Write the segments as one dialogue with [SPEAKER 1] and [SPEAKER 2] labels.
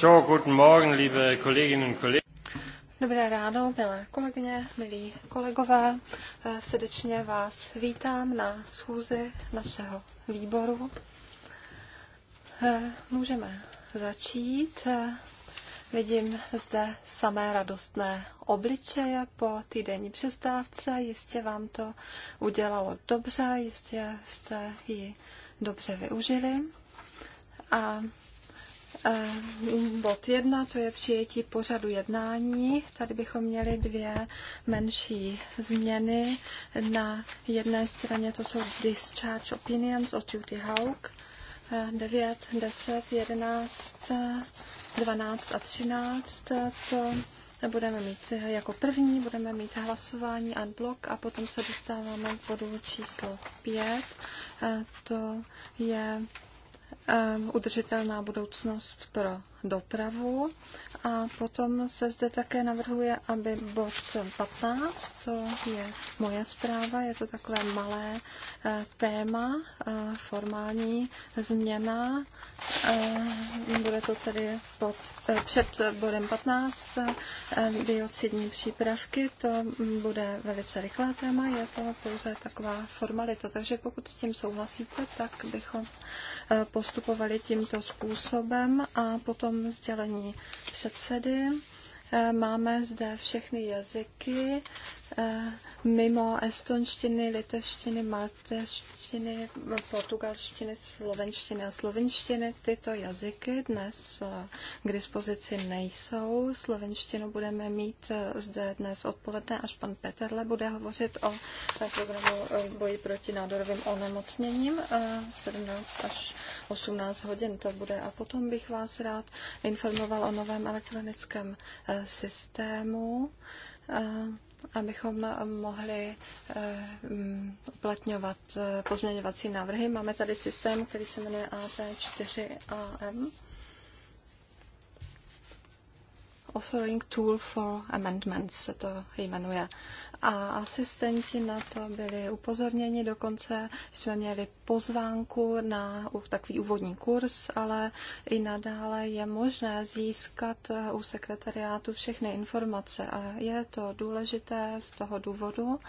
[SPEAKER 1] Dobré
[SPEAKER 2] ráno, milé kolegyně, milí kolegové. Eh, srdečně vás vítám na schůzi našeho výboru. Eh, můžeme začít. Eh, vidím zde samé radostné obličeje po týdenní přestávce. Jistě vám to udělalo dobře, jistě jste ji dobře využili. A Ehm, bod jedna, to je přijetí pořadu jednání. Tady bychom měli dvě menší změny. Na jedné straně to jsou Discharge Opinions od Judy Hauk. 9, 10, 11, 12 a 13. To budeme mít jako první, budeme mít hlasování a blok a potom se dostáváme k bodu číslo 5. Ehm, to je Um, udržitelná budoucnost pro dopravu. A potom se zde také navrhuje, aby bod 15, to je moje zpráva, je to takové malé eh, téma, eh, formální změna. Eh, bude to tedy pod, před bodem 15, biocidní přípravky, to bude velice rychlé téma, je to pouze taková formalita. Takže pokud s tím souhlasíte, tak bychom E, postupovali tímto způsobem a potom sdělení předsedy. E, máme zde všechny jazyky e, mimo estonštiny, litevštiny, malteštiny, portugalštiny, slovenštiny a slovenštiny. Tyto jazyky dnes eh, k dispozici nejsou. Slovenštinu budeme mít eh, zde dnes odpoledne, až pan Peterle bude hovořit o eh, programu boji proti nádorovým onemocněním 17 až 18 hodin to bude. A potom bych vás rád informoval o novém elektronickém systému abychom mohli eh, mm, uplatňovat eh, pozměňovací návrhy. Máme tady systém, který se jmenuje AT4AM. Authoring Tool for Amendments se to jmenuje a asistenti na to byli upozorněni. Dokonce jsme měli pozvánku na takový úvodní kurz, ale i nadále je možné získat uh, u sekretariátu všechny informace. A je to důležité z toho důvodu,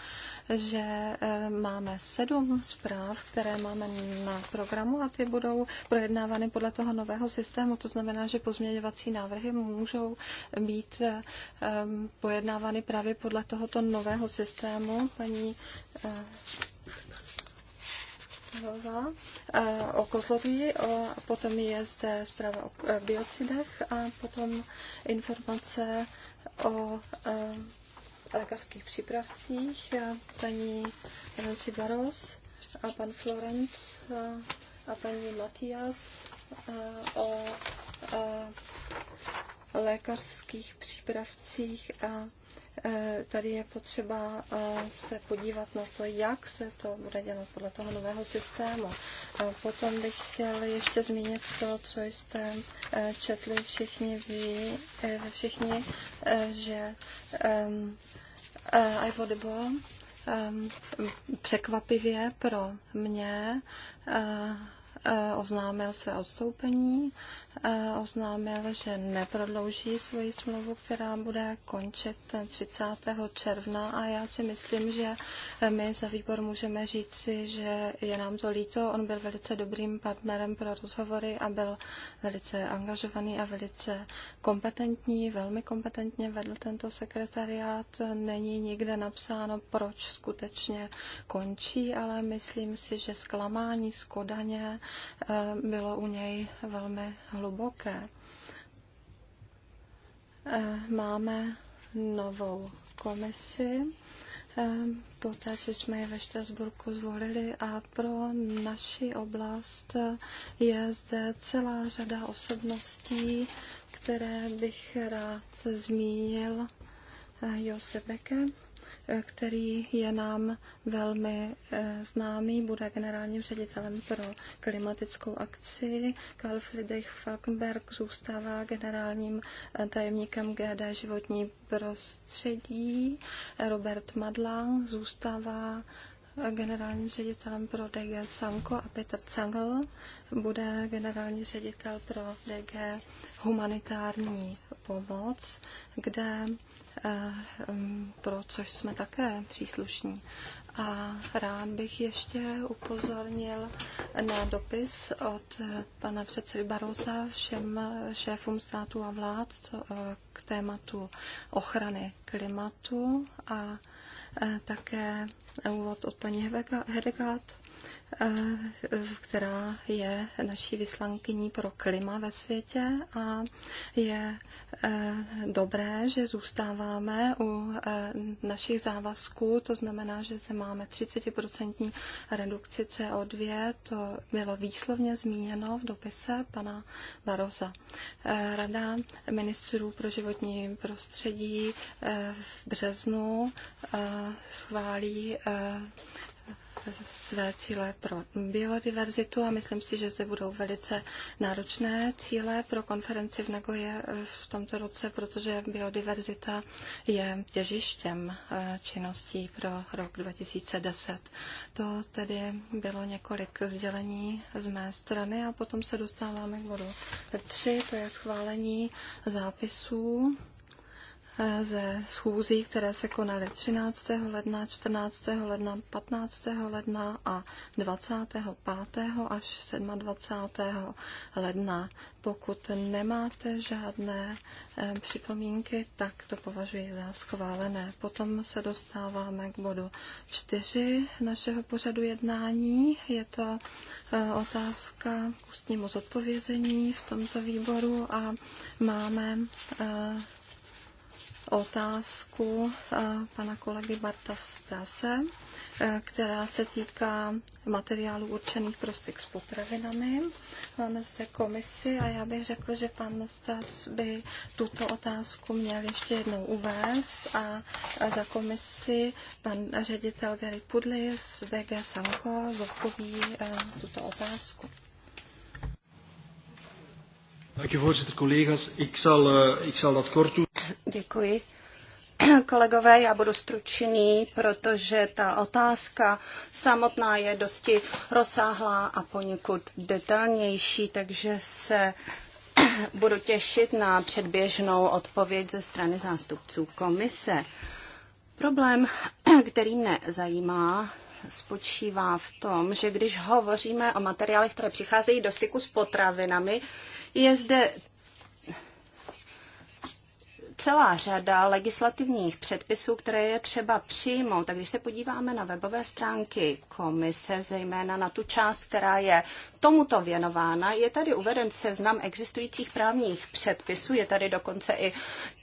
[SPEAKER 2] že uh, máme sedm zpráv, které máme na programu a ty budou projednávány podle toho nového systému. To znamená, že pozměňovací návrhy můžou být uh, um, pojednávány právě podle tohoto nového volného systému, paní Hlava, eh, eh, o kozloví, a potom je zde zpráva o eh, biocidech a potom informace o lékařských přípravcích, paní Nancy Baros a pan Florence a paní Matias o lékařských přípravcích a Eh, tady je potřeba eh, se podívat na to, jak se to bude dělat podle toho nového systému. Potom bych chtěl ještě zmínit to, co jste eh, četli všichni ví, všichni, že ehm, Ivo ehm, překvapivě pro mě oznámil své odstoupení oznámil, že neprodlouží svoji smlouvu, která bude končit 30. června a já si myslím, že my za výbor můžeme říci, že je nám to líto. On byl velice dobrým partnerem pro rozhovory a byl velice angažovaný a velice kompetentní, velmi kompetentně vedl tento sekretariát. Není nikde napsáno, proč skutečně končí, ale myslím si, že zklamání z Kodaně eh, bylo u něj velmi hluboké hluboké. Eh, máme novou komisi, eh, poté, co jsme ji ve Štrasburku zvolili a pro naši oblast je zde celá řada osobností, které bych rád zmínil. Eh, Josef Becker, který je nám velmi eh, známý, bude generálním ředitelem pro klimatickou akci. Karl Friedrich Falkenberg zůstává generálním eh, tajemníkem GD životní prostředí. Robert Madlang zůstává generálním ředitelem pro DG Sanko a Petr Cangl bude generální ředitel pro DG humanitární pomoc, kde eh, mm, pro což jsme také příslušní. A rád bych ještě upozornil na dopis od pana předsedy Barosa všem šéfům států a vlád eh, k tématu ochrany klimatu a Eh, také úvod od paní Hedegard Eh, která je naší vyslankyní pro klima ve světě a je eh, dobré, že zůstáváme u eh, našich závazků, to znamená, že se máme 30% redukci CO2, to bylo výslovně zmíněno v dopise pana Baroza. Rada ministrů pro životní prostředí v březnu schválí své cíle pro biodiverzitu a myslím si, že zde budou velice náročné cíle pro konferenci v Nagoje eh, v tomto roce, protože biodiverzita je těžištěm eh, činností pro rok 2010. To tedy bylo několik sdělení z mé strany a potom se dostáváme k bodu 3, to je schválení zápisů ze schůzí, které se konaly 13. ledna, 14. ledna, 15. ledna a 25. až 27. ledna. Pokud nemáte žádné eh, připomínky, tak to považuji za schválené. Potom se dostáváme k bodu 4 našeho pořadu jednání. Je to eh, otázka k ústnímu zodpovězení v tomto výboru a máme eh, otázku eh, pana kolegy Barta Stase, eh, která se týká materiálů určených pro styk s potravinami. Máme zde komisi a já bych řekl, že pan Stas by tuto otázku měl ještě jednou uvést a za komisi pan ředitel Gary Pudlis z VG Sanko zodpoví eh, tuto otázku.
[SPEAKER 3] Děkuji. Kolegové, já budu stručný, protože ta otázka samotná je dosti rozsáhlá a poněkud detailnější, takže se budu těšit na předběžnou odpověď ze strany zástupců komise. Problém, který mne zajímá, spočívá v tom, že když hovoříme o materiálech, které přicházejí do styku s potravinami, je zde celá řada legislativních předpisů, které je třeba přijmout. Tak když se podíváme na webové stránky komise, zejména na tu část, která je tomuto věnována, je tady uveden seznam existujících právních předpisů, je tady dokonce i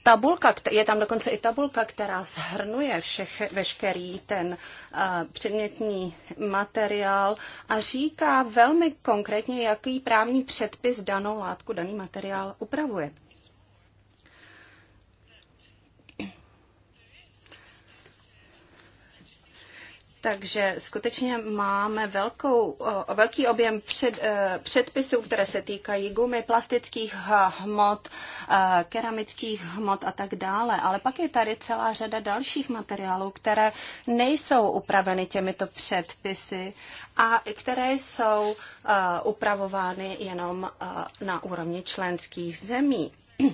[SPEAKER 3] tabulka, je tam dokonce i tabulka, která zhrnuje všech, veškerý ten eh, předmětný materiál a říká velmi konkrétně, jaký právní předpis danou látku, daný materiál upravuje. Takže skutečně máme velkou, velký objem před, e, předpisů, které se týkají gumy, plastických hmot, e, keramických hmot a tak dále. Ale pak je tady celá řada dalších materiálů, které nejsou upraveny těmito předpisy a které jsou e, upravovány jenom na úrovni členských zemí.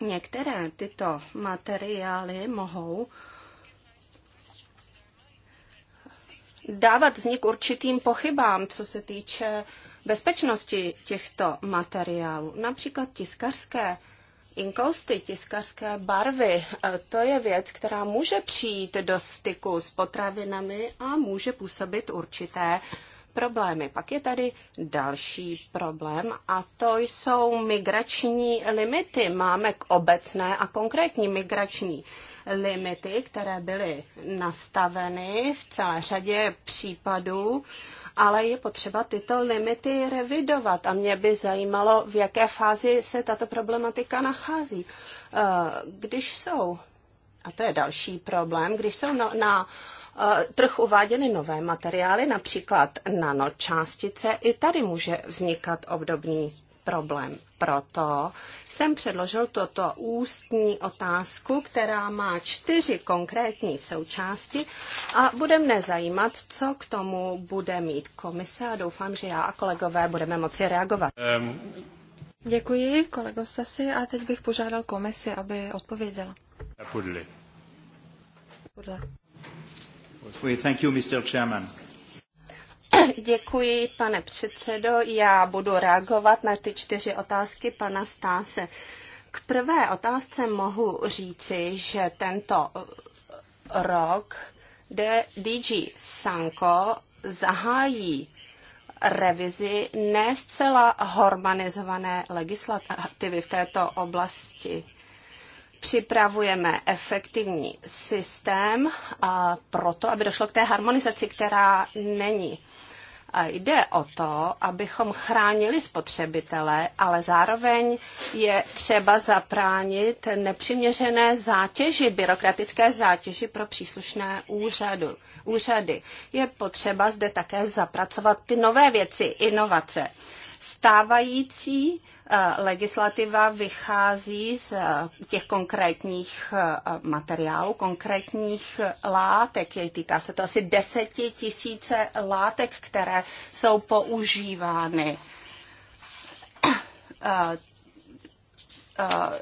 [SPEAKER 3] Některé tyto materiály mohou dávat vznik určitým pochybám, co se týče bezpečnosti těchto materiálů. Například tiskarské Inkousty, tiskarské barvy, e, to je věc, která může přijít do styku s potravinami a může působit určité problémy. Pak je tady další problém a to jsou migrační limity. Máme k obecné a konkrétní migrační limity, které byly nastaveny v celé řadě případů ale je potřeba tyto limity revidovat. A mě by zajímalo, v jaké fázi se tato problematika nachází. Eh, když jsou, a to je další problém, když jsou no, na, na trh uváděny nové materiály, například nanočástice. I tady může vznikat obdobný problém. Proto jsem předložil toto ústní otázku, která má čtyři konkrétní součásti a bude mne zajímat, co k tomu bude mít komise a doufám, že já a kolegové budeme moci reagovat. Um. Děkuji, kolego Stasi, a teď bych požádal komisi, aby odpověděla. Podle. Podle. Děkuji, pane předsedo. Já budu reagovat na ty čtyři otázky pana Stáse. K prvé otázce mohu říci, že tento rok DG Sanko zahájí revizi ne zcela harmonizované legislativy v této oblasti připravujeme efektivní systém a proto, aby došlo k té harmonizaci, která není. A jde o to, abychom chránili spotřebitele, ale zároveň je třeba zapránit nepřiměřené zátěži, byrokratické zátěži pro příslušné úřadu, úřady. Je potřeba zde také zapracovat ty nové věci, inovace. Stávající eh, legislativa vychází z eh, těch konkrétních eh, materiálů, konkrétních látek. Týká se to asi deseti tisíce látek, které jsou používány Eh,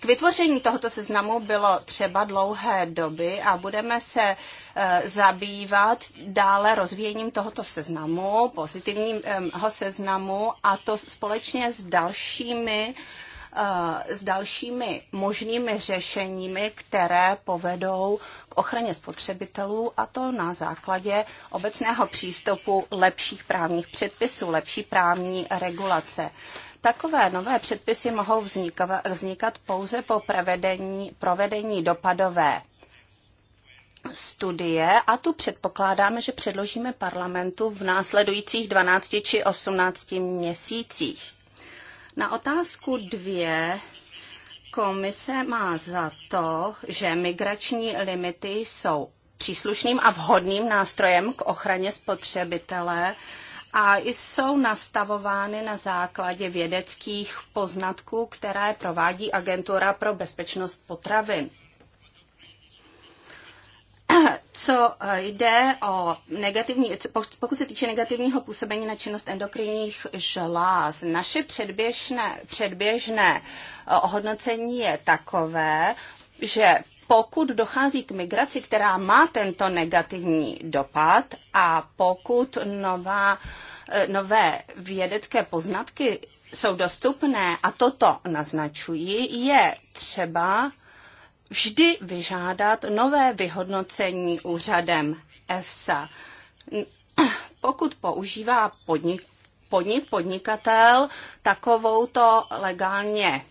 [SPEAKER 3] k vytvoření tohoto seznamu bylo třeba dlouhé doby a budeme se eh, zabývat dále rozvíjením tohoto seznamu, pozitivního eh, seznamu a to společně s dalšími s dalšími možnými řešeními, které povedou k ochraně spotřebitelů a to na základě obecného přístupu lepších právních předpisů, lepší právní regulace. Takové nové předpisy mohou vznikat, vznikat pouze po provedení, provedení dopadové studie a tu předpokládáme, že předložíme parlamentu v následujících 12 či 18 měsících. Na otázku dvě komise má za to, že migrační limity jsou příslušným a vhodným nástrojem k ochraně spotřebitele a jsou nastavovány na základě vědeckých poznatků, které provádí Agentura pro bezpečnost potravin co eh, jde o negativní, pokud se týče negativního působení na činnost endokrinních žláz, naše předběžné, předběžné eh, ohodnocení je takové, že pokud dochází k migraci, která má tento negativní dopad a pokud nová, eh, nové vědecké poznatky jsou dostupné a toto naznačují, je třeba vždy vyžádat nové vyhodnocení úřadem EFSA. Pokud používá podnik, podnik podnikatel takovouto legálně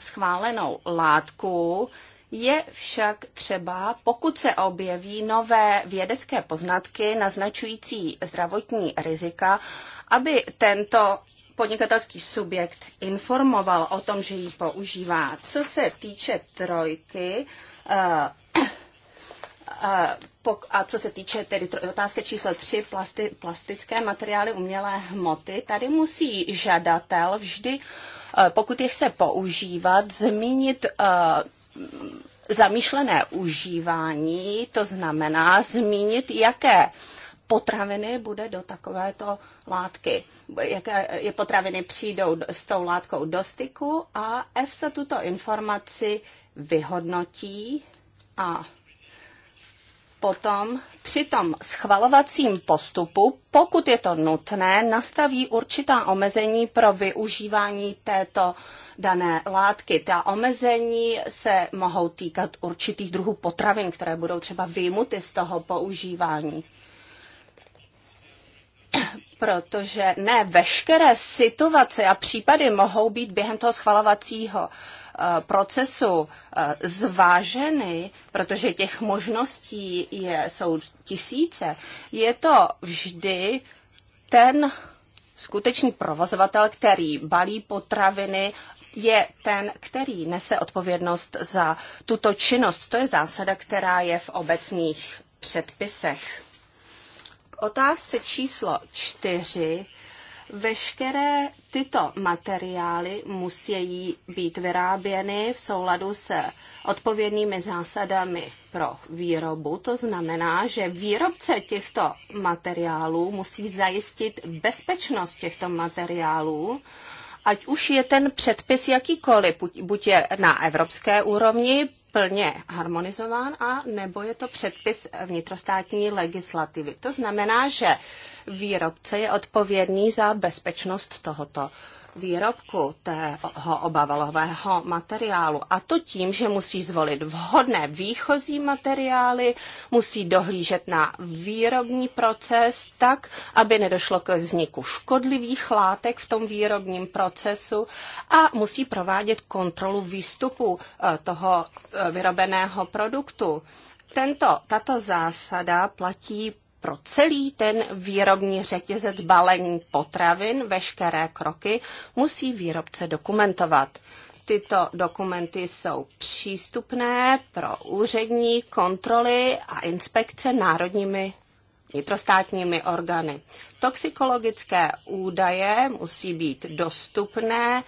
[SPEAKER 3] schválenou látku, je však třeba, pokud se objeví nové vědecké poznatky naznačující zdravotní rizika, aby tento podnikatelský subjekt informoval o tom, že ji používá. Co se týče trojky, eh, eh, a co se týče tedy otázky číslo 3, plasti, plastické materiály, umělé hmoty, tady musí žadatel vždy eh, pokud je chce používat, zmínit zamýšlené užívání, to znamená zmínit, jaké potraviny bude do takovéto látky, jaké je potraviny přijdou s tou látkou do styku a se tuto informaci vyhodnotí a potom při tom schvalovacím postupu, pokud je to nutné, nastaví určitá omezení pro využívání této uh, dané látky. Ta omezení se mohou týkat určitých druhů potravin, které budou třeba vyjmuty z toho používání protože ne veškeré situace a případy mohou být během toho schvalovacího eh, procesu eh, zváženy, protože těch možností je, jsou tisíce. Je to vždy ten skutečný provozovatel, který balí potraviny, je ten, který nese odpovědnost za tuto činnost. To je zásada, která je v obecných předpisech. K otázce číslo čtyři Veškeré tyto materiály musí být vyráběny v souladu se odpovědnými zásadami pro výrobu. To znamená, že výrobce těchto materiálů musí zajistit bezpečnost těchto materiálů ať už je ten předpis jakýkoliv, buď je na evropské úrovni plně harmonizován, a nebo je to předpis vnitrostátní legislativy. To znamená, že výrobce je odpovědný za bezpečnost tohoto uh, výrobku, tého obavalového materiálu. A to tím, že musí zvolit vhodné výchozí materiály, musí dohlížet na výrobní proces tak, aby nedošlo ke vzniku škodlivých látek v tom výrobním procesu a musí provádět kontrolu výstupu eh, toho eh, vyrobeného produktu. Tento, tato zásada platí pro celý ten výrobní řetězec balení potravin, veškeré kroky musí výrobce dokumentovat. Tyto dokumenty jsou přístupné pro úřední kontroly a inspekce národními vnitrostátními orgány. Toxikologické údaje musí být dostupné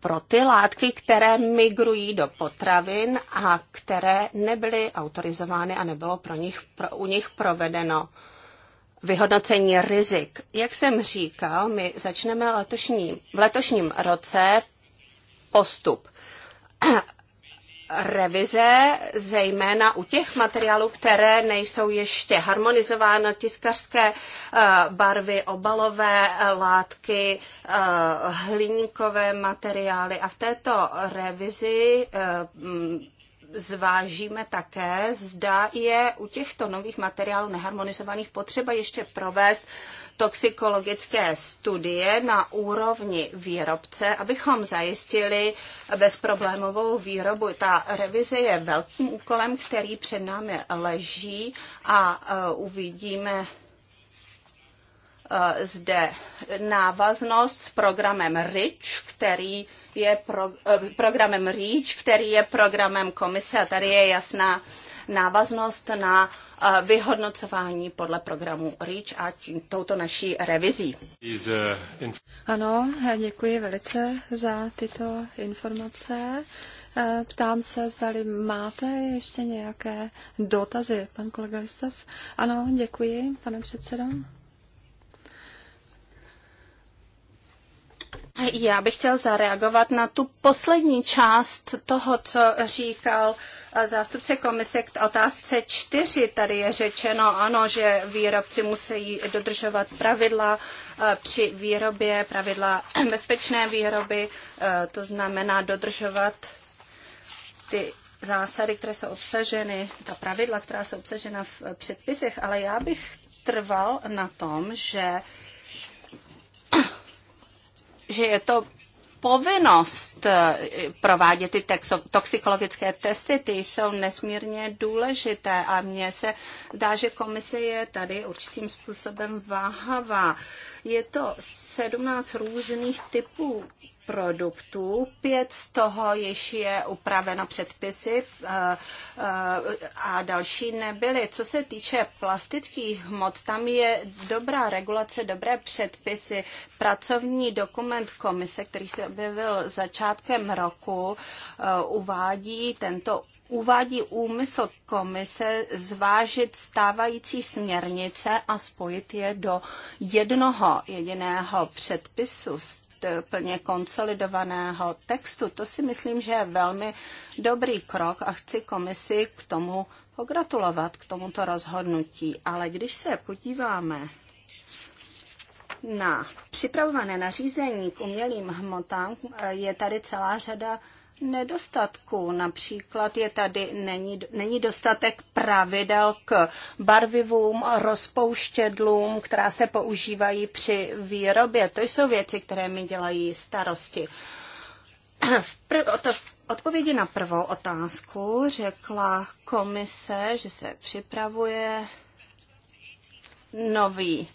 [SPEAKER 3] pro ty látky, které migrují do potravin a které nebyly autorizovány a nebylo pro nich, pro, u nich provedeno vyhodnocení rizik. Jak jsem říkal, my začneme letošní, v letošním roce postup revize, zejména u těch materiálů, které nejsou ještě harmonizovány, tiskařské eh, barvy, obalové látky, eh, hliníkové materiály. A v této revizi eh, mm, zvážíme také, zda je u těchto nových materiálů neharmonizovaných potřeba ještě provést toxikologické studie na úrovni výrobce, abychom zajistili bezproblémovou výrobu. Ta revize je velkým úkolem, který před námi leží a e, uvidíme e, zde návaznost s programem RIC, který je pro, e, programem REACH, který je programem komise a tady je jasná návaznost na eh, vyhodnocování podle programu REACH a tím, touto naší revizí.
[SPEAKER 1] Eh,
[SPEAKER 2] ano, děkuji velice za tyto informace. Eh, ptám se, zda máte ještě nějaké dotazy, pan kolega Vistas. Ano, děkuji, pane předsedo.
[SPEAKER 3] Já bych chtěl zareagovat na tu poslední část toho, co říkal uh, zástupce komise k otázce čtyři. Tady je řečeno, ano, že výrobci musí dodržovat pravidla e, při výrobě, pravidla bezpečné výroby, e, to znamená dodržovat ty zásady, které jsou obsaženy, ta pravidla, která jsou obsažena v e, předpisech, ale já bych trval na tom, že že je to povinnost eh, provádět ty toxikologické testy, ty jsou nesmírně důležité a mně se dá, že komise je tady určitým způsobem váhavá. Je to 17 různých typů produktů, pět z toho již je upraveno předpisy eh, eh, a další nebyly. Co se týče plastických hmot, tam je dobrá regulace, dobré předpisy. Pracovní dokument komise, který se objevil začátkem roku, eh, uvádí tento uvádí úmysl komise zvážit stávající směrnice a spojit je do jednoho jediného předpisu s Eh, plně konsolidovaného textu. To si myslím, že je velmi dobrý krok a chci komisi k tomu pogratulovat, k tomuto rozhodnutí. Ale když se podíváme na připravované nařízení k umělým hmotám, eh, je tady celá řada nedostatků. Například je tady, není, není dostatek pravidel k barvivům, rozpouštědlům, která se používají při výrobě. To jsou věci, které mi dělají starosti. V prv, odpovědi na prvou otázku řekla komise, že se připravuje nový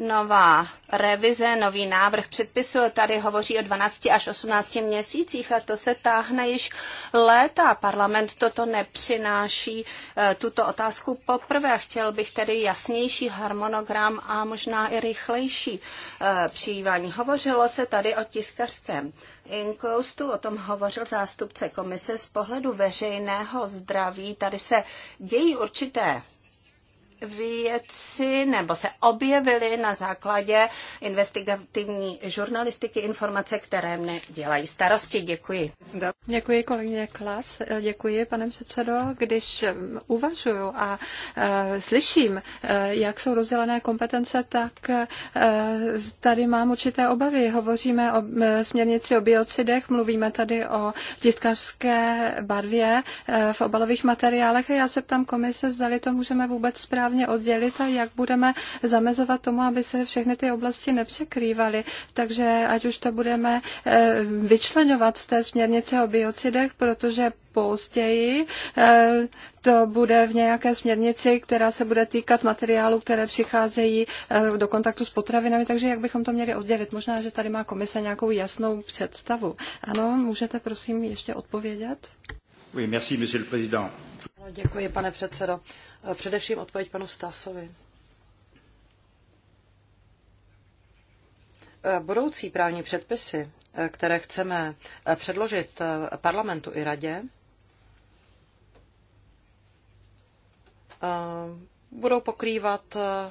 [SPEAKER 3] nová revize, nový návrh předpisu tady hovoří o 12 až 18 měsících a to se táhne již léta. Parlament toto nepřináší eh, tuto otázku poprvé. Chtěl bych tedy jasnější harmonogram a možná i rychlejší eh, přijívání. Hovořilo se tady o tiskařském inkoustu, o tom hovořil zástupce komise z pohledu veřejného zdraví. Tady se dějí určité věci nebo se objevily na základě investigativní žurnalistiky informace, které mne dělají starosti. Děkuji.
[SPEAKER 2] Děkuji kolegyně Klas, děkuji pane předsedo. Když um, uvažuju a e, slyším, e, jak jsou rozdělené kompetence, tak e, tady mám určité obavy. Hovoříme o e, směrnici o biocidech, mluvíme tady o tiskařské barvě e, v obalových materiálech a já se ptám komise, zda to můžeme vůbec správně správně oddělit a jak budeme zamezovat tomu, aby se všechny ty oblasti nepřekrývaly. Takže ať už to budeme eh, vyčlenovat z té směrnice o biocidech, protože později eh, to bude v nějaké směrnici, která se bude týkat materiálu, které přicházejí eh, do kontaktu s potravinami, takže jak bychom to měli oddělit? Možná, že tady má komise nějakou jasnou představu. Ano, můžete prosím ještě odpovědět?
[SPEAKER 1] Oui, merci, monsieur le président.
[SPEAKER 4] Děkuji, pane předsedo. Eh, především odpověď panu Stasovi. Eh, budoucí právní předpisy, eh, které chceme předložit parlamentu i radě, budou pokrývat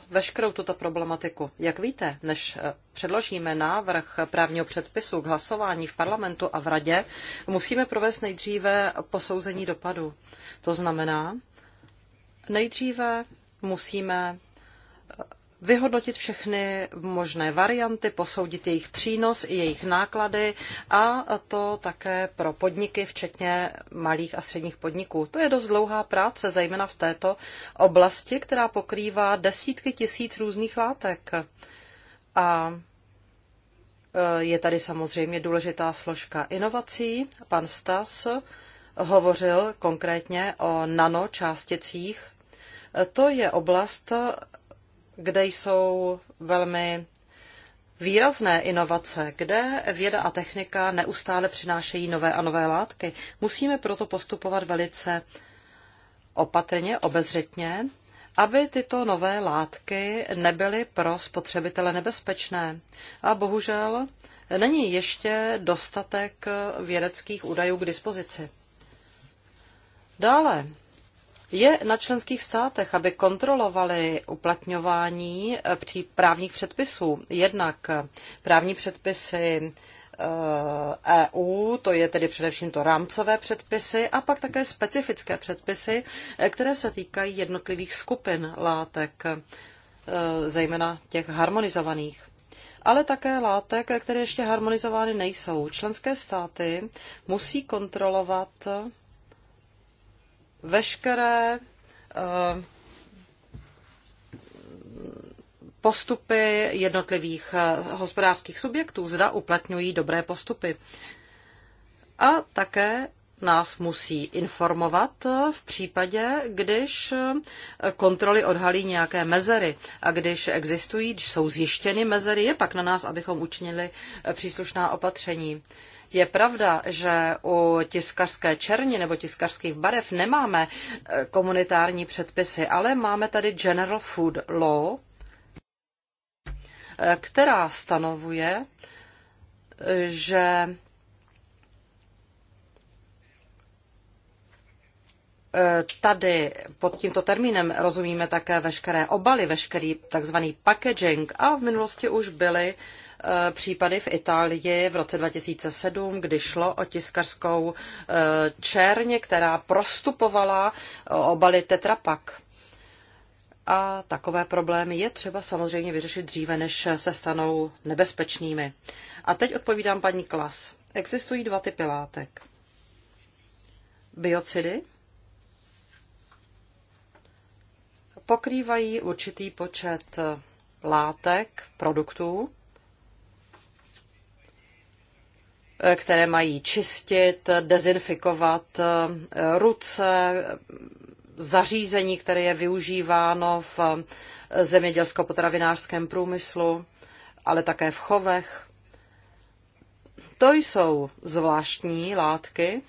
[SPEAKER 4] veškerou tuto problematiku. Jak víte, než předložíme návrh právního předpisu k hlasování v parlamentu a v radě, musíme provést nejdříve posouzení dopadu. To znamená, Nejdříve musíme eh, vyhodnotit všechny možné varianty, posoudit jejich přínos i jejich náklady a to také pro podniky, včetně malých a středních podniků. To je dost dlouhá práce, zejména v této oblasti, která pokrývá desítky tisíc různých látek. A eh, je tady samozřejmě důležitá složka inovací. Pan Stas hovořil konkrétně o nanočásticích to je oblast, kde jsou velmi výrazné inovace, kde věda a technika neustále přinášejí nové a nové látky. Musíme proto postupovat velice opatrně, obezřetně, aby tyto nové látky nebyly pro spotřebitele nebezpečné. A bohužel není ještě dostatek vědeckých údajů k dispozici. Dále je na členských státech, aby kontrolovali uplatňování eh, právních předpisů. Jednak eh, právní předpisy EU, eh, e to je tedy především to rámcové předpisy a pak také specifické předpisy, které se týkají jednotlivých skupin látek, zejména těch harmonizovaných ale také látek, které ještě harmonizovány nejsou. Členské státy musí kontrolovat veškeré eh, postupy jednotlivých eh, hospodářských subjektů, zda uplatňují dobré postupy. A také nás musí informovat v případě, když eh, kontroly odhalí nějaké mezery a když existují, když jsou zjištěny mezery, je pak na nás, abychom učinili příslušná opatření. Je pravda, že u tiskařské černi nebo tiskařských barev nemáme eh, komunitární předpisy, ale máme tady General Food Law, eh, která stanovuje, eh, že Tady pod tímto termínem rozumíme také veškeré obaly, veškerý takzvaný packaging a v minulosti už byly Eh, případy v Itálii v roce 2007, kdy šlo o tiskarskou eh, černě, která prostupovala eh, obaly tetrapak. A takové problémy je třeba samozřejmě vyřešit dříve, než se stanou nebezpečnými. A teď odpovídám paní Klas. Existují dva typy látek. Biocidy, pokrývají určitý počet látek, produktů, které mají čistit, dezinfikovat eh, ruce, zařízení, které je využíváno v eh, zemědělsko-potravinářském průmyslu, ale také v chovech. To jsou zvláštní látky,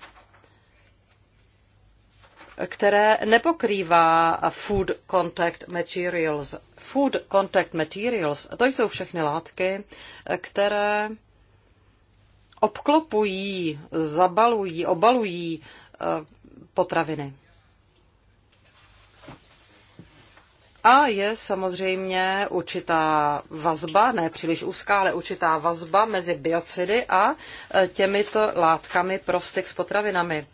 [SPEAKER 4] které nepokrývá Food Contact Materials. Food Contact Materials, to jsou všechny látky, které obklopují, zabalují, obalují eh, potraviny. A je samozřejmě určitá vazba, ne příliš úzká, ale určitá vazba mezi biocidy a eh, těmito látkami pro styk s potravinami.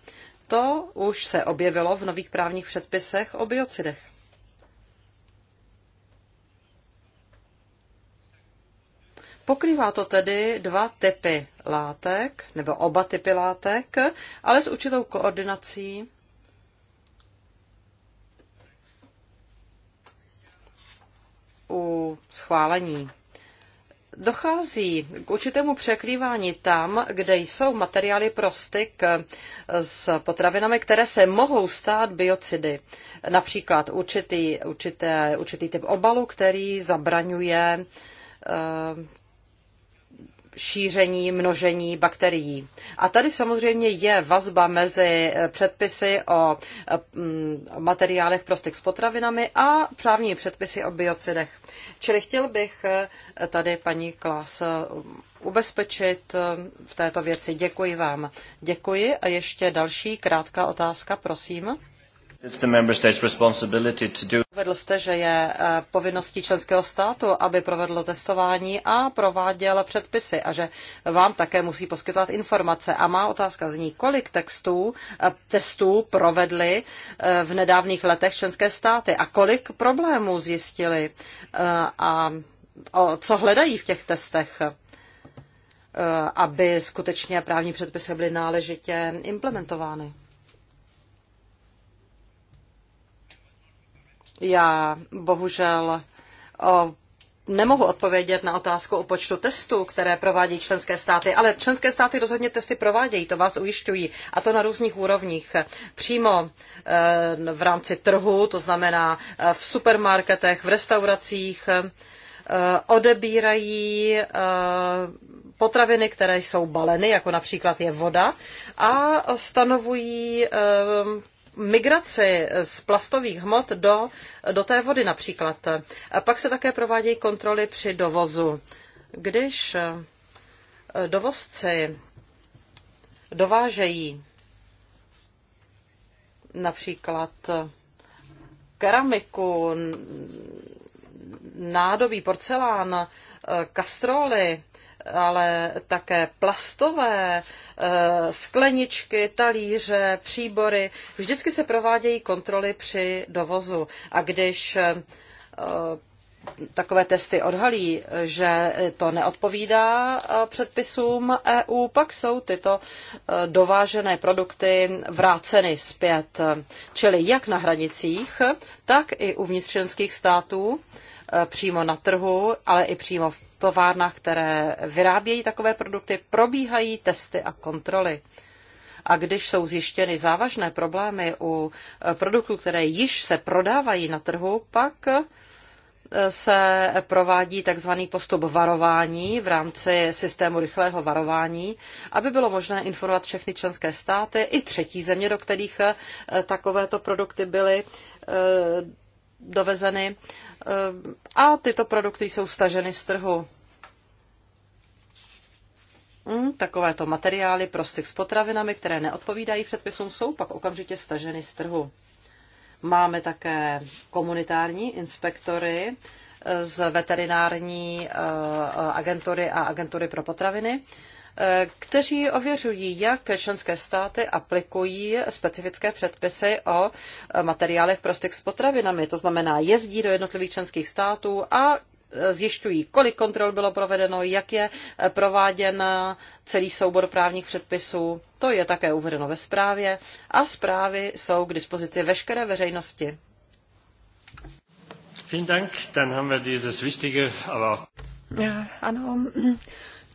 [SPEAKER 4] To už se objevilo v nových právních předpisech o biocidech. Pokrývá to tedy dva typy látek, nebo oba typy látek, ale s určitou koordinací. U schválení dochází k určitému překrývání tam, kde jsou materiály pro styk s potravinami, které se mohou stát biocidy. Například určitý, určité, určitý typ obalu, který zabraňuje eh, šíření, množení bakterií. A tady samozřejmě je vazba mezi předpisy o mm, materiálech styk s potravinami a právní předpisy o biocidech. Čili chtěl bych eh, tady paní Klas eh, ubezpečit eh, v této věci. Děkuji vám. Děkuji a ještě další krátká otázka, prosím. Uvedl jste, že je eh, povinností členského státu, aby provedlo testování a prováděl předpisy a že vám také musí poskytovat informace. A má otázka zní, kolik textů, eh, testů provedly eh, v nedávných letech členské státy a kolik problémů zjistili a co hledají v těch testech? aby skutečně právní předpisy byly náležitě implementovány. Já bohužel o nemohu odpovědět na otázku o počtu testů, které provádí členské státy, ale členské státy rozhodně testy provádějí, to vás ujišťují, a to na různých úrovních. Přímo e, v rámci trhu, to znamená e, v supermarketech, v restauracích, e, odebírají potraviny, které jsou baleny, jako například je voda, a stanovují migraci z plastových hmot do, do té vody například. A pak se také provádějí kontroly při dovozu. Když eh, dovozci dovážejí například eh, keramiku, nádobí, porcelán, eh, kastroly, ale také plastové eh, skleničky, talíře, příbory. Vždycky se provádějí kontroly při dovozu. A když eh, takové testy odhalí, že to neodpovídá eh, předpisům EU, pak jsou tyto dovážené produkty vráceny zpět. Čili jak na hranicích, tak i uvnitř členských států přímo na trhu, ale i přímo v továrnách, které vyrábějí takové produkty, probíhají testy a kontroly. A když jsou zjištěny závažné problémy u eh, produktů, které již se prodávají na trhu, pak eh, se provádí tzv. postup varování v rámci systému rychlého varování, aby bylo možné informovat všechny členské státy i třetí země, do kterých eh, takovéto produkty byly dovezeny a tyto produkty jsou staženy z trhu. Hm, takovéto materiály pro styk s potravinami, které neodpovídají předpisům, jsou pak okamžitě staženy z trhu. Máme také komunitární inspektory z veterinární eh, agentury a agentury pro potraviny, kteří ověřují, jak členské státy aplikují specifické předpisy o materiálech pro styk s potravinami. To znamená, jezdí do jednotlivých členských států a zjišťují, kolik kontrol bylo provedeno, jak je prováděn celý soubor právních předpisů. To je také uvedeno ve zprávě a zprávy jsou k dispozici veškeré veřejnosti.
[SPEAKER 1] Vielen Dank, dann haben wir dieses wichtige, aber...
[SPEAKER 2] Ano,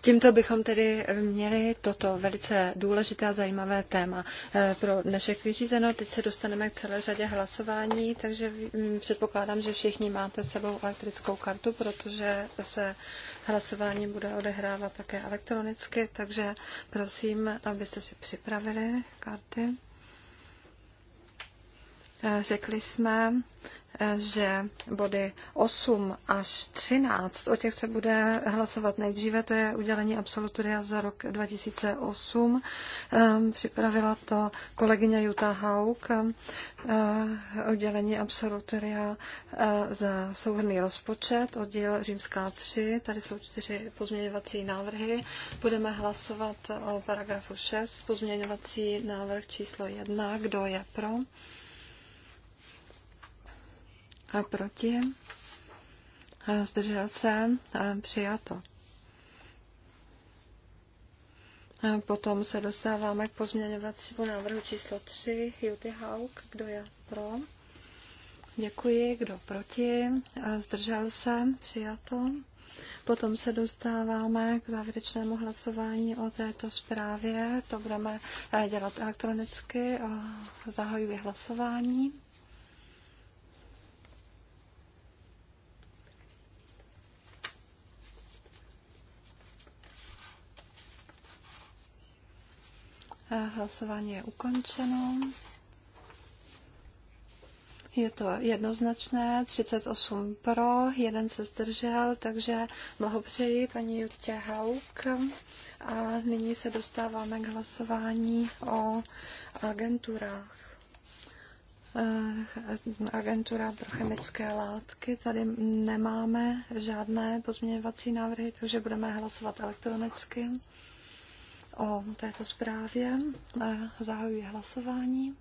[SPEAKER 2] Tímto bychom tedy měli toto velice důležité a zajímavé téma eh, pro dnešek vyřízeno. Teď se dostaneme k celé řadě hlasování, takže mm, předpokládám, že všichni máte sebou elektrickou kartu, protože se hlasování bude odehrávat také elektronicky, takže prosím, abyste si připravili karty. Eh, řekli jsme, že body 8 až 13, o těch se bude hlasovat nejdříve, to je udělení absolutoria za rok 2008. Ehm, připravila to kolegyně Jutta Haug, ehm, eh, udělení absolutoria eh, za souhrný rozpočet, oddíl Římská 3, tady jsou čtyři pozměňovací návrhy. Budeme hlasovat o paragrafu 6, pozměňovací návrh číslo 1, kdo je pro. Proti? Zdržel se? Přijato. A potom se dostáváme k pozměňovacímu návrhu číslo 3, Juty Hauk. Kdo je pro? Děkuji. Kdo proti? Zdržel se? Přijato. Potom se dostáváme k závěrečnému hlasování o této zprávě. To budeme eh, dělat elektronicky. Zahajuji hlasování. Hlasování je ukončeno. Je to jednoznačné, 38 pro, jeden se zdržel, takže blahopřeji paní Jutě Hauk. A nyní se dostáváme k hlasování o agenturách. Eh, agentura pro chemické látky. Tady nemáme žádné pozměňovací návrhy, takže budeme hlasovat elektronicky o této zprávě. Zahajuji hlasování.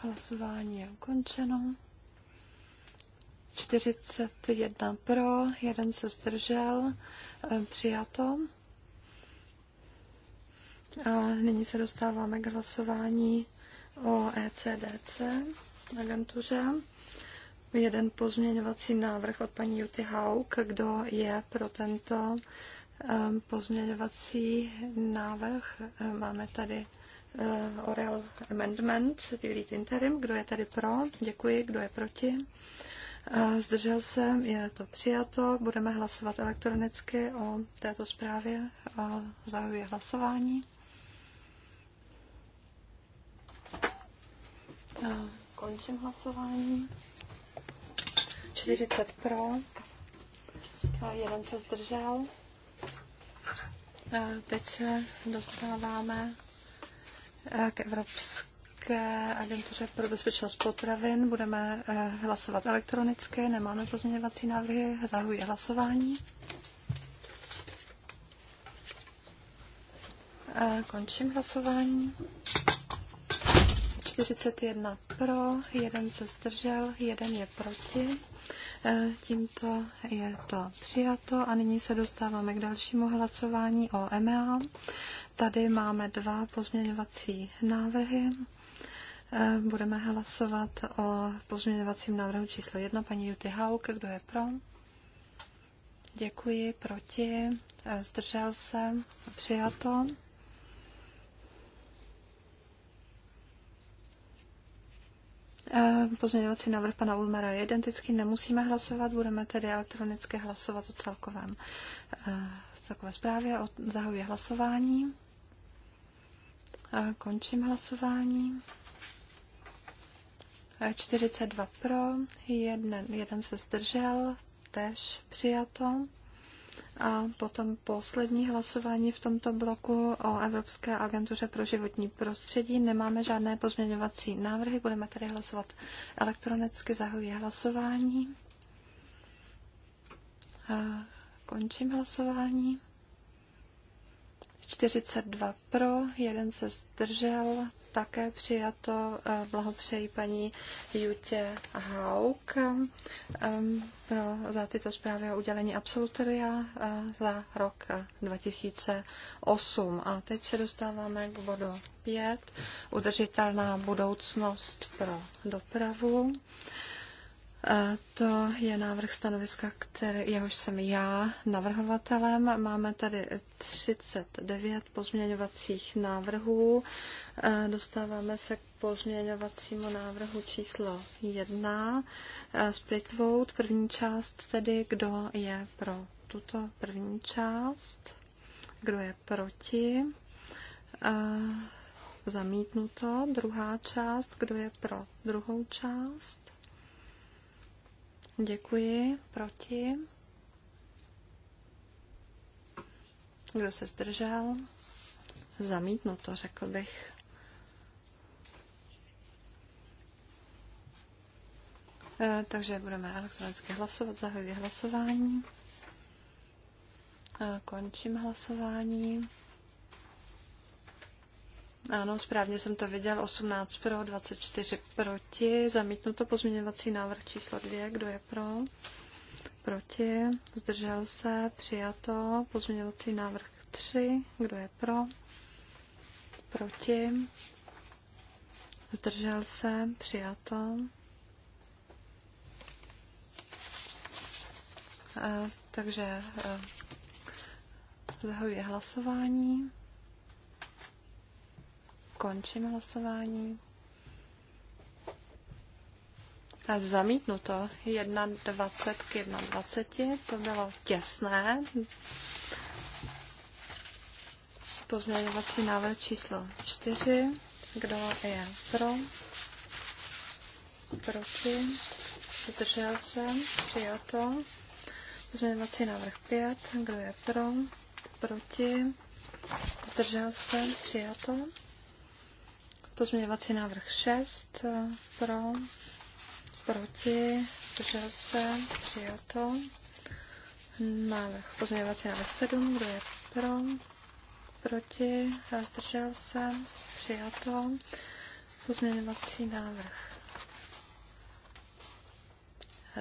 [SPEAKER 2] Hlasování je ukončeno. 41 pro, jeden se zdržel, e, přijato. A nyní se dostáváme k hlasování o ECDC agentuře jeden pozměňovací návrh od paní Juty Hauk. Kdo je pro tento pozměňovací návrh? Máme tady eh, Orel Amendment, Delete Interim. Kdo je tady pro? Děkuji. Kdo je proti? Eh, zdržel se, je to přijato. Budeme hlasovat elektronicky o této zprávě. a Zahajuji hlasování. Eh, končím hlasování. 40 pro, a jeden se zdržel. A teď se dostáváme eh, k Evropské agentuře pro bezpečnost potravin. Budeme eh, hlasovat elektronicky, nemáme pozměňovací návrhy, zahajuji hlasování. A končím hlasování. 41 pro, jeden se zdržel, jeden je proti. E, tímto je to přijato a nyní se dostáváme k dalšímu hlasování o EMEA. Tady máme dva pozměňovací návrhy. E, budeme hlasovat o pozměňovacím návrhu číslo 1 paní Juty Hauk. Kdo je pro? Děkuji. Proti? E, zdržel se? Přijato. Eh, pozměňovací návrh pana Ulmara je identický, nemusíme hlasovat, budeme tedy elektronicky hlasovat o celkovém eh, o celkové zprávě, o zahově hlasování. A eh, končím hlasování. 42 pro, jeden, jeden se zdržel, tež přijato. A potom poslední hlasování v tomto bloku o Evropské agentuře pro životní prostředí. Nemáme žádné pozměňovací návrhy, budeme tady hlasovat elektronicky, zahajuji hlasování. A končím hlasování. 42 pro, jeden se zdržel, také přijato. Eh, blahopřeji paní Jutě Hauk ehm, pro, za tyto zprávy o udělení absolutoria eh, za rok 2008. Eh, a teď se dostáváme k bodu 5. Udržitelná budoucnost pro dopravu. To je návrh stanoviska, který, jehož jsem já navrhovatelem. Máme tady 39 pozměňovacích návrhů. E, dostáváme se k pozměňovacímu návrhu číslo 1. E, split vote, první část tedy, kdo je pro tuto první část, kdo je proti. E, zamítnuto, druhá část, kdo je pro druhou část Děkuji. Proti? Kdo se zdržel? Zamítnu to, řekl bych. E, takže budeme elektronicky hlasovat, zahajuji hlasování. E, končím hlasování. Ano, správně jsem to viděl. 18 pro, 24 proti. Zamítnuto pozměňovací návrh číslo 2. Kdo je pro? Proti. Zdržel se. Přijato. Pozměňovací návrh 3. Kdo je pro? Proti. Zdržel se. Přijato. A, eh, takže eh, zahajuji hlasování. Končím hlasování. A zamítnuto 1,20 k 1,20, to bylo těsné. Pozměňovací návrh číslo 4. Kdo je pro? Proti? Zdržel se? Přijato. Pozměňovací návrh 5. Kdo je pro? Proti? Zdržel se? Přijato. Pozměňovací návrh 6 eh, pro, proti, zdržel se, přijato. Návrh pozměňovací návrh 7, eh, kdo je pro, proti, zdržel se, přijato. Pozměňovací návrh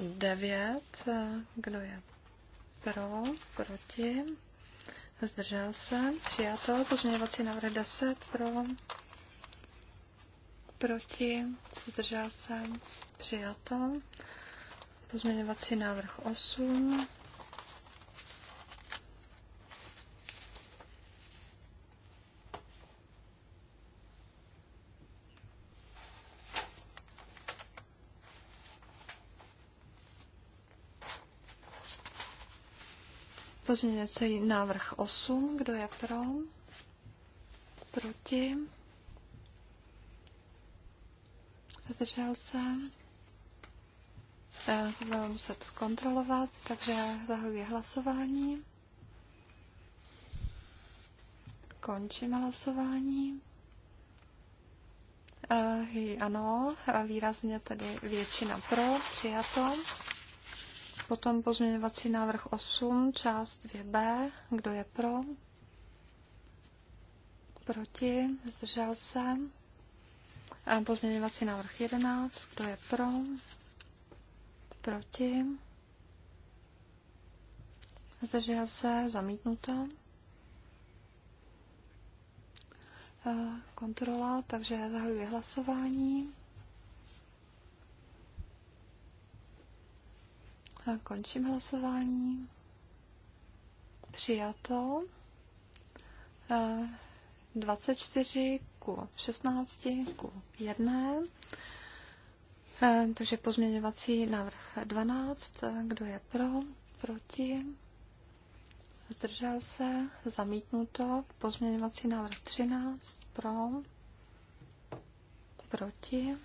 [SPEAKER 2] 9, kdo je pro, proti, zdržel se, přijato. Pozměňovací návrh 10 pro, proti, zdržel se, přijato. Pozměňovací návrh 8. Pozměňovací návrh 8. Kdo je pro? Proti? zdržel se. Eh, to budeme muset zkontrolovat, takže zahajuji hlasování. Končím hlasování. Uh, ano, eh, výrazně tedy většina pro, přijato. Potom pozměňovací návrh 8, část 2b. Kdo je pro? Proti? Zdržel jsem. Pozměňovací návrh 11. Kdo je pro? Proti? Zdržel se? Zamítnuto? Eh, kontrola, takže zahajuji hlasování. A eh, končím hlasování. Přijato. 24 eh, ku 16, ku 1. Eh, takže pozměňovací návrh 12. Eh, kdo je pro? Proti? Zdržel se? Zamítnuto. Pozměňovací návrh 13. Pro? Proti?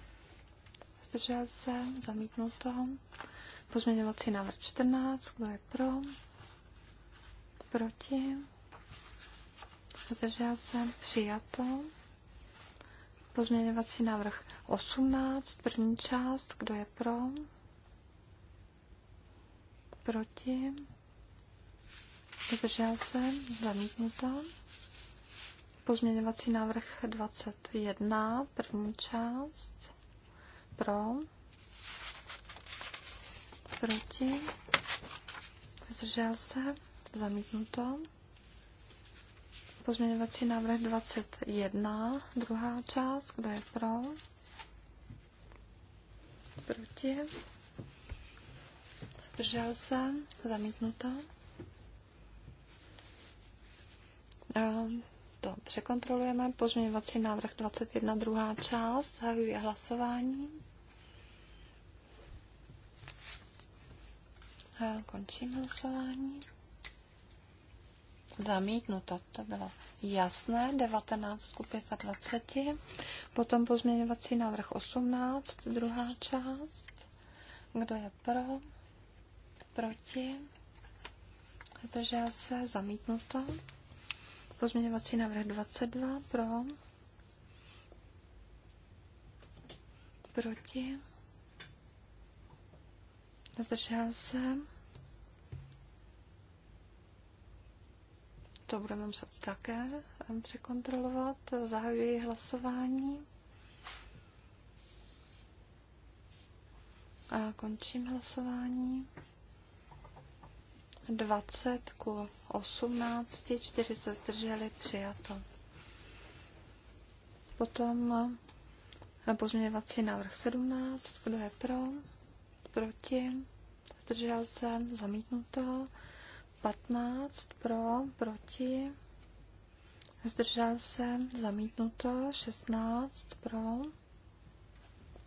[SPEAKER 2] Zdržel se? Zamítnuto. Pozměňovací návrh 14. Kdo je pro? Proti? Zdržel se? Přijato. Pozměňovací návrh 18, první část, kdo je pro? Proti? Zdržel se? Zamítnuto. Pozměňovací návrh 21, první část, pro? Proti? Zdržel se? Zamítnuto. Pozměňovací návrh 21, druhá část, kdo je pro? Proti? Zdržel se? Zamítnuto? Ehm, to překontrolujeme. Pozměňovací návrh 21, druhá část, zahajuje hlasování. A ehm, končím hlasování zamítnuto. To bylo jasné, 19 ku 25. Potom pozměňovací návrh 18, druhá část. Kdo je pro? Proti? Zdržel se, zamítnuto. Pozměňovací návrh 22, pro? Proti? Zdržel se. To budeme muset také překontrolovat. Zahajuji hlasování. A končím hlasování. 20 ku 18, 4 se zdrželi, přijato. Potom eh, pozměňovací návrh 17, kdo je pro, proti, zdržel se, zamítnuto. 15 pro, proti, zdržel se, zamítnuto, 16 pro,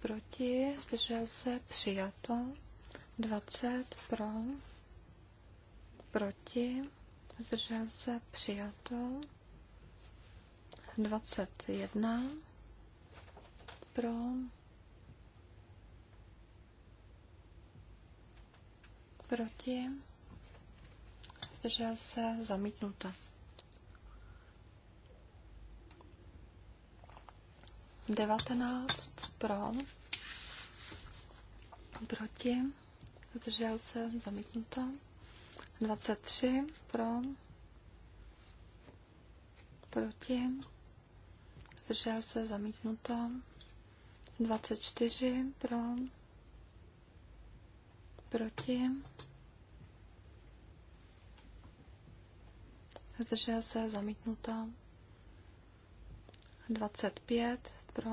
[SPEAKER 2] proti, zdržel se, přijato, 20 pro, proti, zdržel se, přijato, 21 pro, proti, zdržel se, zamítnuta. Devatenáct pro, proti, zdržel se, zamítnuto. 23 pro, proti, zdržel se, zamítnuto. 24 pro, proti, zdržel se, zamítnuto. 25 pro,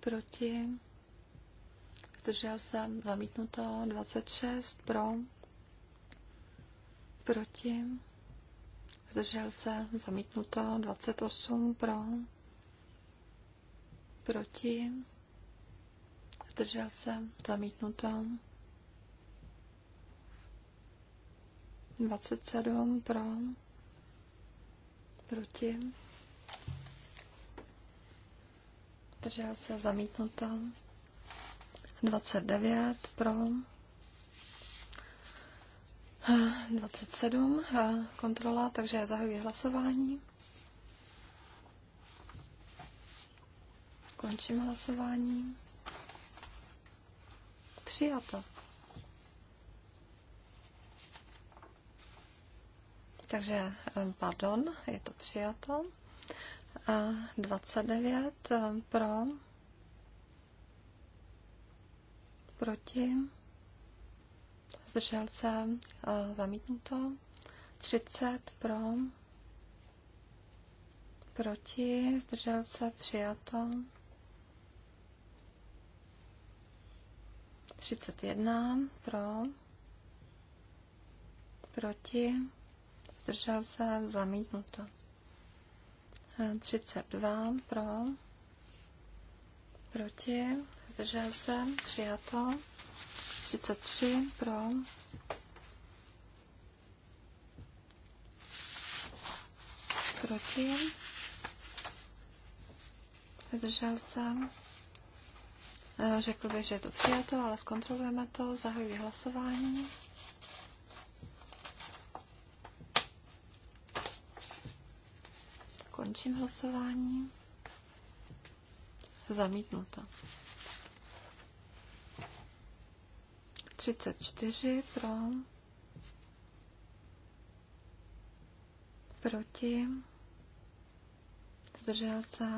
[SPEAKER 2] proti, zdržel se, zamítnuto. 26 pro, proti, zdržel se, zamítnuto. 28 pro, proti, zdržel se, zamítnuto. 27 pro, proti, držel se zamítnuto, 29 pro, 27 eh, kontrola, takže já zahajuji hlasování. Končím hlasování. Přijato. takže eh, pardon, je to přijato. 29 eh, pro, proti, zdržel se, eh, zamítnuto. 30 pro, proti, zdržel se, přijato. 31 pro, proti, zdržel se, zamítnuto. 32 eh, pro, proti, zdržel se, přijato. 33 pro, proti, zdržel se. Eh, řekl bych, že je to přijato, ale zkontrolujeme to, zahajuji hlasování. Končím hlasování. Zamítnuto. 34 pro, proti, zdržel se,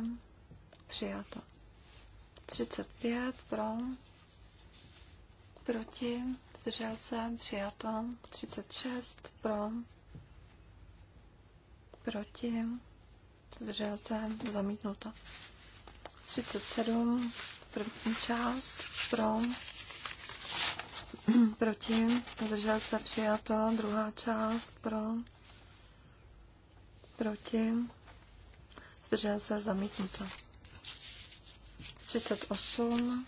[SPEAKER 2] přijato. 35 pro, proti, zdržel se, přijato. 36 pro, proti, zdržel se, zamítnuto. 37, první část, pro, proti, zdržel se, přijato, druhá část, pro, proti, zdržel se, zamítnuto. 38,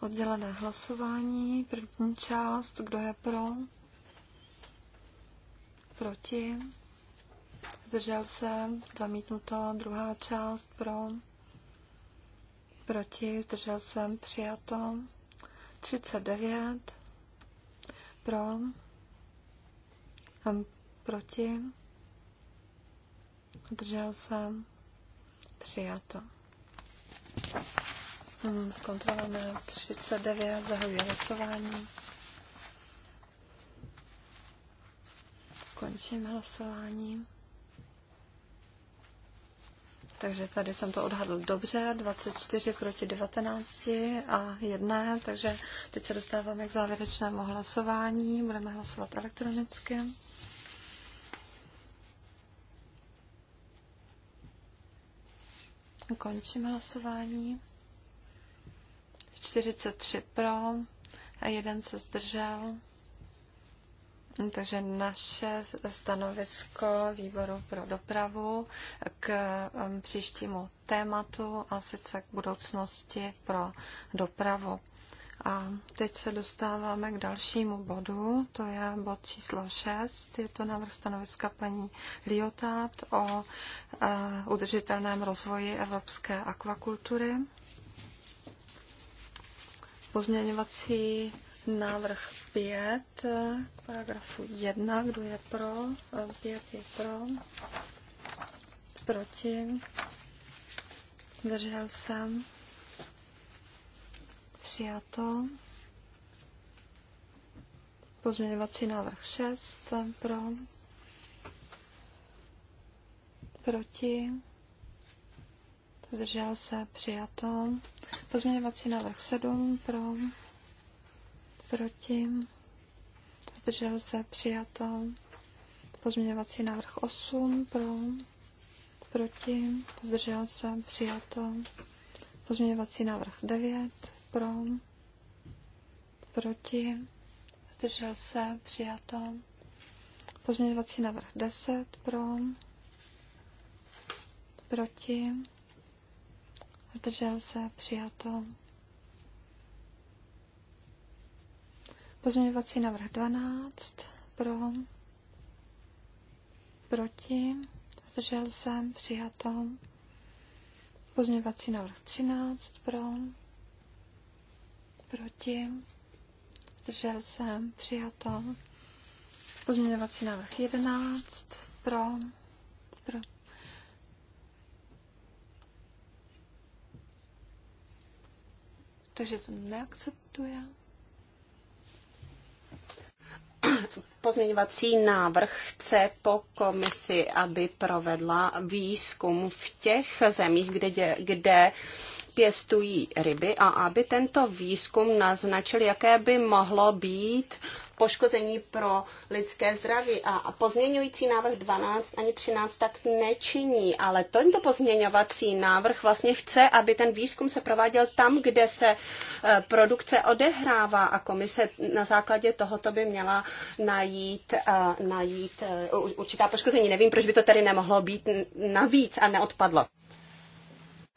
[SPEAKER 2] oddělené hlasování, první část, kdo je pro, proti, zdržel se, zamítnuto, druhá část pro, proti, zdržel se, přijato, 39, pro, hm, proti, zdržel se, přijato. Hm, zkontrolujeme 39, zahajuji hlasování. Končím hlasování. Takže tady jsem to odhadl dobře, 24 proti 19 a 1, takže teď se dostáváme k závěrečnému hlasování, budeme hlasovat elektronicky. Končím hlasování. 43 pro a jeden se zdržel. Takže naše stanovisko výboru pro dopravu k um, příštímu tématu a sice k budoucnosti pro dopravu. A teď se dostáváme k dalšímu bodu, to je bod číslo 6. Je to návrh stanoviska paní Liotát o e, udržitelném rozvoji evropské akvakultury. Pozměňovací Návrh 5 eh, k paragrafu 1. Kdo je pro? 5 eh, je pro. Proti. Držel jsem. Přijato. Pozměňovací návrh 6 pro. Proti. Zdržel se přijato. Pozměňovací návrh 7 eh, pro proti, zdržel se, přijato. Pozměňovací návrh 8 pro, proti, zdržel se, přijato. Pozměňovací návrh 9 pro, proti, zdržel se, přijato. Pozměňovací návrh 10 pro, proti, zdržel se, přijato. Pozměňovací návrh 12 pro, proti, zdržel se, přijato. Pozměňovací návrh 13 pro, proti, zdržel se, přijato. Pozměňovací návrh 11 pro, pro takže to neakceptuje
[SPEAKER 3] pozměňovací návrh chce po komisi, aby provedla výzkum v těch zemích, kde, dě, kde pěstují ryby a aby tento výzkum naznačil, jaké by mohlo být poškození pro lidské zdraví. A pozměňující návrh 12 ani 13 tak nečiní, ale tento pozměňovací návrh vlastně chce, aby ten výzkum se prováděl tam, kde se e, produkce odehrává a komise na základě tohoto by měla najít, e, najít e, určitá poškození. Nevím, proč by to tady nemohlo být navíc a neodpadlo.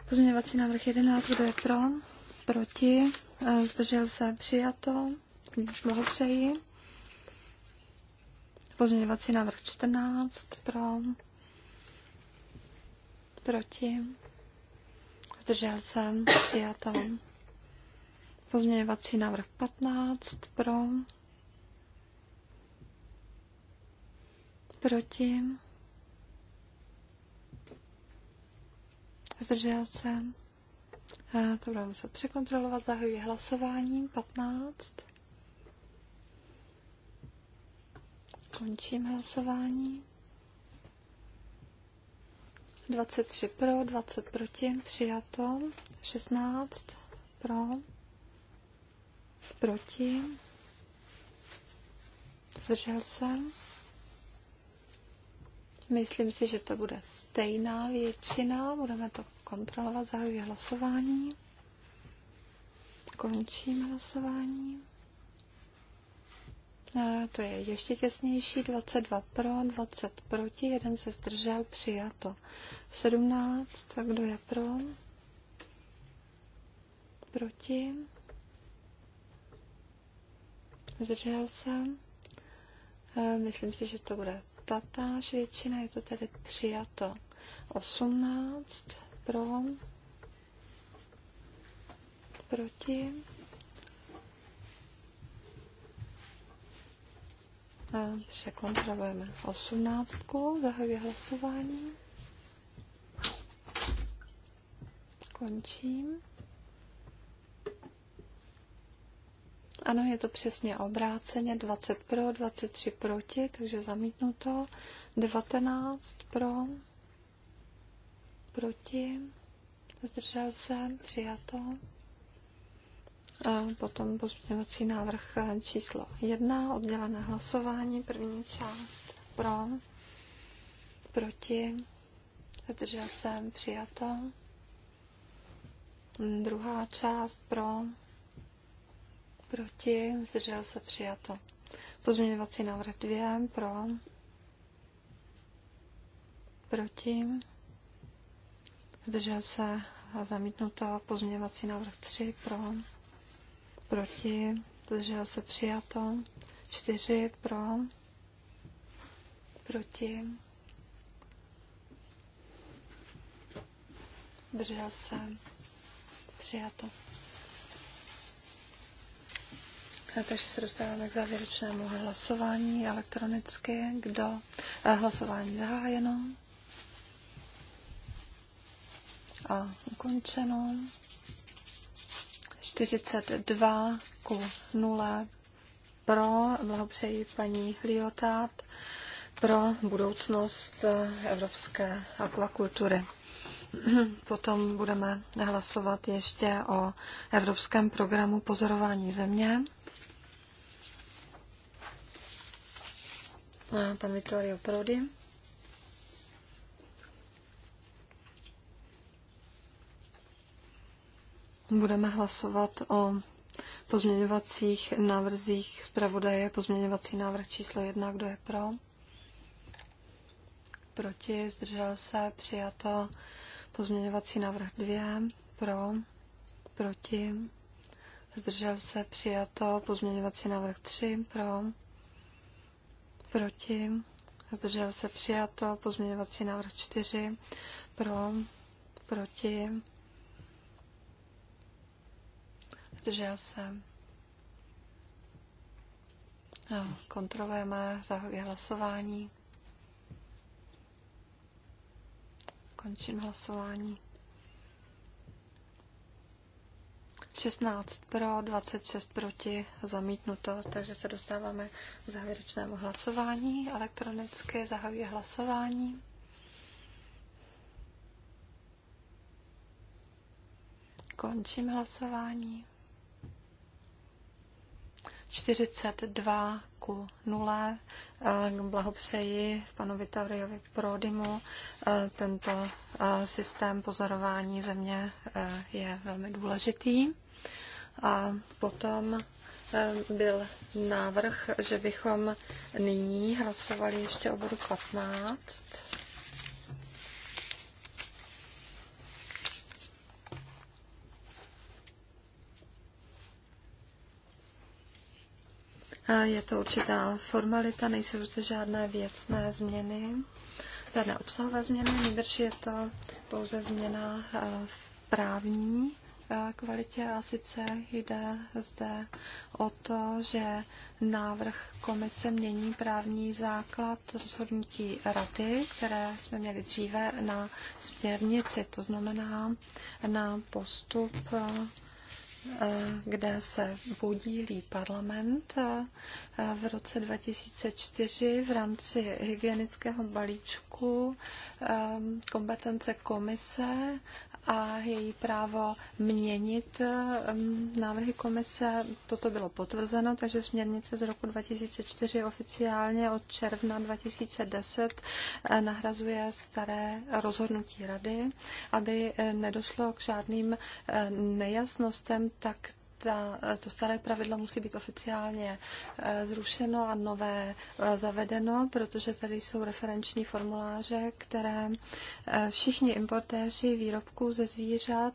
[SPEAKER 2] Pozměňovací návrh 11, kdo je pro? Proti? Zdržel se přijato rovněž blahopřeji. Pozměňovací návrh 14 pro, proti, zdržel se, přijato. Pozměňovací návrh 15 pro, proti, zdržel se. A to budeme se překontrolovat, zahajuji hlasování 15. Končím hlasování. 23 pro, 20 proti, přijato, 16 pro, proti, zdržel se. Myslím si, že to bude stejná většina, budeme to kontrolovat, zahajuji hlasování. Končím hlasování. E, to je ještě těsnější, 22 pro, 20 proti, jeden se zdržel, přijato. 17, tak kdo je pro? Proti? Zdržel se? E, myslím si, že to bude tatáž většina, je to tedy přijato. 18 pro, proti? kontrolujeme osmnáctku, Zahajuje hlasování. Končím. Ano, je to přesně obráceně. 20 pro, 23 proti, takže zamítnuto. 19 pro, proti, zdržel se, přijato. Potom pozměňovací návrh číslo 1, oddělené hlasování, první část pro, proti, zdržel jsem, přijato. Druhá část pro, proti, zdržel se, přijato. Pozměňovací návrh 2, pro, proti, zdržel se, zamítnuto. Pozměňovací návrh 3, pro, proti, zdržel se přijato, čtyři pro, proti, zdržel se přijato. A takže se dostáváme k závěrečnému hlasování elektronicky. Kdo? Eh, hlasování zahájeno a ukončeno. 42 ku 0 pro, blahopřeji paní Liotát, pro budoucnost eh, evropské akvakultury. Potom budeme hlasovat ještě o Evropském programu pozorování země. Eh, pan Vittorio Prodi. Budeme hlasovat o pozměňovacích návrzích zpravodaje. Pozměňovací návrh číslo jedna, kdo je pro? Proti, zdržel se, přijato. Pozměňovací návrh dvě, pro, proti, zdržel se, přijato. Pozměňovací návrh tři, pro, proti, zdržel se, přijato. Pozměňovací návrh čtyři, pro, proti, zdržel se. Kontrolujeme, zahově hlasování. Končím hlasování. 16 pro, 26 proti, zamítnuto, takže se dostáváme k závěrečnému hlasování. elektronické zahajuje hlasování. Končím hlasování. 42 ku 0. Eh, blahopřeji panu Vitoriovi Prodimu. Eh, tento eh, systém pozorování země je velmi důležitý. A potom byl návrh, že bychom nyní hlasovali ještě o bodu 15. Je to určitá formalita, nejsou zde žádné věcné změny, žádné obsahové změny, nejbrž je to pouze změna eh, v právní eh, kvalitě a sice jde zde o to, že návrh komise mění právní základ rozhodnutí rady, které jsme měli dříve na směrnici, to znamená na postup eh, Eh, kde se podílí parlament eh, v roce 2004 v rámci hygienického balíčku eh, kompetence komise a její právo měnit návrhy komise. Toto bylo potvrzeno, takže směrnice z roku 2004 oficiálně od června 2010 eh, nahrazuje staré rozhodnutí rady. Aby eh, nedošlo k žádným eh, nejasnostem, tak ta, to staré pravidlo musí být oficiálně eh, zrušeno a nové eh, zavedeno, protože tady jsou referenční formuláře, které eh, všichni importéři výrobků ze zvířat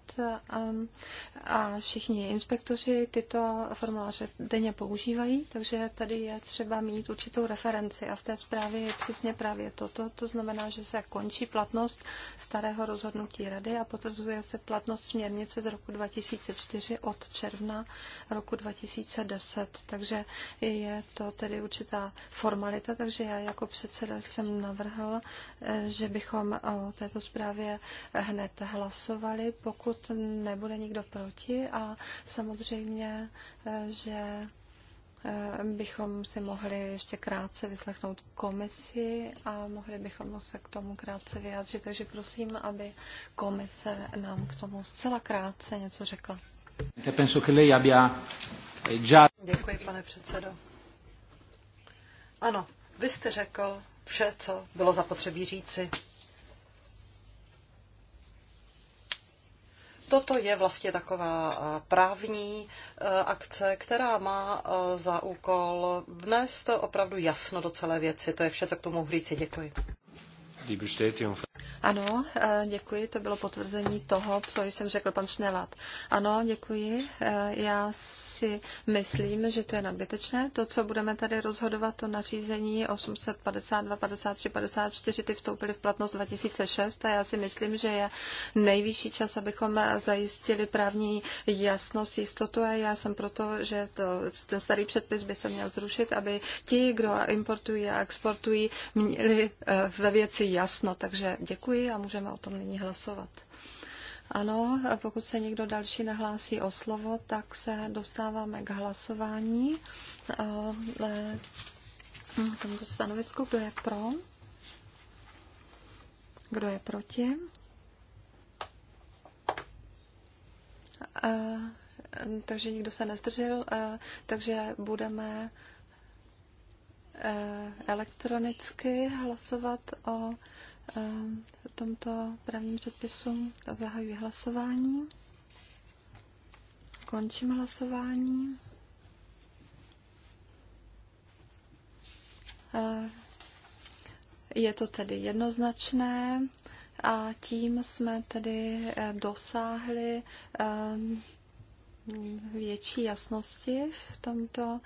[SPEAKER 2] a všichni inspektoři tyto formuláře denně používají, takže tady je třeba mít určitou referenci a v té zprávě je přesně právě toto. To znamená, že se končí platnost starého rozhodnutí rady a potvrzuje se platnost směrnice z roku 2004 od června června roku 2010. Takže je to tedy určitá formalita, takže já jako předseda jsem navrhl, eh, že bychom o této zprávě hned hlasovali, pokud nebude nikdo proti a samozřejmě, eh, že eh, bychom si mohli ještě krátce vyslechnout komisi a mohli bychom se k tomu krátce vyjádřit. Takže prosím, aby komise nám k tomu zcela krátce něco
[SPEAKER 4] řekla.
[SPEAKER 3] Eh,
[SPEAKER 4] Děkuji, pane předsedo. Ano, vy jste řekl vše, co bylo zapotřebí říci. Toto je vlastně taková eh, právní eh, akce, která má za úkol vnést opravdu jasno do celé věci. To je vše, co k tomu říci. Děkuji.
[SPEAKER 2] Ano, eh, děkuji, to bylo potvrzení toho, co jsem řekl pan Šnelat. Ano, děkuji. Eh, já si myslím, že to je nadbytečné. To, co budeme tady rozhodovat, to nařízení 852, 53, 54, ty vstoupily v platnost 2006 a já si myslím, že je nejvyšší čas, abychom zajistili právní jasnost, jistotu a já jsem proto, že to, ten starý předpis by se měl zrušit, aby ti, kdo importují a exportují, měli eh, ve věci jasno. Takže děkuji. Děkuji a můžeme o tom nyní hlasovat. Ano, pokud se někdo další nahlásí o slovo, tak se dostáváme k hlasování. E, hm, v tomto stanovisku, kdo je pro? Kdo je proti? takže nikdo se nezdržel, takže budeme e, elektronicky hlasovat o Eh, tomto právním předpisu. Zahajuji hlasování. Končím hlasování. Eh, je to tedy jednoznačné a tím jsme tedy eh, dosáhli větší jasnosti v tomto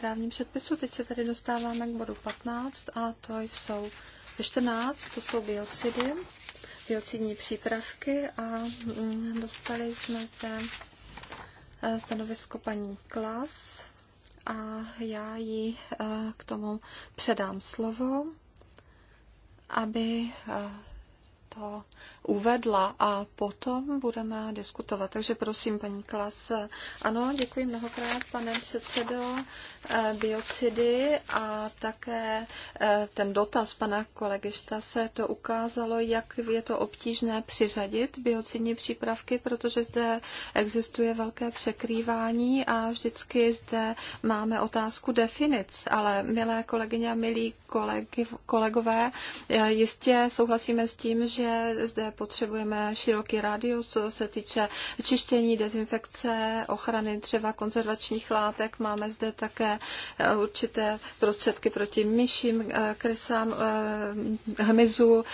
[SPEAKER 2] právním předpisu. Teď se tady dostáváme k bodu 15 a to jsou 14, to jsou biocidy, biocidní přípravky a mm, dostali jsme zde eh, stanovisko paní Klas a já jí eh, k tomu předám slovo, aby eh, to uvedla a potom budeme diskutovat. Takže prosím, paní Klas. Ano, děkuji mnohokrát, pane předsedo. Eh, biocidy a také eh, ten dotaz pana kolegyšta se to ukázalo, jak je to obtížné přiřadit biocidní přípravky, protože zde existuje velké překrývání a vždycky zde máme otázku definic. Ale milé kolegyně a milí kolegy, kolegové, eh, jistě souhlasíme s tím, že že zde potřebujeme široký rádius, co se týče čištění, dezinfekce, ochrany třeba konzervačních látek. Máme zde také eh, určité prostředky proti myším, eh, krysám, eh, hmyzu.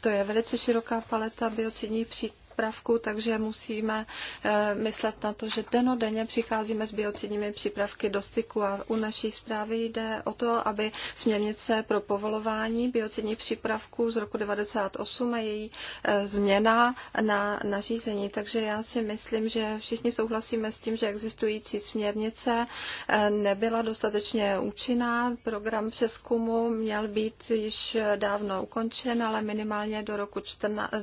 [SPEAKER 2] To je velice široká paleta biocidních příkladů přípravků, takže musíme eh, myslet na to, že denodenně přicházíme s biocidními přípravky do styku a u naší zprávy jde o to, aby směrnice pro povolování biocidních přípravků z roku 98 a její eh, změna na nařízení. Takže já si myslím, že všichni souhlasíme s tím, že existující směrnice eh, nebyla dostatečně účinná. Program přeskumu měl být již dávno ukončen, ale minimálně do roku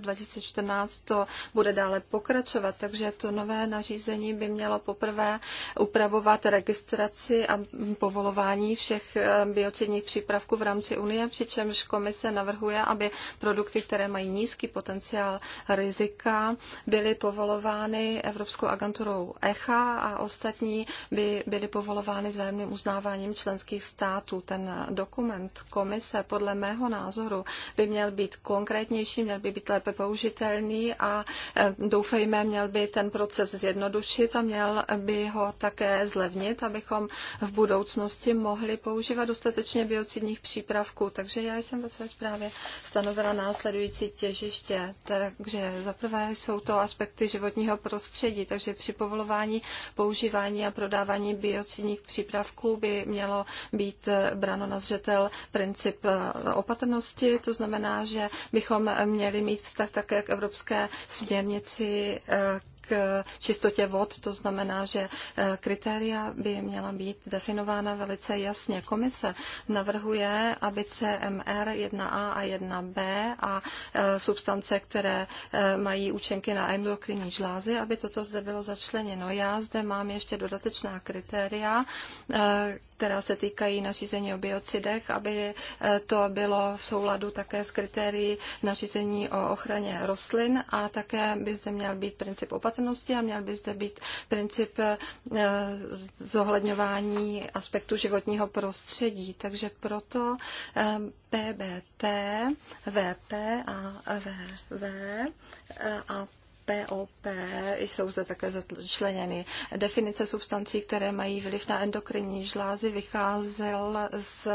[SPEAKER 2] 2014 to bude dále pokračovat, takže to nové nařízení by mělo poprvé upravovat registraci a povolování všech eh, biocidních přípravků v rámci Unie, přičemž komise navrhuje, aby produkty, které mají nízký potenciál rizika, byly povolovány Evropskou agenturou ECHA a ostatní by byly povolovány vzájemným uznáváním členských států. Ten dokument komise podle mého názoru by měl být konkrétnější, měl by být lépe použitelný a Eh, doufejme, měl by ten proces zjednodušit a měl by ho také zlevnit, abychom v budoucnosti mohli používat dostatečně biocidních přípravků. Takže já jsem ve své zprávě stanovila následující těžiště. Takže zaprvé jsou to aspekty životního prostředí, takže při povolování, používání a prodávání biocidních přípravků by mělo být eh, brano na zřetel princip eh, opatrnosti, to znamená, že bychom měli mít vztah také k evropské směrnici eh, k čistotě vod, to znamená, že eh, kritéria by měla být definována velice jasně. Komise navrhuje, aby CMR 1A a 1B a eh, substance, které mají účinky na endokrinní žlázy, aby toto zde bylo začleněno. Já zde mám ještě dodatečná kritéria, která se týkají nařízení o biocidech, aby eh, to bylo v souladu také s kritérií nařízení o ochraně rostlin a také by zde měl být princip opatrnosti a měl by zde být princip eh, zohledňování aspektu životního prostředí. Takže proto eh, PBT, VP a VV a POP jsou zde také začleněny. Definice substancí, které mají vliv na endokrinní žlázy, vycházel z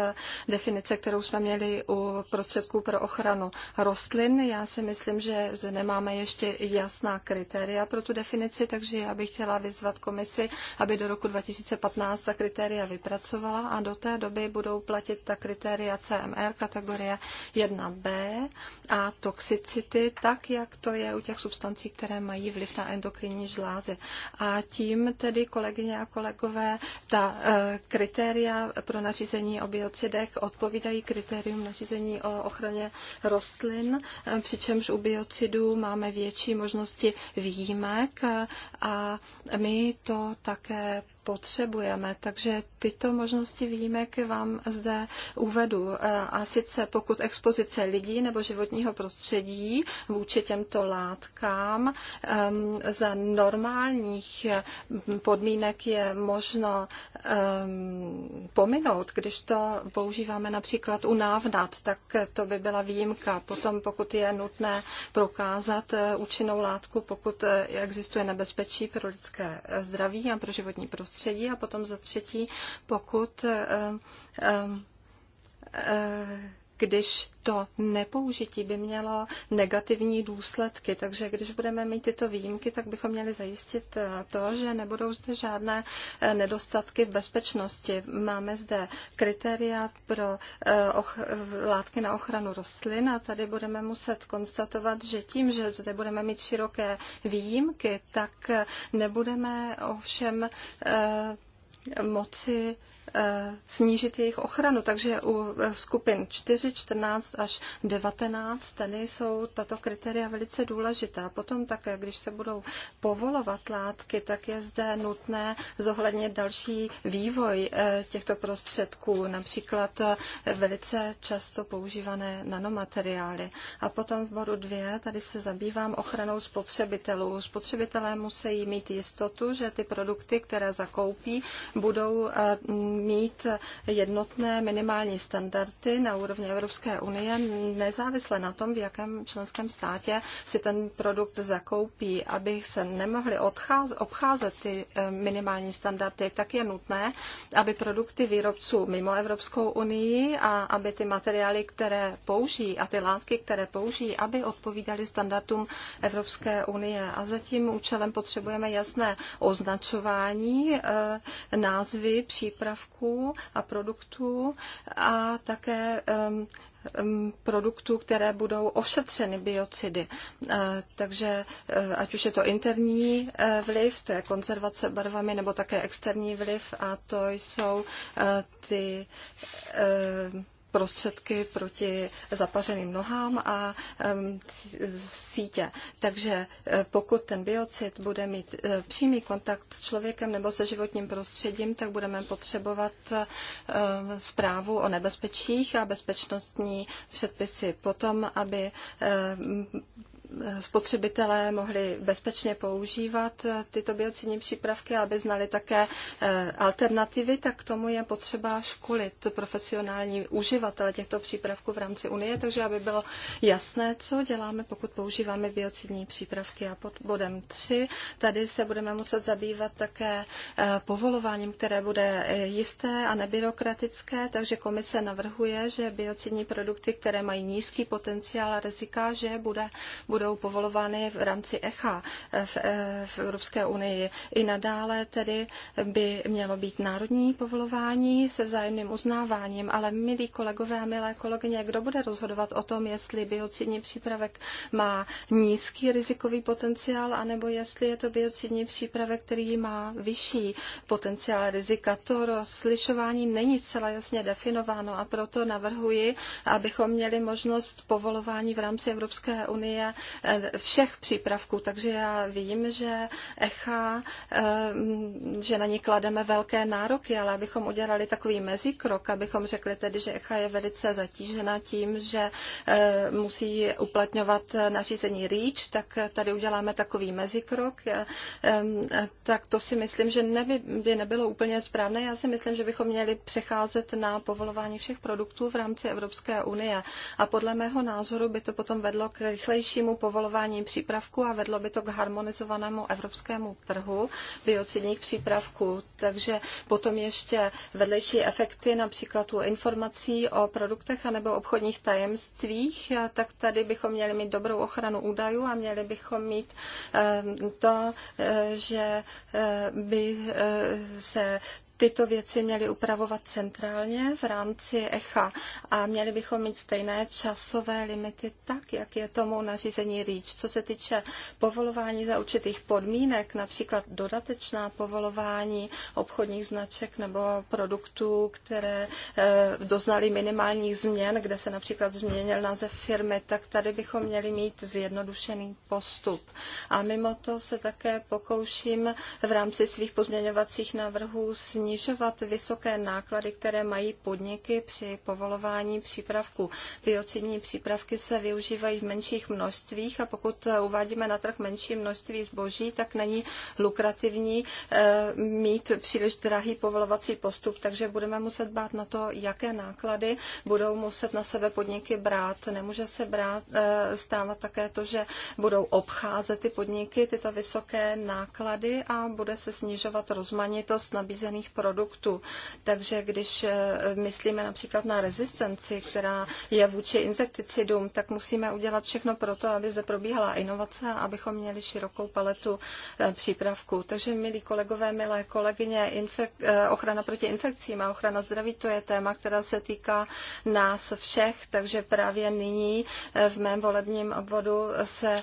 [SPEAKER 2] definice, kterou jsme měli u prostředků pro ochranu rostlin. Já si myslím, že zde nemáme ještě jasná kritéria pro tu definici, takže já bych chtěla vyzvat komisi, aby do roku 2015 ta kritéria vypracovala a do té doby budou platit ta kritéria CMR kategorie 1B a toxicity, tak jak to je u těch substancí, které které mají vliv na endokrinní žlázy. A tím tedy, kolegyně a kolegové, ta eh, kritéria pro nařízení o biocidech odpovídají kritérium nařízení o ochraně rostlin, eh, přičemž u biocidů máme větší možnosti výjimek eh, a my to také potřebujeme. Takže tyto možnosti výjimek vám zde uvedu. E, a sice pokud expozice lidí nebo životního prostředí vůči těmto látkám za normálních e, podmínek je možno pominout, když to používáme například u návnat, tak to by byla výjimka. Potom, pokud je nutné prokázat e, účinnou látku, pokud existuje nebezpečí pro lidské zdraví a pro životní prostředí, prostředí a potom za třetí, pokud eh, eh, eh, když to nepoužití by mělo negativní důsledky. Takže když budeme mít tyto výjimky, tak bychom měli zajistit eh, to, že nebudou zde žádné eh, nedostatky v bezpečnosti. Máme zde kritéria pro eh, látky na ochranu rostlin a tady budeme muset konstatovat, že tím, že zde budeme mít široké výjimky, tak nebudeme ovšem moci Eh, snížit jejich ochranu. Takže u eh, skupin 4, 14 až 19 tady jsou tato kritéria velice důležitá. Potom také, když se budou povolovat látky, tak je zde nutné zohlednit další vývoj eh, těchto prostředků, například velice často používané nanomateriály. A potom v bodu 2 tady se zabývám ochranou spotřebitelů. Spotřebitelé musí mít jistotu, že ty produkty, které zakoupí, budou mít jednotné minimální standardy na úrovni Evropské unie, nezávisle na tom, v jakém členském státě si ten produkt zakoupí. Aby se nemohli obcházet ty eh, minimální standardy, tak je nutné, aby produkty výrobců mimo Evropskou unii a aby ty materiály, které použijí a ty látky, které použijí, aby odpovídaly standardům Evropské unie. A za tím účelem potřebujeme jasné označování eh, názvy přípravků léků a produktů a také produktů, které budou ošetřeny biocidy. E, takže e, ať už je to interní e, vliv, to je konzervace barvami, nebo také externí vliv a to jsou ty prostředky proti zapařeným nohám a sítě. Takže e, pokud ten biocid bude mít e, přímý kontakt s člověkem nebo se životním prostředím, tak budeme potřebovat e, zprávu o nebezpečích a bezpečnostní předpisy potom, aby spotřebitelé mohli bezpečně používat eh, tyto biocidní přípravky, aby znali také eh, alternativy, tak k tomu je potřeba školit profesionální uživatele těchto přípravků v rámci Unie, takže aby bylo jasné, co děláme, pokud používáme biocidní přípravky. A pod bodem 3 tady se budeme muset zabývat také eh, povolováním, které bude jisté a nebyrokratické, takže komise navrhuje, že biocidní produkty, které mají nízký potenciál rizika, že bude, budou budou povolovány v rámci ECHA eh, v, eh, v Evropské unii. I nadále tedy by mělo být národní povolování se vzájemným uznáváním, ale milí kolegové a milé kolegyně, kdo bude rozhodovat o tom, jestli biocidní přípravek má nízký rizikový potenciál, anebo jestli je to biocidní přípravek, který má vyšší potenciál rizika. To rozlišování není zcela jasně definováno a proto navrhuji, abychom měli možnost povolování v rámci Evropské unie Eh, všech přípravků, takže já vím, že ECHA, eh, že na ní klademe velké nároky, ale abychom udělali takový mezikrok, abychom řekli tedy, že ECHA je velice zatížena tím, že eh, musí uplatňovat nařízení REACH, tak tady uděláme takový mezikrok, tak to si myslím, že neby, by nebylo úplně správné. Já si myslím, že bychom měli přecházet na povolování všech produktů v rámci Evropské unie. A podle mého názoru by to potom vedlo k rychlejšímu povolování přípravků a vedlo by to k harmonizovanému evropskému trhu biocidních přípravků. Takže potom ještě vedlejší efekty, například u informací o produktech anebo obchodních tajemstvích, tak tady bychom měli mít dobrou ochranu údajů a měli bychom mít eh, to, eh, že eh, by se tyto věci měly upravovat centrálně v rámci ECHA a měli bychom mít stejné časové limity tak, jak je tomu nařízení REACH. Co se týče povolování za určitých podmínek, například dodatečná povolování obchodních značek nebo produktů, které eh, doznaly minimálních změn, kde se například změnil název firmy, tak tady bychom měli mít zjednodušený postup. A mimo to se také pokouším v rámci svých pozměňovacích návrhů snížit snižovat vysoké náklady, které mají podniky při povolování přípravků. Biocidní přípravky se využívají v menších množstvích a pokud uvádíme na trh menší množství zboží, tak není lukrativní eh, mít příliš drahý povolovací postup, takže budeme muset bát na to, jaké náklady budou muset na sebe podniky brát. Nemůže se brát, eh, stávat také to, že budou obcházet ty podniky, tyto vysoké náklady a bude se snižovat rozmanitost nabízených produktů. Takže když eh, myslíme například na rezistenci, která je vůči insekticidům, tak musíme udělat všechno pro to, aby zde probíhala inovace a abychom měli širokou paletu eh, přípravků. Takže, milí kolegové, milé kolegyně, infek- eh, ochrana proti infekcím a ochrana zdraví, to je téma, která se týká nás všech, takže právě nyní v mém volebním obvodu se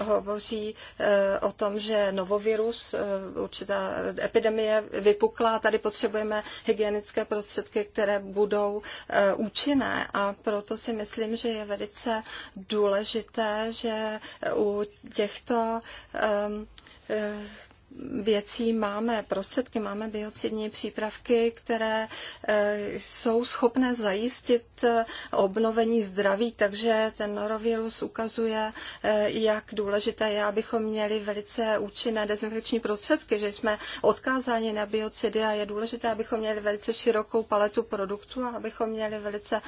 [SPEAKER 2] hovoří o tom, že novovirus, určitá epidemie vypukla a Tady potřebujeme hygienické prostředky, které budou e, účinné a proto si myslím, že je velice důležité, že u těchto e, e, věcí máme prostředky, máme biocidní přípravky, které e, jsou schopné zajistit e, obnovení zdraví, takže ten norovirus ukazuje, e, jak důležité je, abychom měli velice účinné dezinfekční prostředky, že jsme odkázáni na biocidy a je důležité, abychom měli velice širokou paletu produktů a abychom měli velice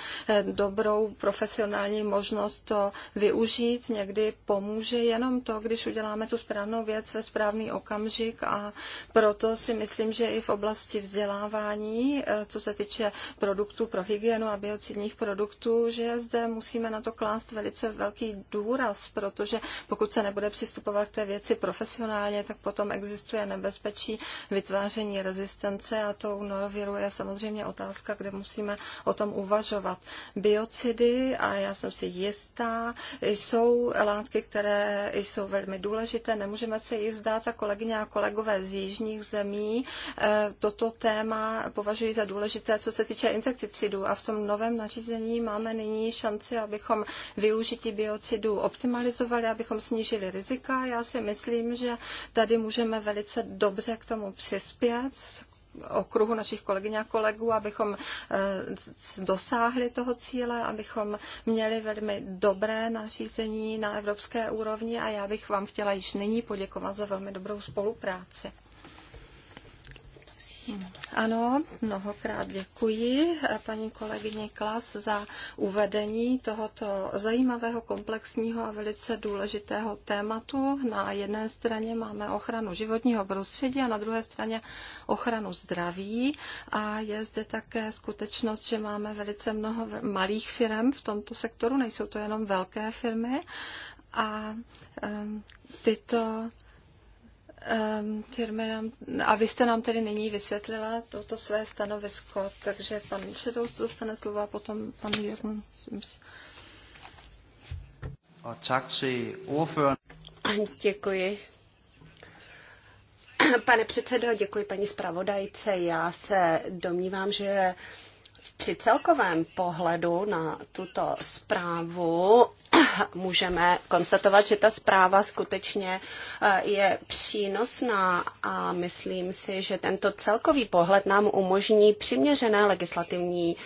[SPEAKER 2] dobrou profesionální možnost to využít. Někdy pomůže jenom to, když uděláme tu správnou věc ve správný okamžik, okamžik a proto si myslím, že i v oblasti vzdělávání, eh, co se týče produktů pro hygienu a biocidních produktů, že zde musíme na to klást velice velký důraz, protože pokud se nebude přistupovat k té věci profesionálně, tak potom existuje nebezpečí vytváření rezistence a to u noroviru je samozřejmě otázka, kde musíme o tom uvažovat. Biocidy, a já jsem si jistá, jsou látky, které jsou velmi důležité, nemůžeme se jich vzdát a kolegyně a kolegové z jižních zemí eh, toto téma považují za důležité, co se týče insekticidů. A v tom novém nařízení máme nyní šanci, abychom využití biocidů optimalizovali, abychom snížili rizika. Já si myslím, že tady můžeme velice dobře k tomu přispět, okruhu našich kolegyň a kolegů, abychom eh, dosáhli toho cíle, abychom měli velmi dobré nařízení na evropské úrovni a já bych vám chtěla již nyní poděkovat za velmi dobrou spolupráci. Ano, mnohokrát děkuji eh, paní kolegyně Klas za uvedení tohoto zajímavého, komplexního a velice důležitého tématu. Na jedné straně máme ochranu životního prostředí a na druhé straně ochranu zdraví. A je zde také skutečnost, že máme velice mnoho malých firm v tomto sektoru, nejsou to jenom velké firmy. A ehm, tyto Ehm, firmy nám, a vy jste nám tedy nyní vysvětlila toto své stanovisko, takže pan Šedous dostane slova a potom pan Jürgen
[SPEAKER 3] A tak si Děkuji. Pane předsedo, děkuji paní zpravodajce. Já se domnívám, že při celkovém pohledu na tuto zprávu můžeme konstatovat, že ta zpráva skutečně eh, je přínosná a myslím si, že tento celkový pohled nám umožní přiměřené legislativní uh,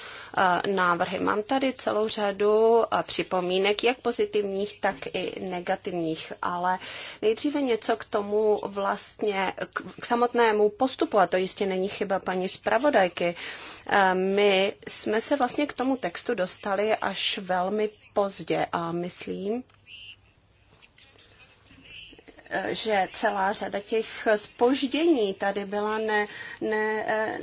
[SPEAKER 3] návrhy. Mám tady celou řadu připomínek, jak pozitivních, tak i negativních, ale nejdříve něco k tomu vlastně, k samotnému postupu, a to jistě není chyba paní zpravodajky. My jsme se vlastně k tomu textu dostali až velmi pozdě a myslím, že celá řada těch spoždění tady byla ne, ne, eh,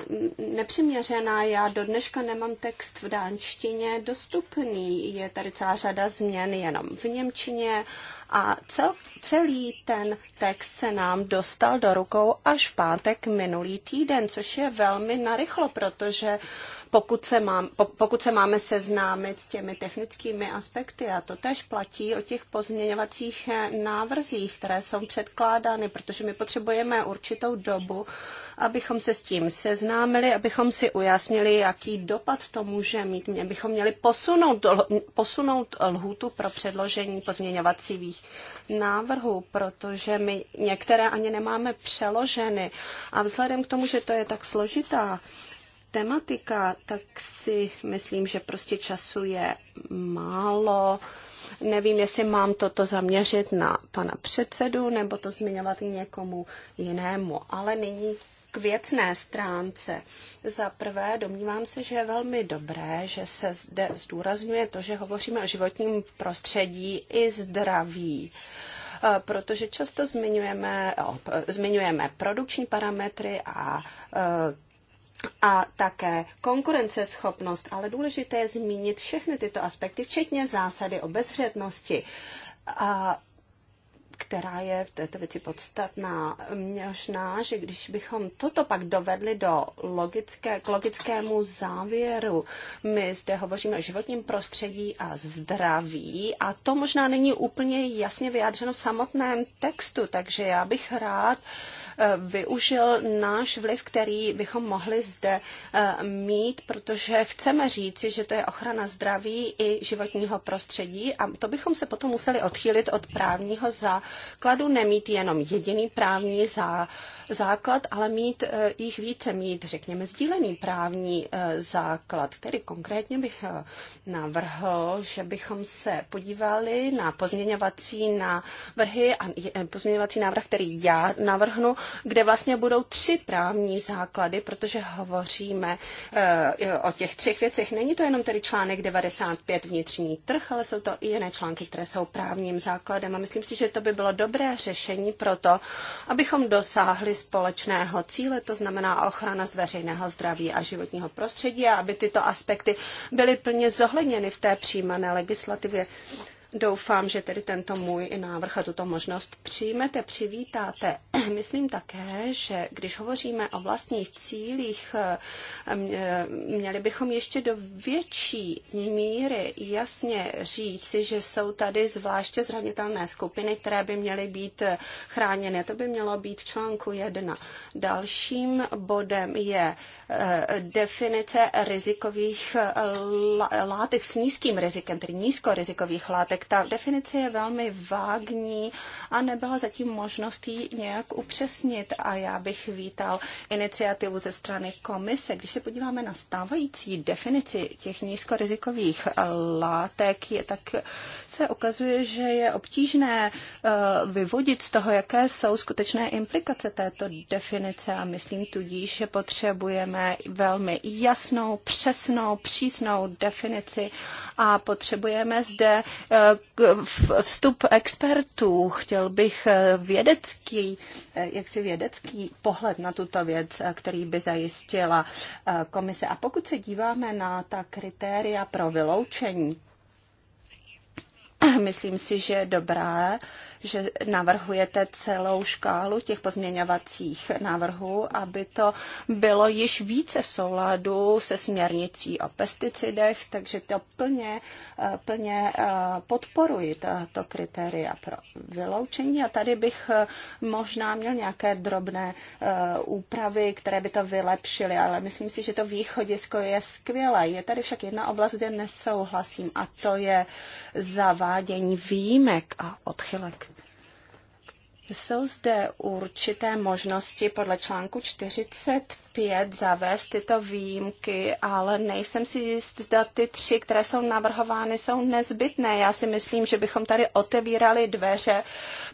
[SPEAKER 3] nepřiměřená. Já do dneška nemám text v dánštině dostupný. Je tady celá řada změn jenom v Němčině a cel, celý ten text se nám dostal do rukou až v pátek minulý týden, což je velmi narychlo, protože uh, pokud se, mám, pokud se máme seznámit s těmi technickými aspekty. A to tež platí o těch pozměňovacích eh, návrzích, které jsou předkládány, protože my potřebujeme určitou dobu, abychom se s tím seznámili, abychom si ujasnili, jaký dopad to může mít. Mě bychom měli posunout, posunout lhůtu pro předložení pozměňovacích návrhů, protože my některé ani nemáme přeloženy. A vzhledem k tomu, že to je tak složitá tematika, tak si myslím, že prostě času je málo. Nevím, jestli mám toto zaměřit na pana předsedu nebo to zmiňovat i někomu jinému, ale nyní k věcné stránce. Za prvé, domnívám se, že je velmi dobré, že se zde zdůrazňuje to, že hovoříme o životním prostředí i zdraví eh, protože často zmiňujeme, eh, eh, zmiňujeme produkční parametry a a také konkurenceschopnost, ale důležité je zmínit všechny tyto aspekty, včetně zásady o bezřetnosti. A která je v této věci podstatná. Možná, že když bychom toto pak dovedli do logické, k logickému závěru, my zde hovoříme o životním prostředí a zdraví a to možná není úplně jasně vyjádřeno v samotném textu, takže já bych rád uh, Eh, využil náš vliv, který bychom mohli zde eh, mít, protože chceme říci, že to je ochrana zdraví i životního prostředí a to bychom se potom museli odchýlit od právního základu, nemít jenom jediný právní základ, základ, ale mít eh, jich více, mít, řekněme, sdílený právní eh, základ, který konkrétně bych eh, navrhl, že bychom se podívali na pozměňovací návrhy a pozměňovací návrh, který já navrhnu, kde vlastně budou tři právní základy, protože hovoříme o těch třech věcech. Není to jenom tedy článek 95 vnitřní trh, ale jsou to i jiné články, které jsou právním základem a myslím si, že to by bylo dobré řešení pro to, abychom dosáhli společného cíle, to znamená ochrana z veřejného zdraví a životního prostředí a aby tyto aspekty byly plně zohledněny v té přijímané legislativě. Doufám, že tedy tento můj návrh a tuto možnost přijmete, přivítáte. Myslím také, že když hovoříme o vlastních cílích, eh, eh, měli bychom ještě do větší míry jasně říci, že jsou tady zvláště zranitelné skupiny, které by měly být eh, chráněny. To by mělo být v článku 1. Dalším bodem je definice rizikových látek s nízkým rizikem, tedy nízkorizikových látek ta definice je velmi vágní a nebyla zatím možnost ji nějak upřesnit a já bych vítal iniciativu ze strany komise. Když se podíváme na stávající definici těch nízkorizikových látek, je tak se ukazuje, že je obtížné eh, vyvodit z toho, jaké jsou skutečné implikace této definice a myslím tudíž, že potřebujeme velmi jasnou, přesnou, přísnou definici a potřebujeme zde eh, vstup expertů. Chtěl bych eh, vědecký, eh, jaksi vědecký pohled na tuto věc, eh, který by zajistila komise. A pokud se díváme na ta kritéria pro vyloučení, Myslím si, že je dobré, že navrhujete celou škálu těch pozměňovacích návrhů, aby to bylo již více v souladu se směrnicí o pesticidech, takže to plně, eh, plně eh, podporuji tato kritéria pro vyloučení. A tady bych eh, možná měl nějaké drobné úpravy, které by to vylepšily, ale myslím si, že to východisko je skvělé. Je tady však jedna oblast, kde nesouhlasím a to je zavádění zavádění výjimek a odchylek. Jsou zde určité možnosti podle článku 45 zavést tyto výjimky, ale nejsem si jist, zda ty tři, které jsou navrhovány, jsou nezbytné. Já si myslím, že bychom tady otevírali dveře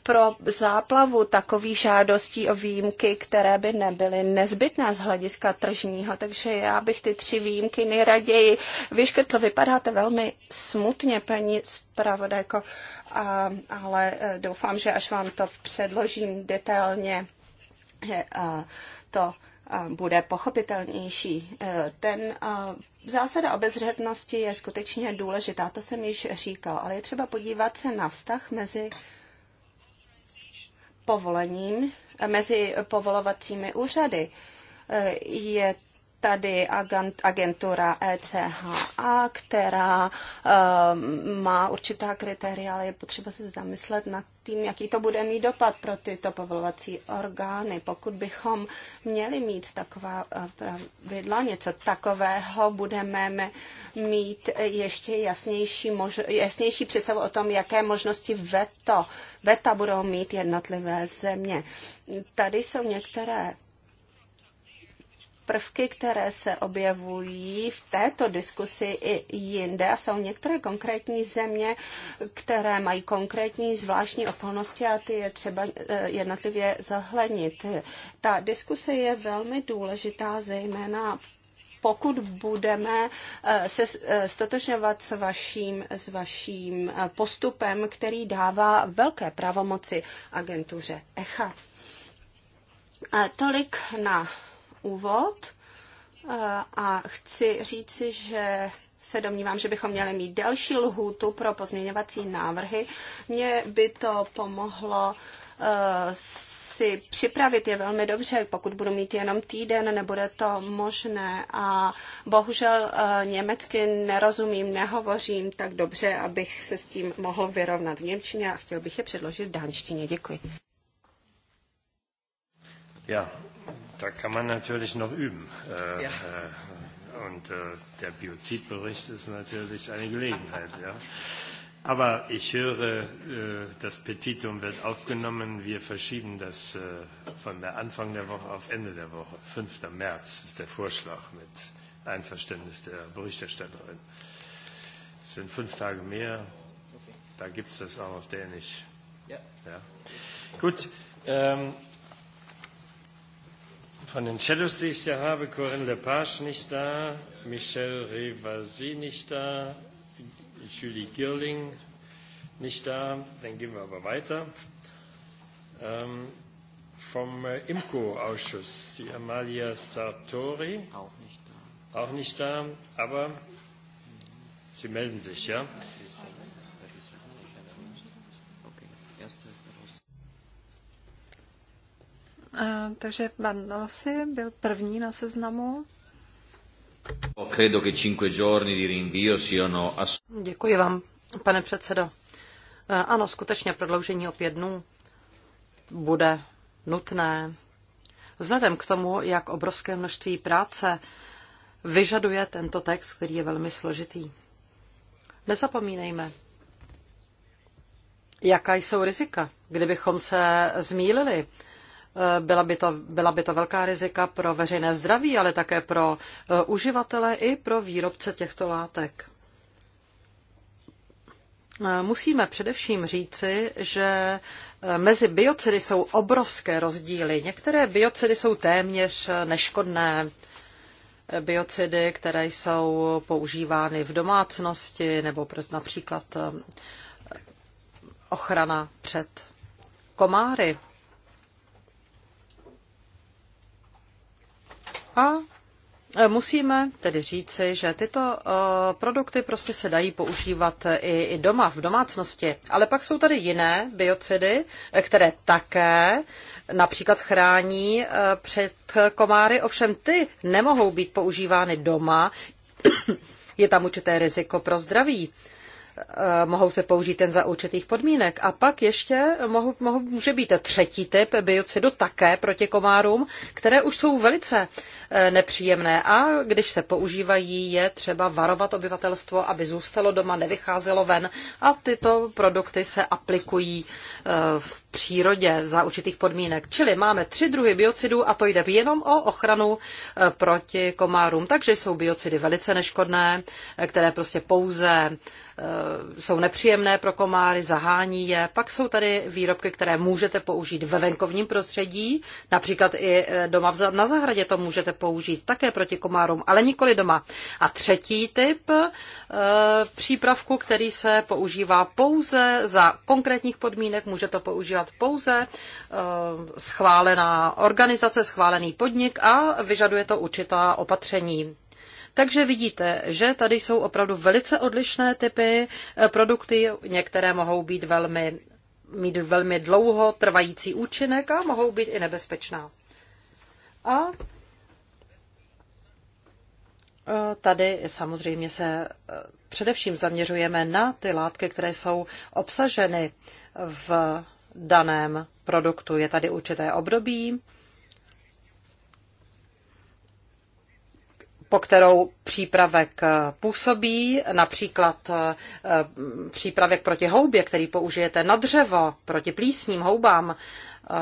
[SPEAKER 3] pro záplavu takových žádostí o výjimky, které by nebyly nezbytné z hlediska tržního. Takže já bych ty tři výjimky nejraději vyškrtl. Vypadáte velmi smutně, paní zpravodajko ale eh, doufám, že až vám to předložím detailně, eh, to eh, bude pochopitelnější. Ten Zásada obezřetnosti je skutečně důležitá, to jsem již říkal, ale je třeba podívat se na vztah mezi povolením, mezi povolovacími úřady. Je tady agentura ECHA, která ehm, má určitá kritéria, ale je potřeba se zamyslet nad tím, jaký to bude mít dopad pro tyto povolovací orgány. Pokud bychom měli mít taková eh, pravidla, něco takového, budeme mít ještě jasnější, mož, jasnější představu o tom, jaké možnosti veto, veta budou mít jednotlivé země. Tady jsou některé prvky, které se objevují v této diskusi i jinde. A jsou některé konkrétní země, které mají konkrétní zvláštní okolnosti a ty je třeba eh, jednotlivě zahlednit. Ta diskuse je velmi důležitá, zejména pokud budeme eh, se eh, stotožňovat s vaším, s vaším postupem, který dává velké pravomoci agentuře ECHA. Tolik na úvod eh, a chci říci, že se domnívám, že bychom měli mít delší lhůtu pro pozměňovací návrhy. Mně by to pomohlo eh, si připravit je velmi dobře, pokud budu mít jenom týden, nebude to možné a bohužel eh, německy nerozumím, nehovořím tak dobře, abych se s tím mohl vyrovnat v Němčině a chtěl bych je předložit v dánštině. Děkuji.
[SPEAKER 1] Já. Da kann man natürlich noch üben. Äh, ja. äh, und äh, der Biozidbericht ist natürlich eine Gelegenheit. ja. Aber ich höre, äh, das Petitum wird aufgenommen. Wir verschieben das äh, von der Anfang der Woche auf Ende der Woche. 5. März ist der Vorschlag mit Einverständnis der Berichterstatterin. Es sind fünf Tage mehr. Da gibt es das auch auf Dänisch. Ja. ja. Gut. Ähm, Von den Shadows, die ich hier habe, Corinne Lepage nicht da, Michel Revasi, nicht da, Julie Girling nicht da. Dann gehen wir aber weiter. Ähm, vom äh, IMCO-Ausschuss, die Amalia Sartori. Auch nicht da. Auch nicht da, aber Sie melden sich, ja.
[SPEAKER 2] takže pan Rossi byl první na seznamu.
[SPEAKER 1] No, credo
[SPEAKER 4] Děkuji vám, pane předsedo. E, ano, skutečně prodloužení o pět dnů bude nutné. Vzhledem k tomu, jak obrovské množství práce vyžaduje tento text, který je velmi složitý. Nezapomínejme, jaká jsou rizika, kdybychom se zmílili. Eh, byla by, to, byla by to velká rizika pro veřejné zdraví, ale také pro eh, uživatele i pro výrobce těchto látek. Eh, musíme především říci, že mezi biocidy jsou obrovské rozdíly. Některé biocidy jsou téměř neškodné. Biocidy, které jsou používány v domácnosti nebo například ochrana před komáry. A e, Musíme tedy říci, že tyto e, produkty prostě se dají používat i, doma, v domácnosti. Ale pak jsou tady jiné biocidy, e, které také například chrání před komáry, ovšem ty nemohou být používány doma. Je tam určité riziko pro zdraví. Eh, mohou se použít jen za určitých podmínek. A pak ještě mohou, mohou, může být třetí typ biocidu také proti komárům, které už jsou velice eh, nepříjemné a když se používají, je třeba varovat obyvatelstvo, aby zůstalo doma, nevycházelo ven a tyto produkty se aplikují eh, v přírodě za určitých podmínek. Čili máme tři druhy biocidů a to jde jenom o ochranu proti komárům. Takže jsou biocidy velice neškodné, které prostě pouze Eh, jsou nepříjemné pro komáry, zahání je. Pak jsou tady výrobky, které můžete použít ve venkovním prostředí, například i eh, doma na zahradě to můžete použít také proti komárům, ale nikoli doma. A třetí typ eh, přípravku, který se používá pouze za konkrétních podmínek, může to používat pouze schválená organizace, schválený podnik a vyžaduje to určitá opatření. Takže vidíte, že tady jsou opravdu velice odlišné typy eh, produkty. Některé mohou být velmi, mít velmi dlouho trvající účinek a mohou být i nebezpečná. A eh, Tady samozřejmě se eh, především zaměřujeme na ty látky, které jsou obsaženy v daném produktu. Je tady určité období, po kterou přípravek působí, například eh, přípravek proti houbě, který použijete na dřevo, proti plísním houbám. Eh,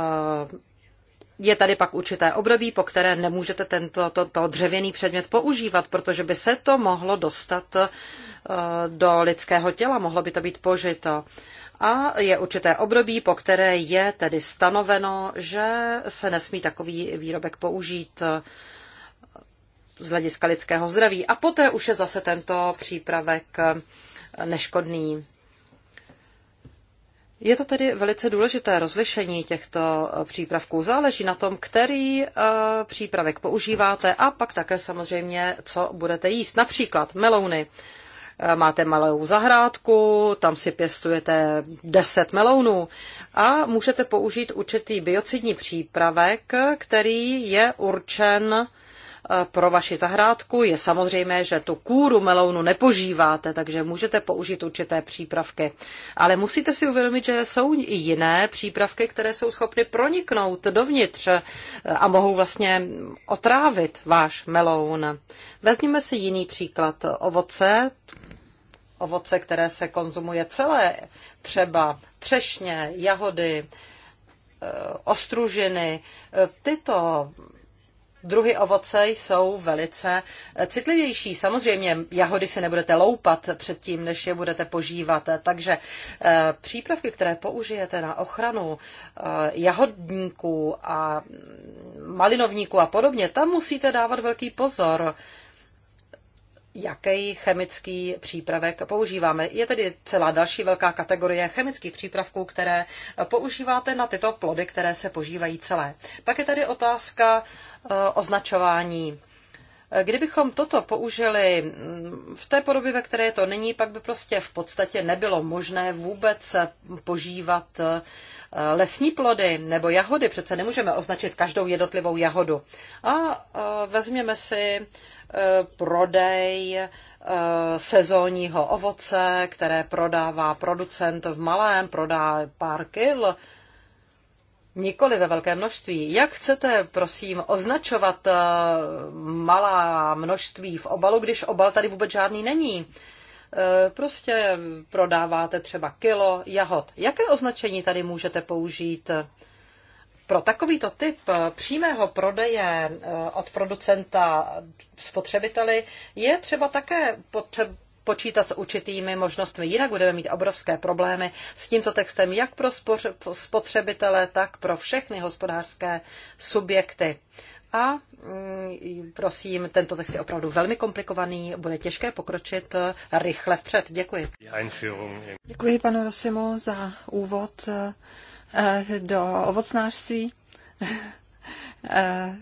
[SPEAKER 4] je tady pak určité období, po které nemůžete tento to, to dřevěný předmět používat, protože by se to mohlo dostat eh, do lidského těla, mohlo by to být požito a je určité období, po které je tedy stanoveno, že se nesmí takový výrobek použít z hlediska lidského zdraví. A poté už je zase tento přípravek eh, neškodný. Je to tedy velice důležité rozlišení těchto eh, přípravků. Záleží na tom, který eh, přípravek používáte a pak také samozřejmě, co budete jíst. Například melouny. Máte malou zahrádku, tam si pěstujete 10 melounů a můžete použít určitý biocidní přípravek, který je určen pro vaši zahrádku. Je samozřejmé, že tu kůru melounu nepožíváte, takže můžete použít určité přípravky. Ale musíte si uvědomit, že jsou i jiné přípravky, které jsou schopny proniknout dovnitř eh, a mohou vlastně otrávit váš meloun. Vezměme si jiný příklad. Ovoce, ovoce, které se konzumuje celé, třeba třešně, jahody, eh, ostružiny. Eh, tyto druhy ovoce jsou velice eh, citlivější. Samozřejmě jahody si nebudete loupat předtím, než je budete požívat. Takže eh, přípravky, které použijete na ochranu eh, jahodníků a mm, malinovníků a podobně, tam musíte dávat velký pozor jaký chemický přípravek používáme. Je tedy celá další velká kategorie chemických přípravků, které používáte na tyto plody, které se požívají celé. Pak je tady otázka eh, označování Kdybychom toto použili mm, v té podobě, ve které je to nyní, pak by prostě v podstatě nebylo možné vůbec požívat eh, lesní plody nebo jahody. Přece nemůžeme označit každou jednotlivou jahodu. A eh, vezměme si eh, prodej sezónního ovoce, které prodává producent v malém, prodá pár kil Nikoli ve velké množství. Jak chcete, prosím, označovat eh, malá množství v obalu, když obal tady vůbec žádný není? Eh, prostě prodáváte třeba kilo jahod. Jaké označení tady můžete použít? Pro takovýto typ eh, přímého prodeje od producenta spotřebiteli je třeba také počítat s určitými možnostmi. Jinak budeme mít obrovské problémy s tímto textem jak pro spotřebitele, tak pro všechny hospodářské subjekty. A mm, prosím, tento text je opravdu velmi komplikovaný, bude těžké pokročit eh, rychle vpřed. Děkuji. Děkuji panu Rosimu za úvod eh, do
[SPEAKER 2] ovocnářství. Eh,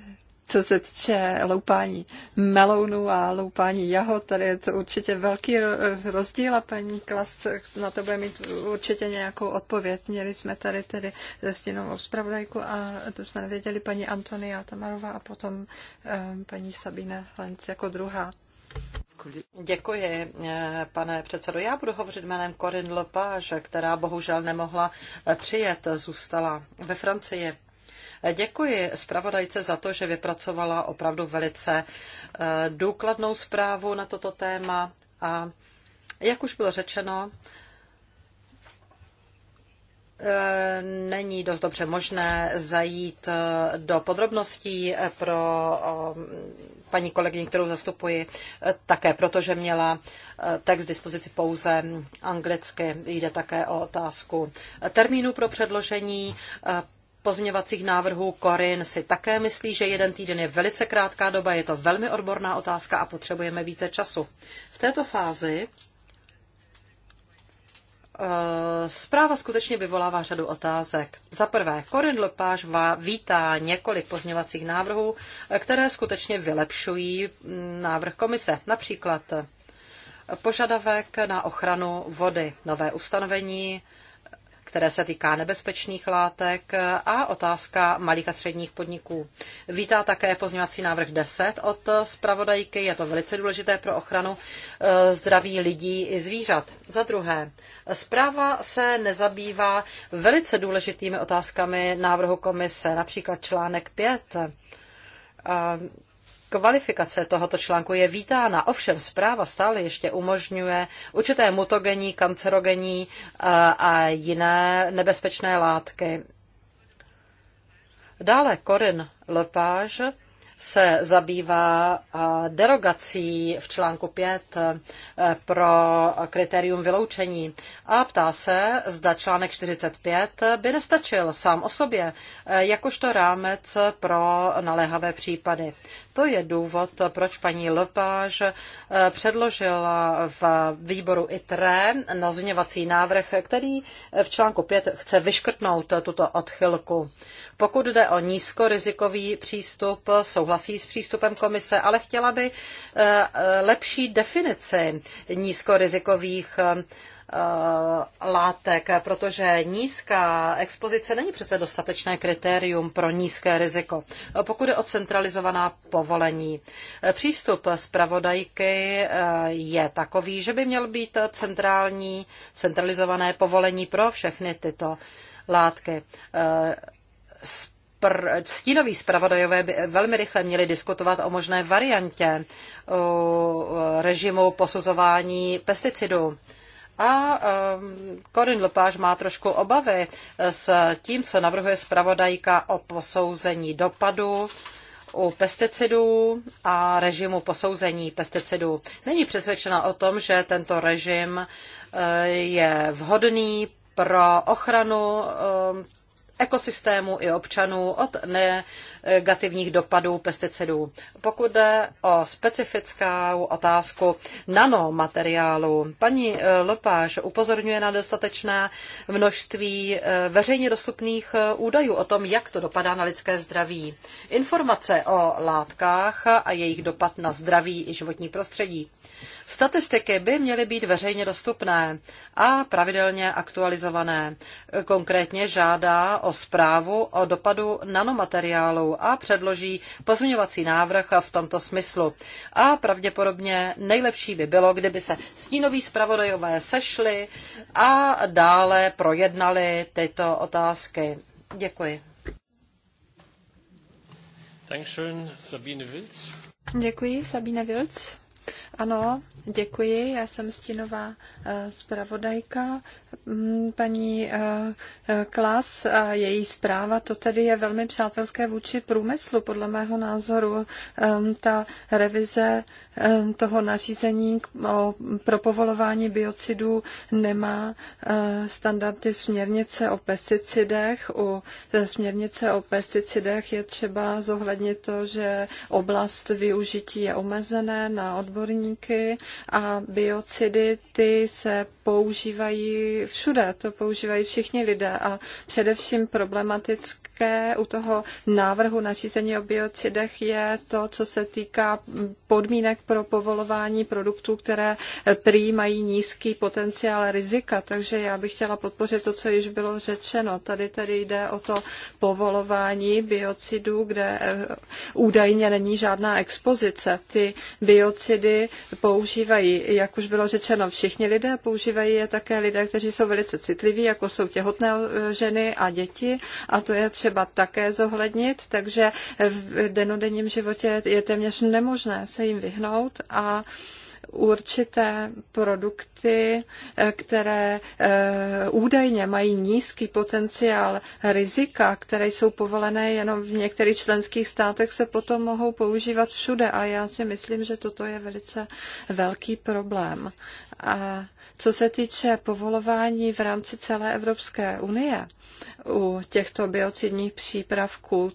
[SPEAKER 2] co se týče loupání melounu a loupání jahod, tady je to určitě velký rozdíl a paní Klas na to bude mít určitě nějakou odpověď. Měli jsme tady tedy stěnou zpravodajku a to jsme nevěděli paní Antonia Tamarová a potom eh, paní Sabina Lenc jako druhá.
[SPEAKER 4] Děkuji, eh, pane předsedo. Já budu hovořit jménem Corinne Lepage, která bohužel nemohla eh, přijet, zůstala ve Francii. Děkuji zpravodajce za to, že vypracovala opravdu velice eh, důkladnou zprávu na toto téma a jak už bylo řečeno, eh, není dost dobře možné zajít eh, do podrobností pro paní kolegyni, kterou zastupuji, také protože měla text dispozici pouze anglicky. Jde také o otázku termínu pro předložení pozměňovacích návrhů. Korin si také myslí, že jeden týden je velice krátká doba, je to velmi odborná otázka a potřebujeme více času. V této fázi eh, Zpráva skutečně vyvolává řadu otázek. Za prvé, Corinne Lepage vítá několik pozměňovacích návrhů, eh, které skutečně vylepšují mm, návrh komise. Například eh, požadavek na ochranu vody, nové ustanovení které se týká nebezpečných látek a otázka malých a středních podniků. Vítá také pozměňovací návrh 10 od zpravodajky. Je to velice důležité pro ochranu eh, zdraví lidí i zvířat. Za druhé, zpráva se nezabývá velice důležitými otázkami návrhu komise, například článek 5 Kvalifikace tohoto článku je vítána, ovšem zpráva stále ještě umožňuje určité mutagení, kancerogení eh, a jiné nebezpečné látky. Dále Corinne Lepage se zabývá eh, derogací v článku 5 eh, pro kritérium vyloučení a ptá se, zda článek 45 by nestačil sám o sobě, eh, jakožto rámec pro naléhavé případy. To je důvod, proč paní Lepage předložila v výboru ITRE nazvňovací návrh, který v článku 5 chce vyškrtnout tuto odchylku. Pokud jde o nízkorizikový přístup, souhlasí s přístupem komise, ale chtěla by eh, eh, lepší definici nízkorizikových eh, látek, protože nízká expozice není přece dostatečné kritérium pro nízké riziko. Pokud je o centralizovaná povolení, přístup zpravodajky je takový, že by měl být centrální, centralizované povolení pro všechny tyto látky pr- stínoví zpravodajové by velmi rychle měli diskutovat o možné variantě o režimu posuzování pesticidů. A um, Corin Lepage má trošku obavy s tím, co navrhuje zpravodajka o posouzení dopadu u pesticidů a režimu posouzení pesticidů. Není přesvědčena o tom, že tento režim eh, je vhodný pro ochranu eh, ekosystému i občanů od ne negativních dopadů pesticidů. Pokud jde o specifickou otázku nanomateriálu, paní eh, Lopáš, upozorňuje na dostatečné množství eh, veřejně dostupných eh, údajů o tom, jak to dopadá na lidské zdraví. Informace o látkách a jejich dopad na zdraví i životní prostředí. Statistiky by měly být veřejně dostupné a pravidelně aktualizované. Konkrétně žádá o zprávu o dopadu nanomateriálu a předloží pozměňovací návrh v tomto smyslu. A pravděpodobně nejlepší by bylo, kdyby se stínoví zpravodajové sešli a dále projednali tyto otázky. Děkuji. Děkuji,
[SPEAKER 2] Sabine Wilc. Ano, děkuji. Já jsem stínová eh, zpravodajka Mm, paní eh, eh, Klas a její zpráva, to tedy je velmi přátelské vůči průmyslu, podle mého názoru. Ehm, ta revize ehm, toho nařízení pro povolování biocidů nemá eh, standardy směrnice o pesticidech. U směrnice o pesticidech je třeba zohlednit to, že oblast využití je omezené na odborníky a biocidy ty se používají všude, to používají všichni lidé a především problematické u toho návrhu nařízení o biocidech je to, co se týká podmínek pro povolování produktů, které prý mají nízký potenciál rizika, takže já bych chtěla podpořit to, co již bylo řečeno. Tady tedy jde o to povolování biocidů, kde eh, údajně není žádná expozice. Ty biocidy používají, jak už bylo řečeno, všichni lidé, používají je také lidé, kteří jsou velice citliví, jako jsou těhotné eh, ženy a děti a to je třeba také zohlednit, takže v denodenním životě je téměř nemožné se jim vyhnout a určité produkty, eh, které eh, údajně mají nízký potenciál rizika, které jsou povolené jenom v některých členských státech, se potom mohou používat všude. A já si myslím, že toto je velice velký problém. A co se týče povolování v rámci celé Evropské unie u těchto biocidních přípravků,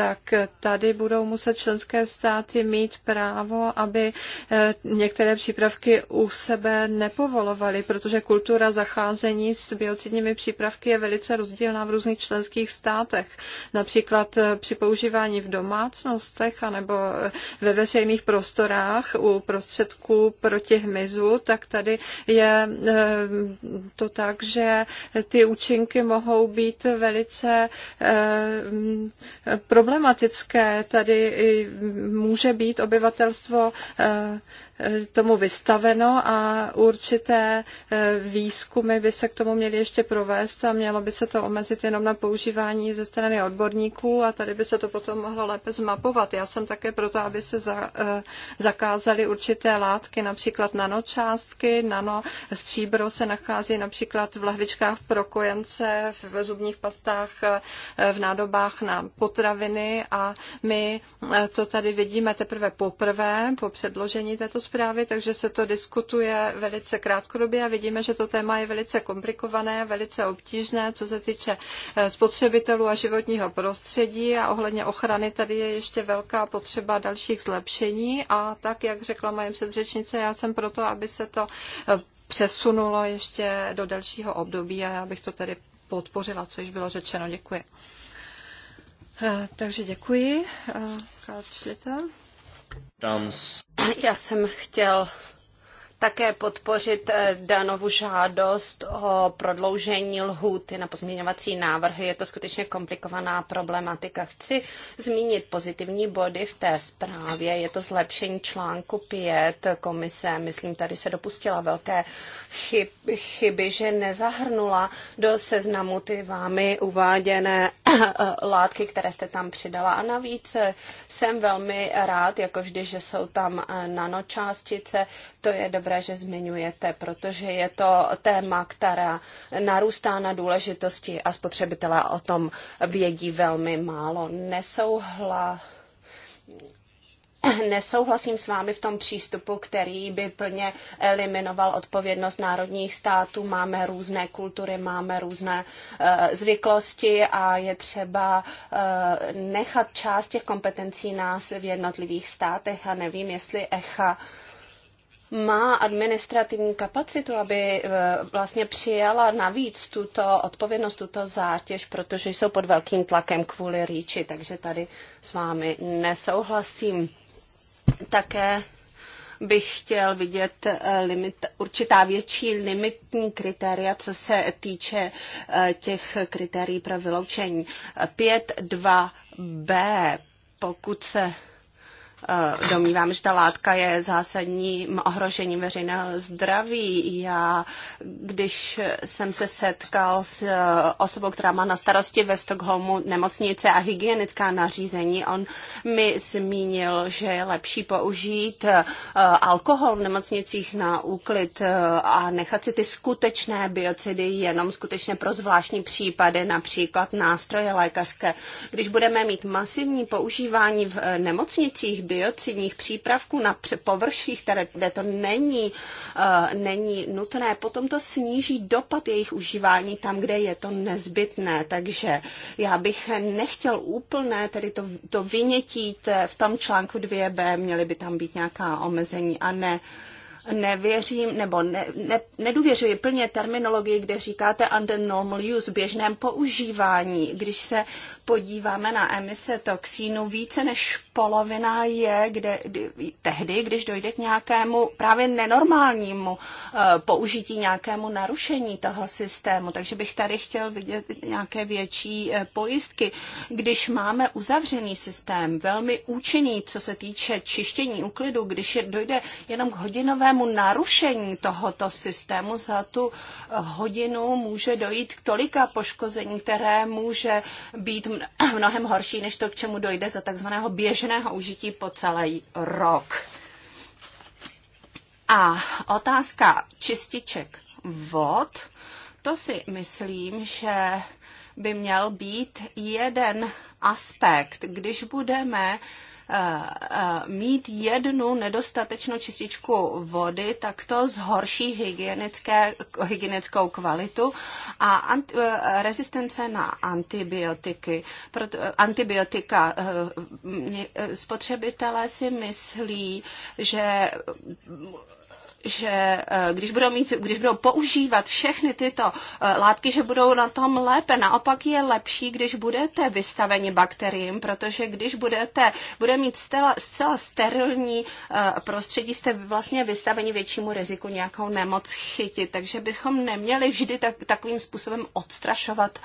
[SPEAKER 2] tak tady budou muset členské státy mít právo, aby eh, některé přípravky u sebe nepovolovaly, protože kultura zacházení s biocidními přípravky je velice rozdílná v různých členských státech. Například eh, při používání v domácnostech anebo eh, ve veřejných prostorách u prostředků proti hmyzu, tak tady je to tak, že ty účinky mohou být velice problematické problematické. Tady může být obyvatelstvo eh, Eh, tomu vystaveno a určité eh, výzkumy by se k tomu měly ještě provést a mělo by se to omezit jenom na používání ze strany odborníků a tady by se to potom mohlo lépe zmapovat. Já jsem také proto, aby se za, eh, zakázaly určité látky, například nanočástky, nano stříbro se nachází například v lahvičkách pro kojence, v zubních pastách, v nádobách na potraviny a my to tady vidíme teprve poprvé po předložení této zprávy, takže se to diskutuje velice krátkodobě a vidíme, že to téma je velice komplikované, velice obtížné, co se týče eh, spotřebitelů a životního prostředí a ohledně ochrany tady je ještě velká potřeba dalších zlepšení a tak, jak řekla moje předřečnice, já jsem proto, aby se to eh, přesunulo ještě do dalšího období a já bych to tedy podpořila, co již bylo řečeno. Děkuji.
[SPEAKER 3] Eh, takže děkuji. Karl Schlitter.
[SPEAKER 1] Dance.
[SPEAKER 3] Já jsem chtěl také podpořit eh, Danovu žádost o prodloužení lhůty na pozměňovací návrhy. Je to skutečně komplikovaná problematika. Chci zmínit pozitivní body v té zprávě. Je to zlepšení článku 5 komise. Myslím, tady se dopustila velké chyb, chyby, že nezahrnula do seznamu ty vámi uváděné eh, látky, které jste tam přidala. A navíc eh, jsem velmi rád, jako vždy, že jsou tam nanočástice. To je dobré dobré, že zmiňujete, protože je to téma, která narůstá na důležitosti a spotřebitelé o tom vědí velmi málo. Nesouhla nesouhlasím s vámi v tom přístupu, který by plně eliminoval odpovědnost národních států. Máme různé kultury, máme různé uh, zvyklosti a je třeba uh, nechat část těch kompetencí nás v jednotlivých státech a nevím, jestli ECHA uh, má administrativní kapacitu, aby e, vlastně přijala navíc tuto odpovědnost, tuto zátěž, protože jsou pod velkým tlakem kvůli rýči, takže tady s vámi nesouhlasím. Také bych chtěl vidět e, limit, určitá větší limitní kritéria, co se týče e, těch kritérií pro vyloučení. 5.2b, pokud se Eh, domnívám, že ta látka je zásadním ohrožením veřejného zdraví. Já, když jsem se setkal s eh, osobou, která má na starosti ve Stockholmu nemocnice a hygienická nařízení, on mi zmínil, že je lepší použít eh, alkohol v nemocnicích na úklid a nechat si ty skutečné biocidy jenom skutečně pro zvláštní případy, například nástroje lékařské. Když budeme mít masivní používání v nemocnicích biocidních přípravků na površích, které, kde to není, uh, není nutné, potom to sníží dopad jejich užívání tam, kde je to nezbytné. Takže já bych nechtěl úplné, tedy to, to vynětí to v tom článku 2b, měly by tam být nějaká omezení a ne nevěřím nebo ne, ne, nedůvěřuji plně terminologii, kde říkáte under normal use, běžném používání. Když se podíváme na emise toxínů, více než polovina je kde, kdy, tehdy, když dojde k nějakému právě nenormálnímu eh, použití, nějakému narušení toho systému. Takže bych tady chtěl vidět nějaké větší e, pojistky. Když máme uzavřený systém, velmi účinný, co se týče čištění úklidu, když je, dojde jenom k hodinovému narušení tohoto systému, za tu eh, hodinu může dojít k tolika poškození, které může být mnohem horší, než to, k čemu dojde za takzvaného běžného užití po celý rok. A otázka čističek vod, to si myslím, že by měl být jeden aspekt, když budeme uh, mít jednu nedostatečnou čističku vody, tak to zhorší hygienické, hygienickou kvalitu a anti, e, rezistence na antibiotiky. Proto, e, antibiotika e, spotřebitelé si myslí, že že eh, když budou, mít, když budou používat všechny tyto eh, látky, že budou na tom lépe. Naopak je lepší, když budete vystaveni bakteriím, protože když budete, bude mít zcela, zcela sterilní eh, prostředí, jste vlastně vystaveni většímu riziku nějakou nemoc chytit. Takže bychom neměli vždy tak, takovým způsobem odstrašovat.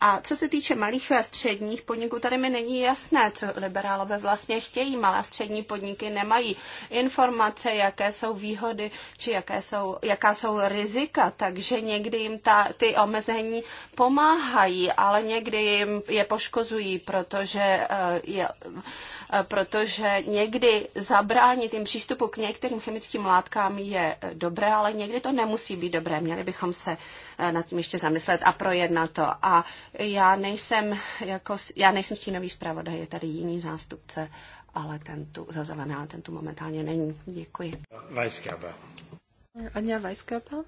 [SPEAKER 3] A co se týče malých a středních podniků, tady mi není jasné, co liberálové vlastně chtějí. Malá střední podniky nemají informace informace, jaké jsou výhody či jaké jsou, jaká jsou rizika, takže někdy jim ta, ty omezení pomáhají, ale někdy jim je poškozují, protože, eh, je, eh, protože někdy zabránit jim přístupu k některým chemickým látkám je eh, dobré, ale někdy to nemusí být dobré. Měli bychom se nad tím ještě zamyslet a projednat to. A já nejsem, jako, já nejsem stínový zpravodaj, je tady jiný zástupce ale ten tu, za zelená ten tu momentálně není. Děkuji.
[SPEAKER 1] Weisgerber.
[SPEAKER 3] Anja Weisgerber.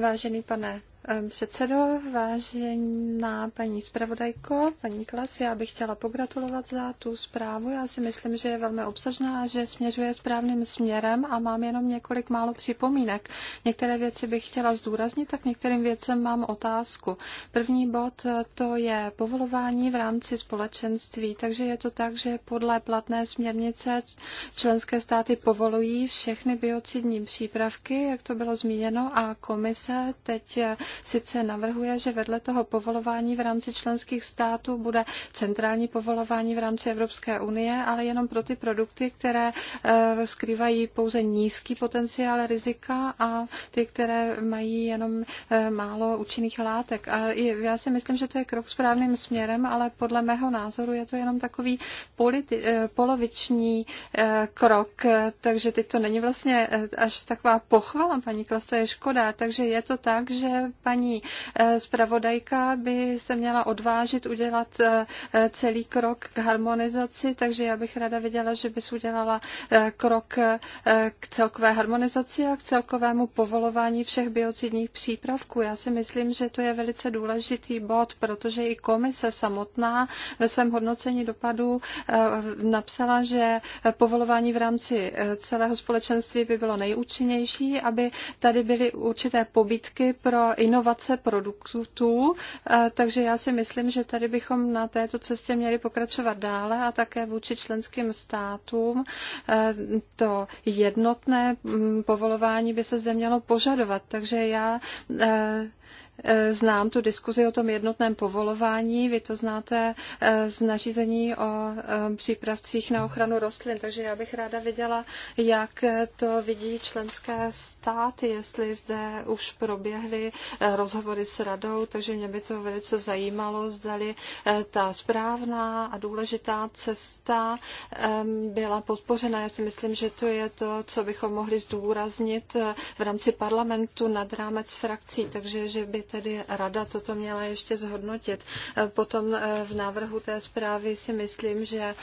[SPEAKER 2] Vážený pane Ehm, předsedo, vážená paní zpravodajko, paní Klas, já bych chtěla pogratulovat za tu zprávu. Já si myslím, že je velmi obsažná a že směřuje správným směrem a mám jenom několik málo připomínek. Některé věci bych chtěla zdůraznit, tak některým věcem mám otázku. První bod eh, to je povolování v rámci společenství, takže je to tak, že podle platné směrnice členské státy povolují všechny biocidní přípravky, jak to bylo zmíněno, a komise teď eh, sice navrhuje, že vedle toho povolování v rámci členských států bude centrální povolování v rámci Evropské unie, ale jenom pro ty produkty, které eh, skrývají pouze nízký potenciál rizika a ty, které mají jenom eh, málo účinných látek. A já si myslím, že to je krok správným směrem, ale podle mého názoru je to jenom takový politi- eh, poloviční krok, takže teď to není vlastně až taková pochvala, paní Klas, je škoda. Takže je to tak, že paní eh, zpravodajka by se měla odvážit udělat eh, celý krok k harmonizaci, takže já bych ráda viděla, že bys udělala eh, krok k celkové harmonizaci a k celkovému povolování všech biocidních přípravků. Já si myslím, že to je velice důležitý bod, protože i komise samotná ve svém hodnocení dopadu napsala, že povolování v rámci celého společenství by bylo nejúčinnější, aby tady byly určité pobytky pro inovace inovace produktů, eh, takže já si myslím, že tady bychom na této cestě měli pokračovat dále a také vůči členským státům eh, to jednotné mm, povolování by se zde mělo požadovat. Takže já eh, Eh, znám tu diskuzi o tom jednotném povolování, vy to znáte eh, z nařízení o eh, přípravcích na ochranu rostlin, takže já bych ráda viděla, jak to vidí členské státy, jestli zde už proběhly rozhovory s radou, takže mě by to velice zajímalo, zdali ta správná a důležitá cesta byla podpořena. Já si myslím, že to je to, co bychom mohli zdůraznit v rámci parlamentu nad rámec frakcí, takže že by tedy rada toto měla ještě zhodnotit. E, Potom e, v návrhu té zprávy si myslím, že e,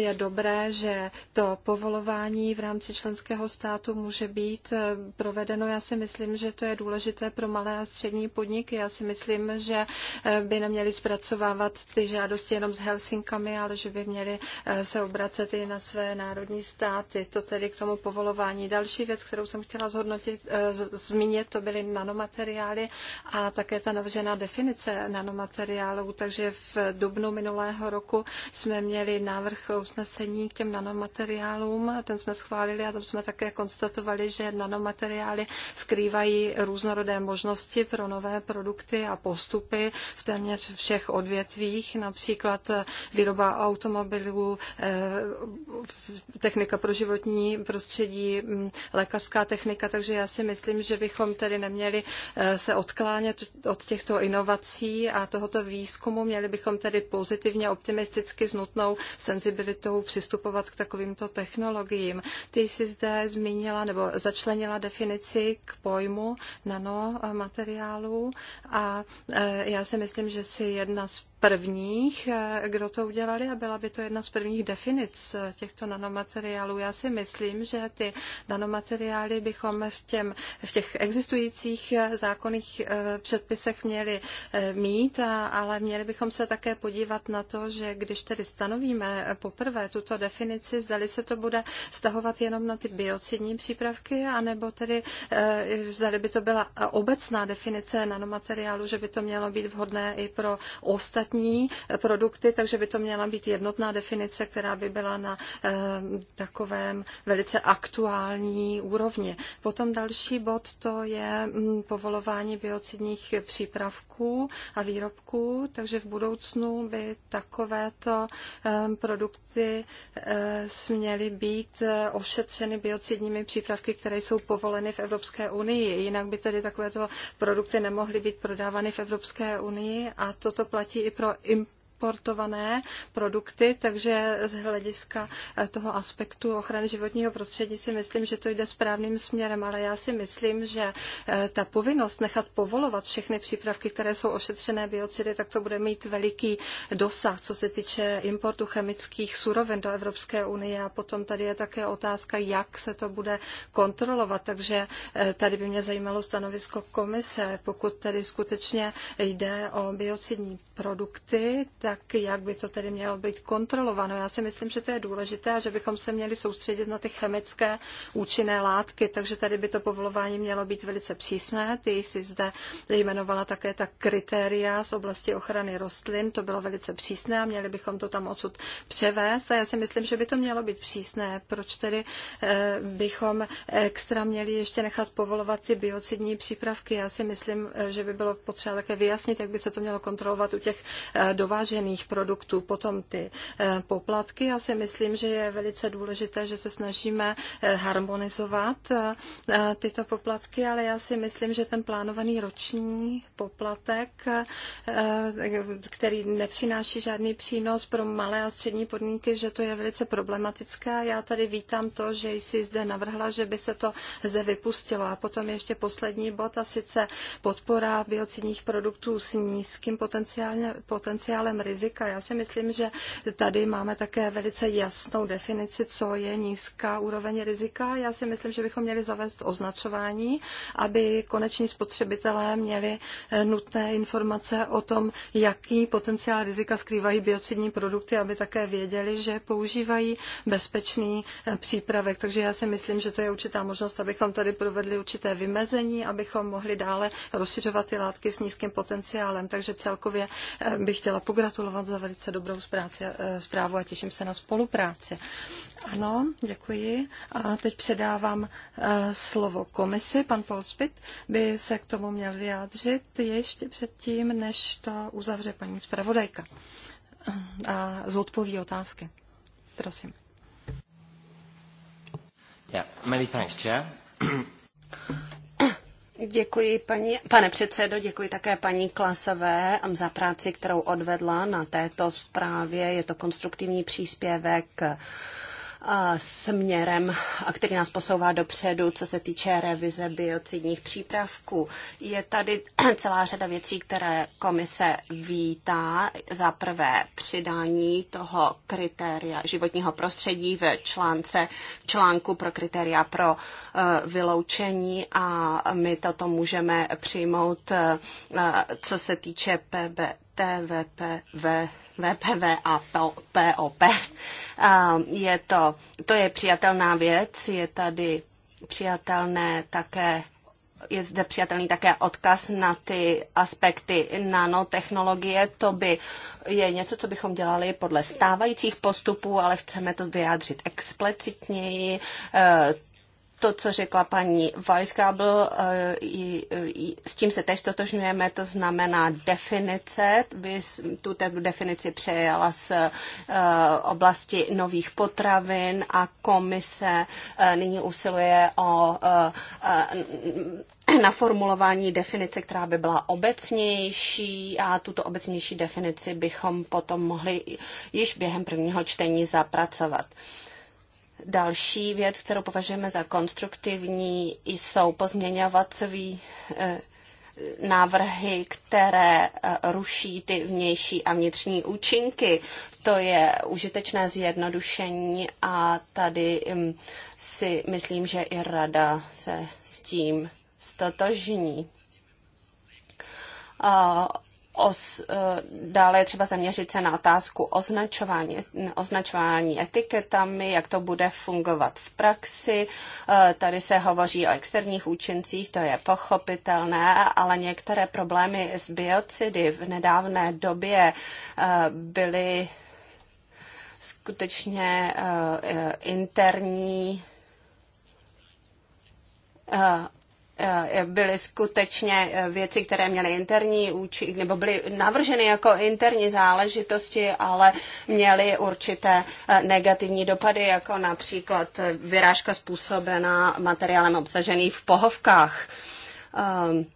[SPEAKER 2] je dobré, že to povolování v rámci členského státu může být provedeno. Já si myslím, že to je důležité pro malé a střední podniky. Já si myslím, že by neměli zpracovávat ty žádosti jenom s Helsinkami, ale že by měli se obracet i na své národní státy. To tedy k tomu povolování. Další věc, kterou jsem chtěla zhodnotit, zmínit, to byly nanomateriály a také ta navržená definice nanomateriálů. Takže v dubnu minulého roku jsme měli návrh usnesení k těm nanomateriálům, ten jsme schválili a tam jsme také konstatovali, že nanomateriály skrývají různorodé možnosti pro nové produkty a postupy v téměř všech odvětvích, například výroba automobilů, eh, technika pro životní prostředí, mm, lékařská technika, takže já si myslím, že bychom tedy neměli eh, se odkázat odklánět od těchto inovací a tohoto výzkumu. Měli bychom tedy pozitivně, optimisticky s nutnou senzibilitou přistupovat k takovýmto technologiím. Ty jsi zde zmínila nebo začlenila definici k pojmu nanomateriálu a e, já si myslím, že si jedna z prvních, eh, kdo to udělali a byla by to jedna z prvních definic eh, těchto nanomateriálů. Já si myslím, že ty nanomateriály bychom v, těm, v těch existujících eh, zákonných předpisech měli mít, ale měli bychom se také podívat na to, že když tedy stanovíme poprvé tuto definici, zdali se to bude stahovat jenom na ty biocidní přípravky, anebo tedy zdali by to byla obecná definice nanomateriálu, že by to mělo být vhodné i pro ostatní ostatní produkty, takže by to měla být jednotná definice, která by byla na eh, takovém velice aktuální úrovni. Potom další bod to je mm, povolování biocidních přípravků a výrobků, takže v budoucnu by takovéto eh, produkty eh, směly být ošetřeny biocidními přípravky, které jsou povoleny v Evropské unii. Jinak by tedy takovéto produkty nemohly být prodávány v Evropské unii a toto platí i pro importované produkty, takže z hlediska eh, toho aspektu ochrany životního prostředí si myslím, že to jde správným směrem, ale já si myslím, že eh, ta povinnost nechat povolovat všechny přípravky, které jsou ošetřené biocidy, tak to bude mít veliký dosah, co se týče importu chemických surovin do Evropské unie. A potom tady je také otázka, jak se to bude kontrolovat. Takže eh, tady by mě zajímalo stanovisko komise, pokud tady skutečně jde o biocidní produkty, tak jak by to tedy mělo být kontrolováno? Já si myslím, že to je důležité a že bychom se měli soustředit na ty chemické účinné látky, takže tady by to povolování mělo být velice přísné. Ty jsi zde jmenovala také ta kritéria z oblasti ochrany rostlin, to bylo velice přísné a měli bychom to tam odsud převést a já si myslím, že by to mělo být přísné. Proč tedy eh, bychom extra měli ještě nechat povolovat ty biocidní přípravky? Já si myslím, eh, že by bylo potřeba také vyjasnit, jak by se to mělo kontrolovat u těch eh, dovážených dovážených produktů. Potom ty eh, poplatky. Já si myslím, že je velice důležité, že se snažíme eh, harmonizovat eh, tyto poplatky, ale já si myslím, že ten plánovaný roční poplatek, který nepřináší žádný přínos pro malé a střední podniky, že to je velice problematické. Já tady vítám to, že jsi zde navrhla, že by se to zde vypustilo. A potom ještě poslední bod, a sice podpora biocidních produktů s nízkým potenciálem rizika. Já si myslím, že tady máme také velice jasnou definici, co je nízká úroveň rizika. Já si myslím, že bychom měli zavést označování, aby koneční spotřebitelé měli eh, nutné informace o tom, jaký potenciál rizika skrývají biocidní produkty, aby také věděli, že používají bezpečný eh, přípravek. Takže já si myslím, že to je určitá možnost, abychom tady provedli určité vymezení, abychom mohli dále rozšiřovat ty látky s nízkým potenciálem. Takže celkově eh, bych chtěla pogratulovat pogratulovat za velice dobrou zpráci, eh, zprávu a těším se na spolupráci. Ano, děkuji. A teď předávám eh, slovo komisi. Pan Polspit by se k tomu měl vyjádřit ještě předtím, než to uzavře paní zpravodajka. A zodpoví otázky. Prosím.
[SPEAKER 1] Yeah, many thanks, Chair.
[SPEAKER 3] Děkuji, paní, pane předsedo, děkuji také paní Klasové za práci, kterou odvedla na této zprávě. Je to konstruktivní příspěvek směrem, který nás posouvá dopředu, co se týče revize biocidních přípravků. Je tady celá řada věcí, které komise vítá. Za prvé přidání toho kritéria životního prostředí v, článce, v článku pro kritéria pro e, vyloučení a my toto můžeme přijmout, e, e, co se týče PBTVPV. VPV a POP. Je to, to je přijatelná věc, je tady přijatelné také je zde přijatelný také odkaz na ty aspekty nanotechnologie. To by je něco, co bychom dělali podle stávajících postupů, ale chceme to vyjádřit explicitněji to, co řekla paní Weisgabel, eh, s tím se teď totožňujeme, to znamená definice. Vy tu definici přejela z eh, oblasti nových potravin a komise eh, nyní usiluje o na formulování definice, která by byla obecnější a tuto obecnější definici bychom potom mohli již během prvního čtení zapracovat. Další věc, kterou považujeme za konstruktivní, jsou pozměňovací eh, návrhy, které eh, ruší ty vnější a vnitřní účinky. To je užitečné zjednodušení a tady hm, si myslím, že i rada se s tím stotožní Os, eh, dále je třeba zaměřit se na otázku označování, označování etiketami, jak to bude fungovat v praxi. Eh, tady se hovoří o externích účincích, to je pochopitelné, ale některé problémy s biocidy v nedávné době eh, byly skutečně interní Eh, byly skutečně eh, věci, které měly interní účink, nebo byly navrženy jako interní záležitosti, ale měly určité eh, negativní dopady, jako například vyrážka způsobená materiálem obsaženým v pohovkách. Um,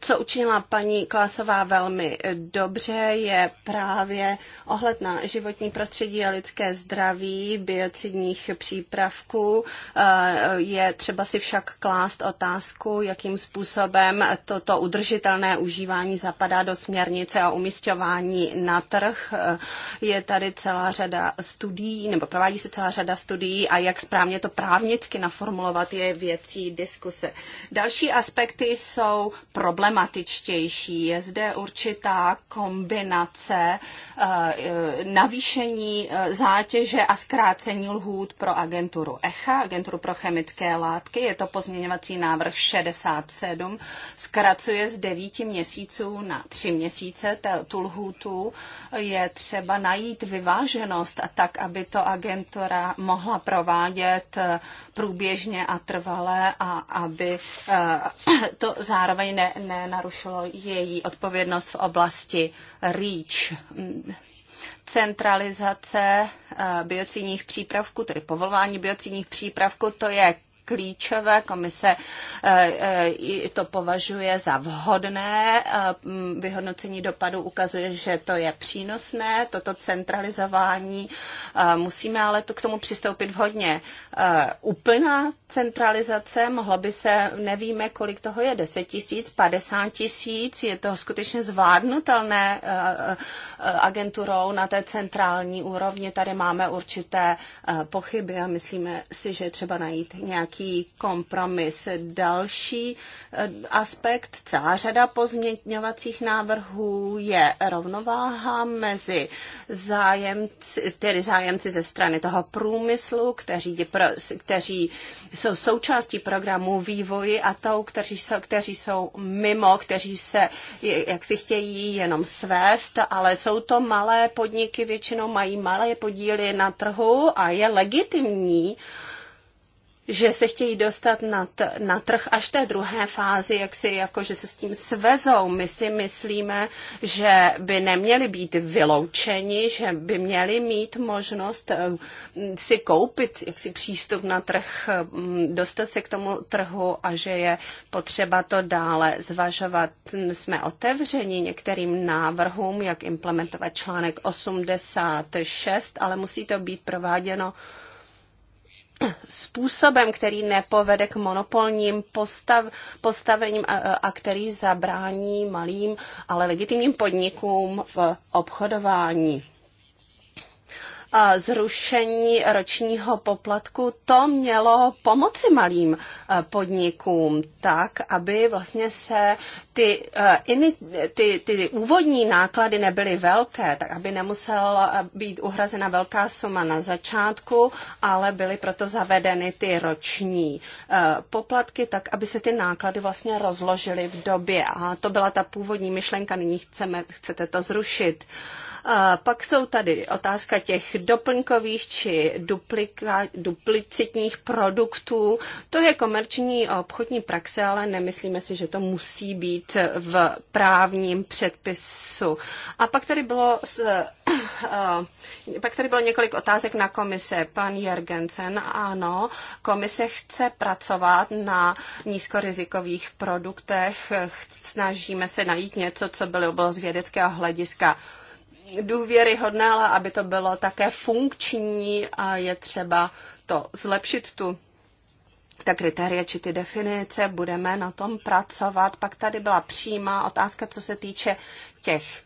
[SPEAKER 3] co učinila paní Klasová velmi dobře, je právě ohled na životní prostředí a lidské zdraví biocidních přípravků. Eh, je třeba si však klást otázku, jakým způsobem toto udržitelné užívání zapadá do směrnice a umistování na trh. Eh, je tady celá řada studií, nebo provádí se celá řada studií a jak správně to právnicky naformulovat je věcí diskuse. Další aspekty jsou pro problematičtější. Je zde určitá kombinace eh, navýšení eh, zátěže a zkrácení lhůt pro agenturu ECHA, agenturu pro chemické látky. Je to pozměňovací návrh 67. Zkracuje z 9 měsíců na 3 měsíce tu lhůtu. Je třeba najít vyváženost a tak, aby to agentura mohla provádět eh, průběžně a trvalé a aby to zároveň ne, nenarušilo její odpovědnost v oblasti REACH. Centralizace eh, biocidních přípravků, tedy povolování biocidních přípravků, to je klíčové. Komise eh, eh, to považuje za vhodné. Eh, mm, vyhodnocení dopadu ukazuje, že to je přínosné, toto centralizování. Musíme ale to k tomu přistoupit vhodně. Úplná centralizace mohla by se, nevíme, kolik toho je, 10 tisíc, 50 tisíc, je to skutečně zvládnutelné agenturou na té centrální úrovni. Tady máme určité pochyby a myslíme si, že třeba najít nějaký nějaký kompromis. Další eh, aspekt, celá řada pozměňovacích návrhů je rovnováha mezi zájemci, tedy zájemci ze strany toho průmyslu, kteří, kteří jsou součástí programu vývoji a tou, kteří jsou, kteří jsou mimo, kteří se jak si chtějí jenom svést, ale jsou to malé podniky, většinou mají malé podíly na trhu a je legitimní, že se chtějí dostat na, t- na trh až té druhé fázi, jak si jako, že se s tím svezou. My si myslíme, že by neměli být vyloučeni, že by měli mít možnost eh, si koupit jaksi přístup na trh, mm, dostat se k tomu trhu a že je potřeba to dále zvažovat. Jsme otevřeni některým návrhům, jak implementovat článek 86, ale musí to být prováděno způsobem, který nepovede k monopolním postav, postavením a, a který zabrání malým, ale legitimním podnikům v obchodování zrušení ročního poplatku, to mělo pomoci malým e, podnikům tak, aby vlastně se ty, e, ty, ty úvodní náklady nebyly velké, tak aby nemusela e, být uhrazena velká suma na začátku, ale byly proto zavedeny ty roční poplatky, tak aby se ty náklady vlastně rozložily v době. A to byla ta původní myšlenka, nyní chceme, chcete to zrušit. Uh, pak jsou tady otázka těch doplňkových či duplika, duplicitních produktů. To je komerční a obchodní praxe, ale nemyslíme si, že to musí být v právním předpisu. A pak tady bylo z, eh, eh, pak tady bylo několik otázek na komise. Pan Jergensen, ano, komise chce pracovat na nízkorizikových produktech, snažíme se najít něco, co bylo z vědeckého hlediska důvěryhodné, ale aby to bylo také funkční a je třeba to zlepšit tu ta kritéria či ty definice, budeme na tom pracovat. Pak tady byla přímá otázka, co se týče těch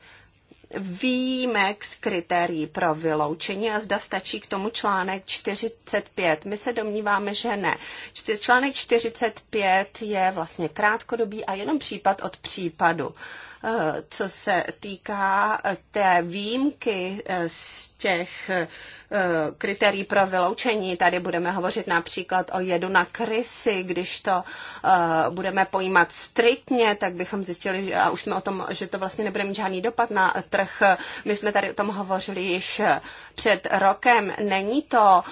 [SPEAKER 3] výjimek z kritérií pro vyloučení a zda stačí k tomu článek 45. My se domníváme, že ne. Článek 45 je vlastně krátkodobý a jenom případ od případu co se týká eh, té výjimky eh, z těch eh, kritérií pro vyloučení. Tady budeme hovořit například o jedu na krysy, když to budeme pojímat striktně, tak bychom zjistili, a už jsme o tom, že to vlastně nebude mít žádný dopad na trh. My jsme tady o tom hovořili již před rokem. Není to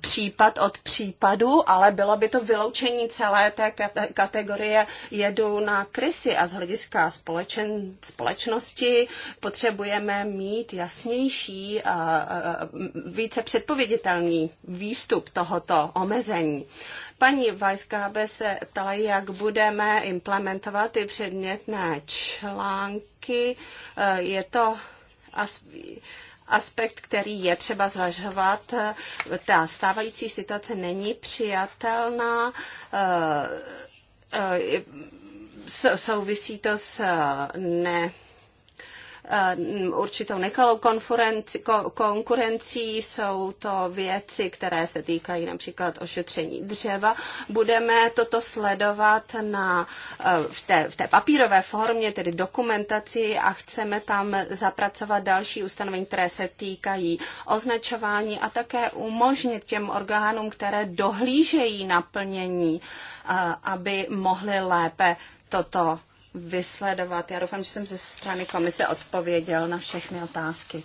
[SPEAKER 3] případ od případu, ale bylo by to vyloučení celé té kategorie jedu na krysy a z hlediska společenství společnosti potřebujeme mít jasnější, více předpověditelný výstup tohoto omezení. Paní Weiskábe se ptala, jak budeme implementovat ty předmětné články. Je to aspekt, který je třeba zvažovat. Ta stávající situace není přijatelná souvisí to s eh, ne eh, určitou nekalou konkurencí, jsou to věci, které se týkají například ošetření dřeva. Budeme toto sledovat na, eh, v, té, v té papírové formě, tedy dokumentaci a chceme tam zapracovat další ustanovení, které se týkají označování a také umožnit těm orgánům, které dohlížejí na plnění, aby mohly lépe toto vysledovat. Já doufám, že jsem ze strany komise odpověděl na všechny otázky.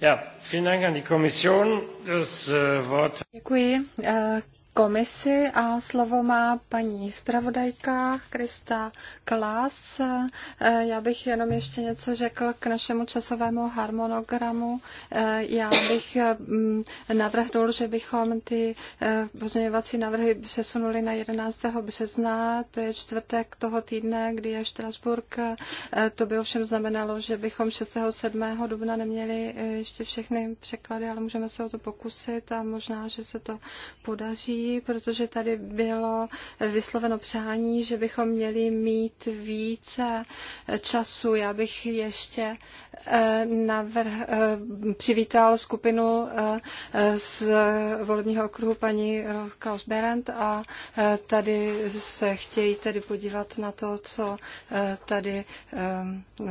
[SPEAKER 1] Ja, vielen Dank an die Kommission. Das äh, Wort...
[SPEAKER 2] Děkuji äh, komisi a slovo má paní zpravodajka Krista Klas. Eh, já bych jenom ještě něco řekl k našemu časovému harmonogramu. Eh, já bych eh, mm, navrhnul, že bychom ty pozměňovací návrhy přesunuli na 11. března, to je čtvrtek toho týdne, kdy je Štrasburg. To by ovšem znamenalo, že bychom 6. 7. dubna neměli ještě všechny překlady, ale můžeme se o to pokusit a možná, že se to podaří protože tady bylo vysloveno přání, že bychom měli mít více času. Já bych ještě eh, navrh, eh, přivítal skupinu eh, z volebního okruhu paní Klaus Berendt a tady se chtějí tedy podívat na to, co tady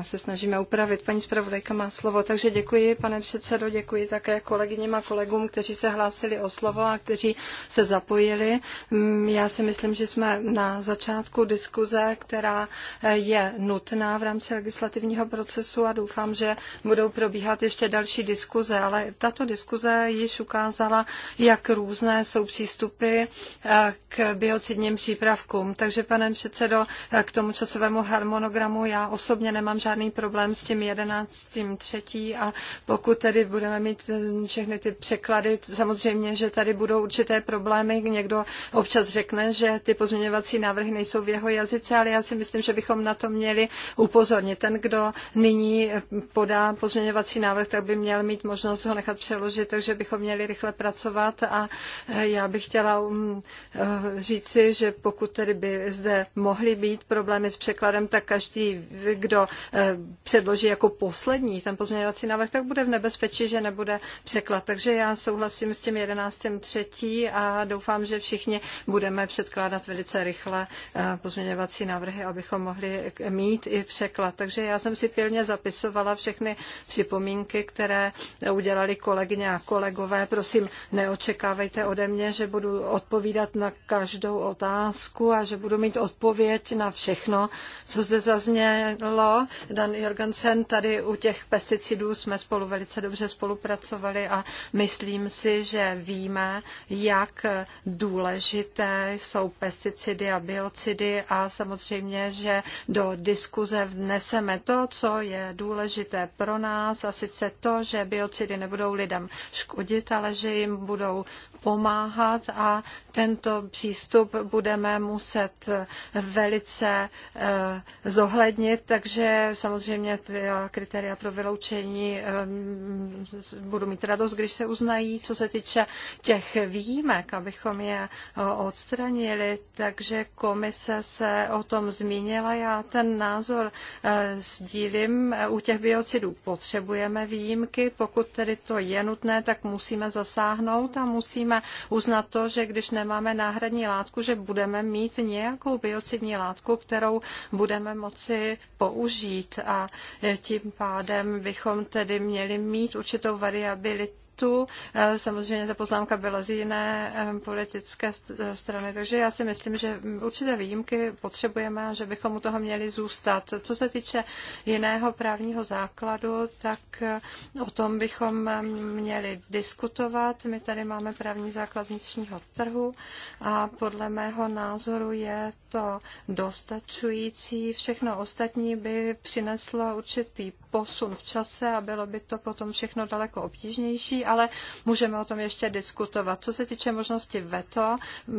[SPEAKER 2] se snažíme upravit. Paní zpravodajka má slovo, takže děkuji, pane předsedo, děkuji také kolegyním a kolegům, kteří se hlásili o slovo a kteří se zapojili zapojili. Mm, já si myslím, že jsme na začátku diskuze, která eh, je nutná v rámci legislativního procesu a doufám, že budou probíhat ještě další diskuze, ale tato diskuze již ukázala, jak různé jsou přístupy eh, k biocidním přípravkům. Takže, pane předsedo, eh, k tomu časovému harmonogramu já osobně nemám žádný problém s tím 11. třetí a pokud tedy budeme mít všechny ty překlady, samozřejmě, že tady budou určité problémy, mi někdo občas řekne, že ty pozměňovací návrhy nejsou v jeho jazyce, ale já si myslím, že bychom na to měli upozornit. Ten, kdo nyní podá pozměňovací návrh, tak by měl mít možnost ho nechat přeložit, takže bychom měli rychle pracovat a eh, já bych chtěla mm, eh, říci, že pokud tedy by zde mohly být problémy s překladem, tak každý, kdo eh, předloží jako poslední ten pozměňovací návrh, tak bude v nebezpečí, že nebude překlad. Takže já souhlasím s tím 11.3. a doufám, doufám, že všichni budeme předkládat velice rychle eh, pozměňovací návrhy, abychom mohli mít i překlad. Takže já jsem si pilně zapisovala všechny připomínky, které udělali kolegyně a kolegové. Prosím, neočekávejte ode mě, že budu odpovídat na každou otázku a že budu mít odpověď na všechno, co zde zaznělo. Dan Jorgensen, tady u těch pesticidů jsme spolu velice dobře spolupracovali a myslím si, že víme, jak důležité jsou pesticidy a biocidy a samozřejmě, že do diskuze vneseme to, co je důležité pro nás a sice to, že biocidy nebudou lidem škodit, ale že jim budou pomáhat a tento přístup budeme muset velice eh, zohlednit, takže samozřejmě ty kritéria pro vyloučení eh, budu mít radost, když se uznají, co se týče těch výjimek, abychom je eh, odstranili, takže komise se o tom zmínila, já ten názor sdílím, u těch biocidů potřebujeme výjimky, pokud tedy to je nutné, tak musíme zasáhnout a musíme musíme uznat to, že když nemáme náhradní látku, že budeme mít nějakou biocidní látku, kterou budeme moci použít a tím pádem bychom tedy měli mít určitou variabilitu státu. Eh, samozřejmě ta poznámka byla z jiné eh, politické eh, strany, takže já si myslím, že určité výjimky potřebujeme a že bychom u toho měli zůstat. Co se týče jiného právního základu, tak o tom bychom měli diskutovat. My tady máme právní základ vnitřního trhu a podle mého názoru je to dostačující. Všechno ostatní by přineslo určitý posun v čase a bylo by to potom všechno daleko obtížnější, ale můžeme o tom ještě diskutovat. Co se týče možnosti veto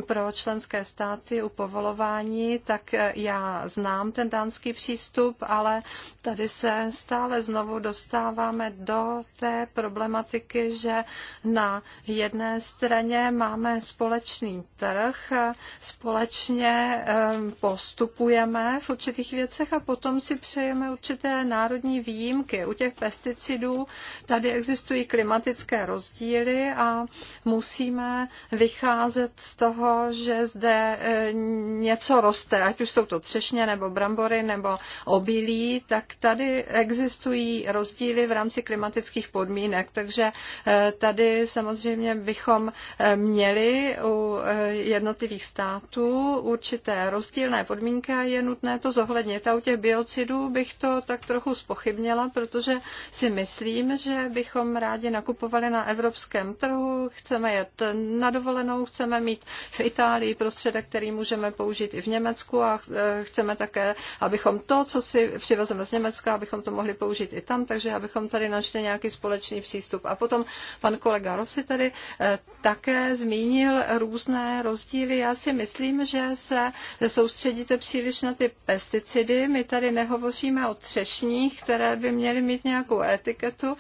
[SPEAKER 2] pro členské státy u povolování, tak eh, já znám ten dánský přístup, ale tady se stále znovu dostáváme do té problematiky, že na jedné straně máme společný trh, společně eh, postupujeme v určitých věcech a potom si přejeme určité národní výjimky výjimky. U těch pesticidů tady existují klimatické rozdíly a musíme vycházet z toho, že zde e, něco roste, ať už jsou to třešně nebo brambory nebo obilí, tak tady existují rozdíly v rámci klimatických podmínek. Takže e, tady samozřejmě bychom e, měli u jednotlivých států určité rozdílné podmínky a je nutné to zohlednit. A u těch biocidů bych to tak trochu spochybnila zmínila, protože si myslím, že bychom rádi nakupovali na evropském trhu, chceme jet na dovolenou, chceme mít v Itálii prostředek, který můžeme použít i v Německu a eh, chceme také, abychom to, co si přivezeme z Německa, abychom to mohli použít i tam, takže abychom tady našli nějaký společný přístup. A potom pan kolega Rossi tady eh, také zmínil různé rozdíly. Já si myslím, že se soustředíte příliš na ty pesticidy. My tady nehovoříme o třešních, které ale by měly mít nějakou etiketu.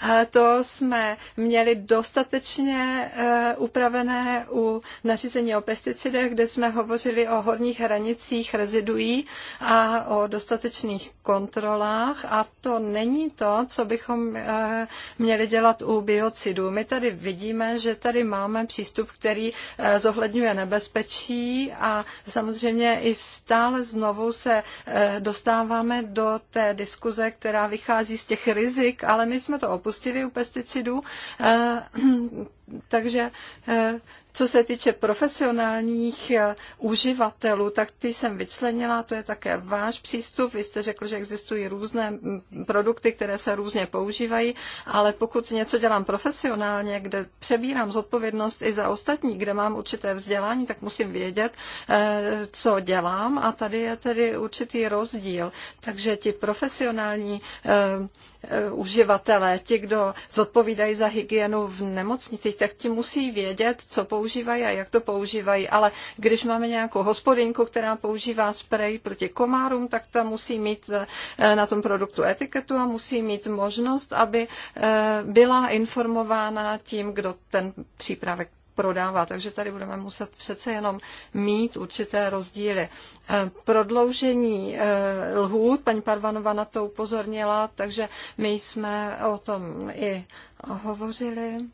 [SPEAKER 2] A to jsme měli dostatečně e, upravené u nařízení o pesticidech, kde jsme hovořili o horních hranicích reziduí a o dostatečných kontrolách. A to není to, co bychom e, měli dělat u biocidů. My tady vidíme, že tady máme přístup, který e, zohledňuje nebezpečí a samozřejmě i stále znovu se dostáváme do té diskuze, která která vychází z těch rizik, ale my jsme to opustili u pesticidů, eh, takže eh, co se týče profesionálních eh, uživatelů, tak ty jsem vyčlenila, to je také váš přístup. Vy jste řekl, že existují různé produkty, které se různě používají, ale pokud něco dělám profesionálně, kde přebírám zodpovědnost i za ostatní, kde mám určité vzdělání, tak musím vědět, eh, co dělám a tady je tedy určitý rozdíl. Takže ti profesionální eh, uživatelé, ti, kdo zodpovídají za hygienu v nemocnicích, tak ti musí vědět, co používají používají a jak to používají, ale když máme nějakou hospodinku, která používá sprej proti komárům, tak ta musí mít eh, na tom produktu etiketu a musí mít možnost, aby eh, byla informována tím, kdo ten přípravek prodává. Takže tady budeme muset přece jenom mít určité rozdíly. Eh, prodloužení lhůt, paní Parvanova na to upozornila, takže my jsme o tom i hovořili.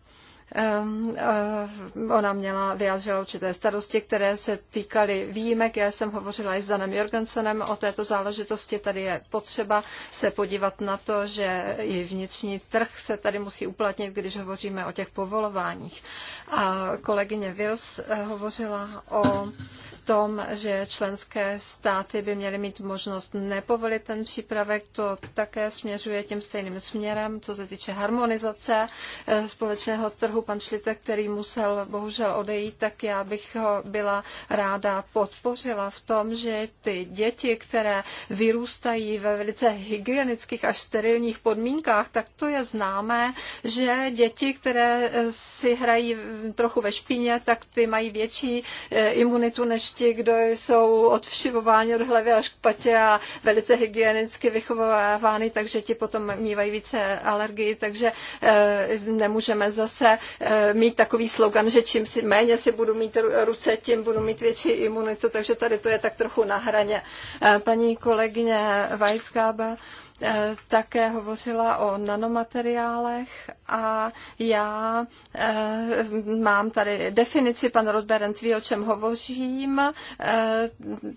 [SPEAKER 2] Ehm, ehm, ona měla vyjádřila určité starosti, které se týkaly výjimek. Já jsem hovořila i s Danem Jorgensenem o této záležitosti. Tady je potřeba se podívat na to, že i vnitřní trh se tady musí uplatnit, když hovoříme o těch povolováních. A kolegyně Wills eh, hovořila o tom, že členské státy by měly mít možnost nepovolit ten přípravek, to také směřuje tím stejným směrem, co se týče harmonizace eh, společného trhu. Pan Šlite, který musel bohužel odejít, tak já bych ho byla ráda podpořila v tom, že ty děti, které vyrůstají ve velice hygienických až sterilních podmínkách, tak to je známé, že děti, které eh, si hrají trochu ve špíně, tak ty mají větší eh, imunitu než ti, kdo jsou odvšivováni od hlavy až k patě a velice hygienicky vychovávány, takže ti potom mývají více alergii, takže eh, nemůžeme zase eh, mít takový slogan, že čím si méně si budu mít ruce, tím budu mít větší imunitu, takže tady to je tak trochu na hraně. Eh, paní kolegyně Weiskába také hovořila o nanomateriálech a já e, mám tady definici, pan Rodberent ví, o čem hovořím, e,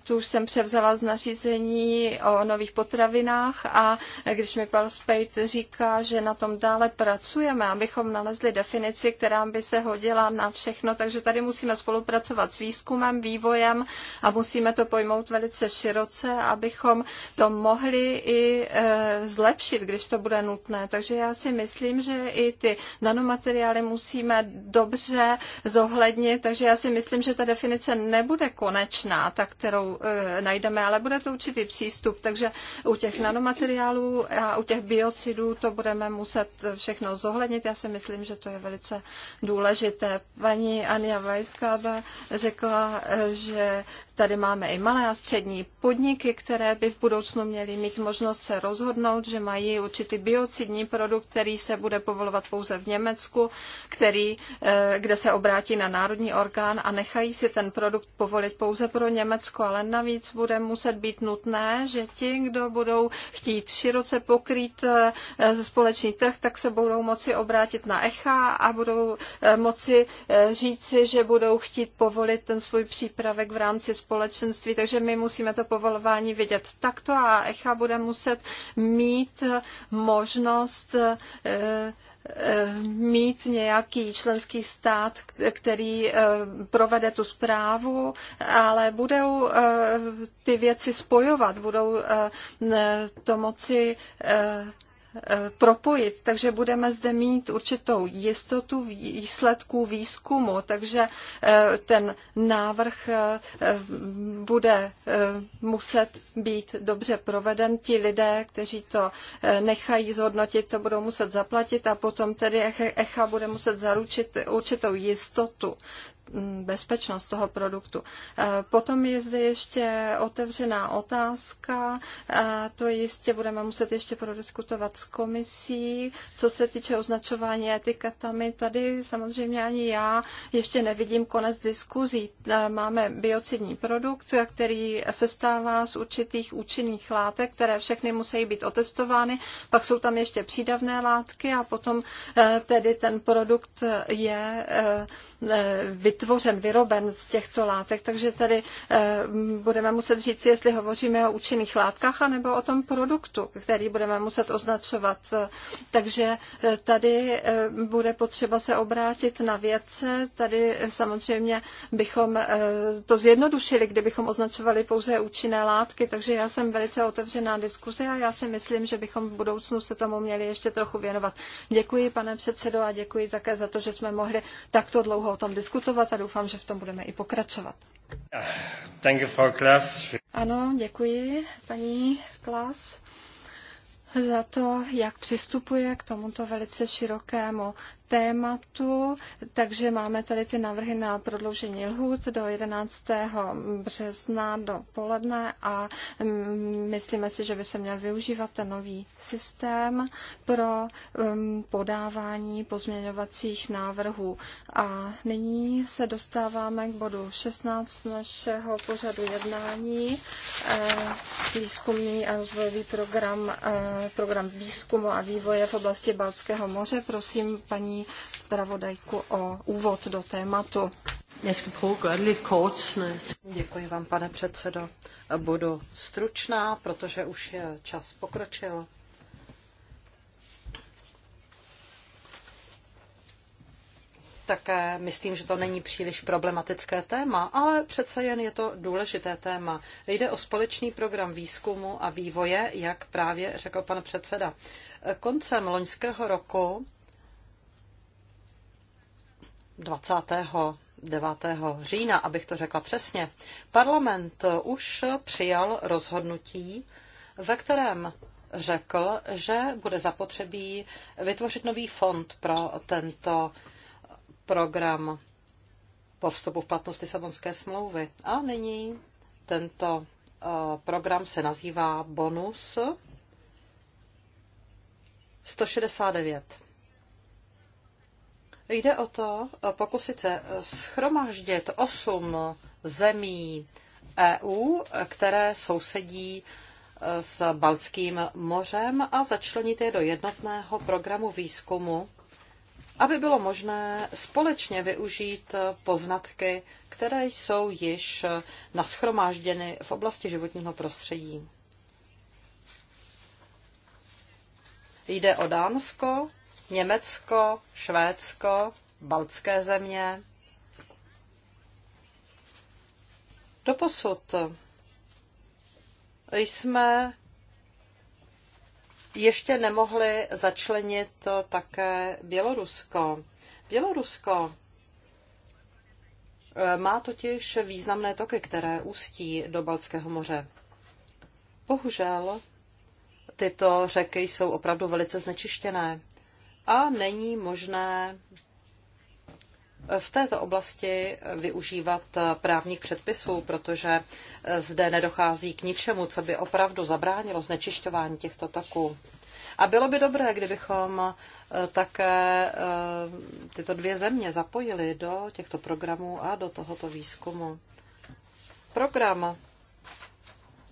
[SPEAKER 2] tu už jsem převzala z nařízení o nových potravinách a když mi pan Spejt říká, že na tom dále pracujeme, abychom nalezli definici, která by se hodila na všechno, takže tady musíme spolupracovat s výzkumem, vývojem a musíme to pojmout velice široce, abychom to mohli i e, zlepšit, když to bude nutné. Takže já si myslím, že i ty nanomateriály musíme dobře zohlednit, takže já si myslím, že ta definice nebude konečná, ta, kterou e, najdeme, ale bude to určitý přístup, takže u těch nanomateriálů a u těch biocidů to budeme muset všechno zohlednit. Já si myslím, že to je velice důležité. Paní Ania Weiskábe řekla, e, že Tady máme i malé a střední podniky, které by v budoucnu měly mít možnost se rozhodnout, že mají určitý biocidní produkt, který se bude povolovat pouze v Německu, který, eh, kde se obrátí na národní orgán a nechají si ten produkt povolit pouze pro Německo, ale navíc bude muset být nutné, že ti, kdo budou chtít široce pokrýt eh, eh, společný trh, tak se budou moci obrátit na ECHA a budou moci říci, že budou chtít povolit ten svůj přípravek v rámci společenství, takže my musíme to povolování vidět takto a ECHA bude muset mít možnost eh, eh, mít nějaký členský stát, který eh, provede tu zprávu, ale budou ty věci spojovat, budou to moci Eh, propojit, takže budeme zde mít určitou jistotu výsledků výzkumu, takže eh, ten návrh eh, bude muset být dobře proveden. Ti lidé, kteří to nechají zhodnotit, to budou muset zaplatit a potom tedy ECHA bude muset zaručit určitou jistotu. Mm, bezpečnost toho produktu. Eh, potom je zde ještě otevřená otázka, eh, to jistě budeme muset ještě prodiskutovat s komisí, co se týče označování etiketami. Tady samozřejmě ani já ještě nevidím konec diskuzí. Eh, máme biocidní produkt, který se stává z určitých účinných látek, které všechny musí být otestovány, pak jsou tam ještě přídavné látky a potom tedy ten produkt je vytvořený vytvořen, vyroben z těchto látek, takže tady eh, budeme muset říct, jestli hovoříme o účinných látkách anebo o tom produktu, který budeme muset označovat. Takže eh, tady eh, bude potřeba se obrátit na vědce. Tady samozřejmě bychom to zjednodušili, kdybychom označovali pouze účinné látky, takže já jsem velice otevřená diskuzi a já si myslím, že bychom v budoucnu se tomu měli ještě trochu věnovat. Děkuji, pane předsedo, a děkuji také za to, že jsme mohli takto dlouho o tom diskutovat diskutovat a doufám, že v tom budeme i pokračovat.
[SPEAKER 1] Danke, Frau Klaas.
[SPEAKER 2] Ano, děkuji, paní Klas, za to, jak přistupuje k tomuto velice širokému tématu, takže máme tady ty návrhy na prodloužení lhůt do 11. března do poledne a mm, myslíme si, že by se měl využívat ten nový systém pro mm, podávání pozměňovacích návrhů. A nyní se dostáváme k bodu 16 našeho pořadu jednání, eh, výzkumný a rozvojový program, eh, program výzkumu a vývoje v oblasti Balckého moře. Prosím, paní zpravodajku o
[SPEAKER 4] úvod do tématu. Děkuji vám, pane předsedo. Budu stručná, protože už je čas pokročil. Také myslím, že to není příliš problematické téma, ale přece jen je to důležité téma. Jde o společný program výzkumu a vývoje, jak právě řekl pan předseda. Koncem loňského roku 29. října, abych to řekla přesně, parlament už přijal rozhodnutí, ve kterém řekl, že bude zapotřebí vytvořit nový fond pro tento program po vstupu v platnost Lisabonské smlouvy. A nyní tento eh, program se nazývá Bonus 169. Jde o to eh, pokusit se eh, schromaždit osm zemí EU, eh, které sousedí s Baltským mořem a začlenit je do jednotného programu výzkumu, aby bylo možné společně využít poznatky, které jsou již naschromážděny v oblasti životního prostředí. Jde o Dánsko, Německo, Švédsko, baltské země. Doposud jsme ještě nemohli začlenit také Bělorusko. Bělorusko eh, má totiž významné toky, které ústí do Baltského moře. Bohužel tyto řeky jsou opravdu velice znečištěné a není možné v této oblasti využívat právních předpisů, protože zde nedochází k ničemu, co by opravdu zabránilo znečišťování těchto toků. A bylo by dobré, kdybychom eh, také eh, tyto dvě země zapojili do těchto programů a do tohoto výzkumu. Program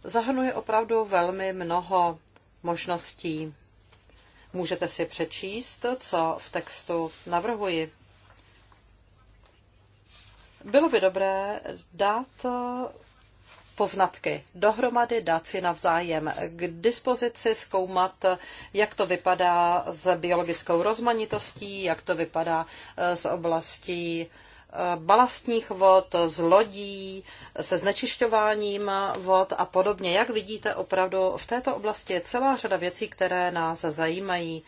[SPEAKER 4] zahrnuje opravdu velmi mnoho možností. Můžete si přečíst, co v textu navrhuji. Bylo by dobré dát poznatky dohromady, dát si navzájem k dispozici, zkoumat, jak to vypadá s biologickou rozmanitostí, jak to vypadá eh, s oblastí balastních vod, z lodí, se znečišťováním vod a podobně. Jak vidíte, opravdu v této oblasti je celá řada věcí, které nás zajímají.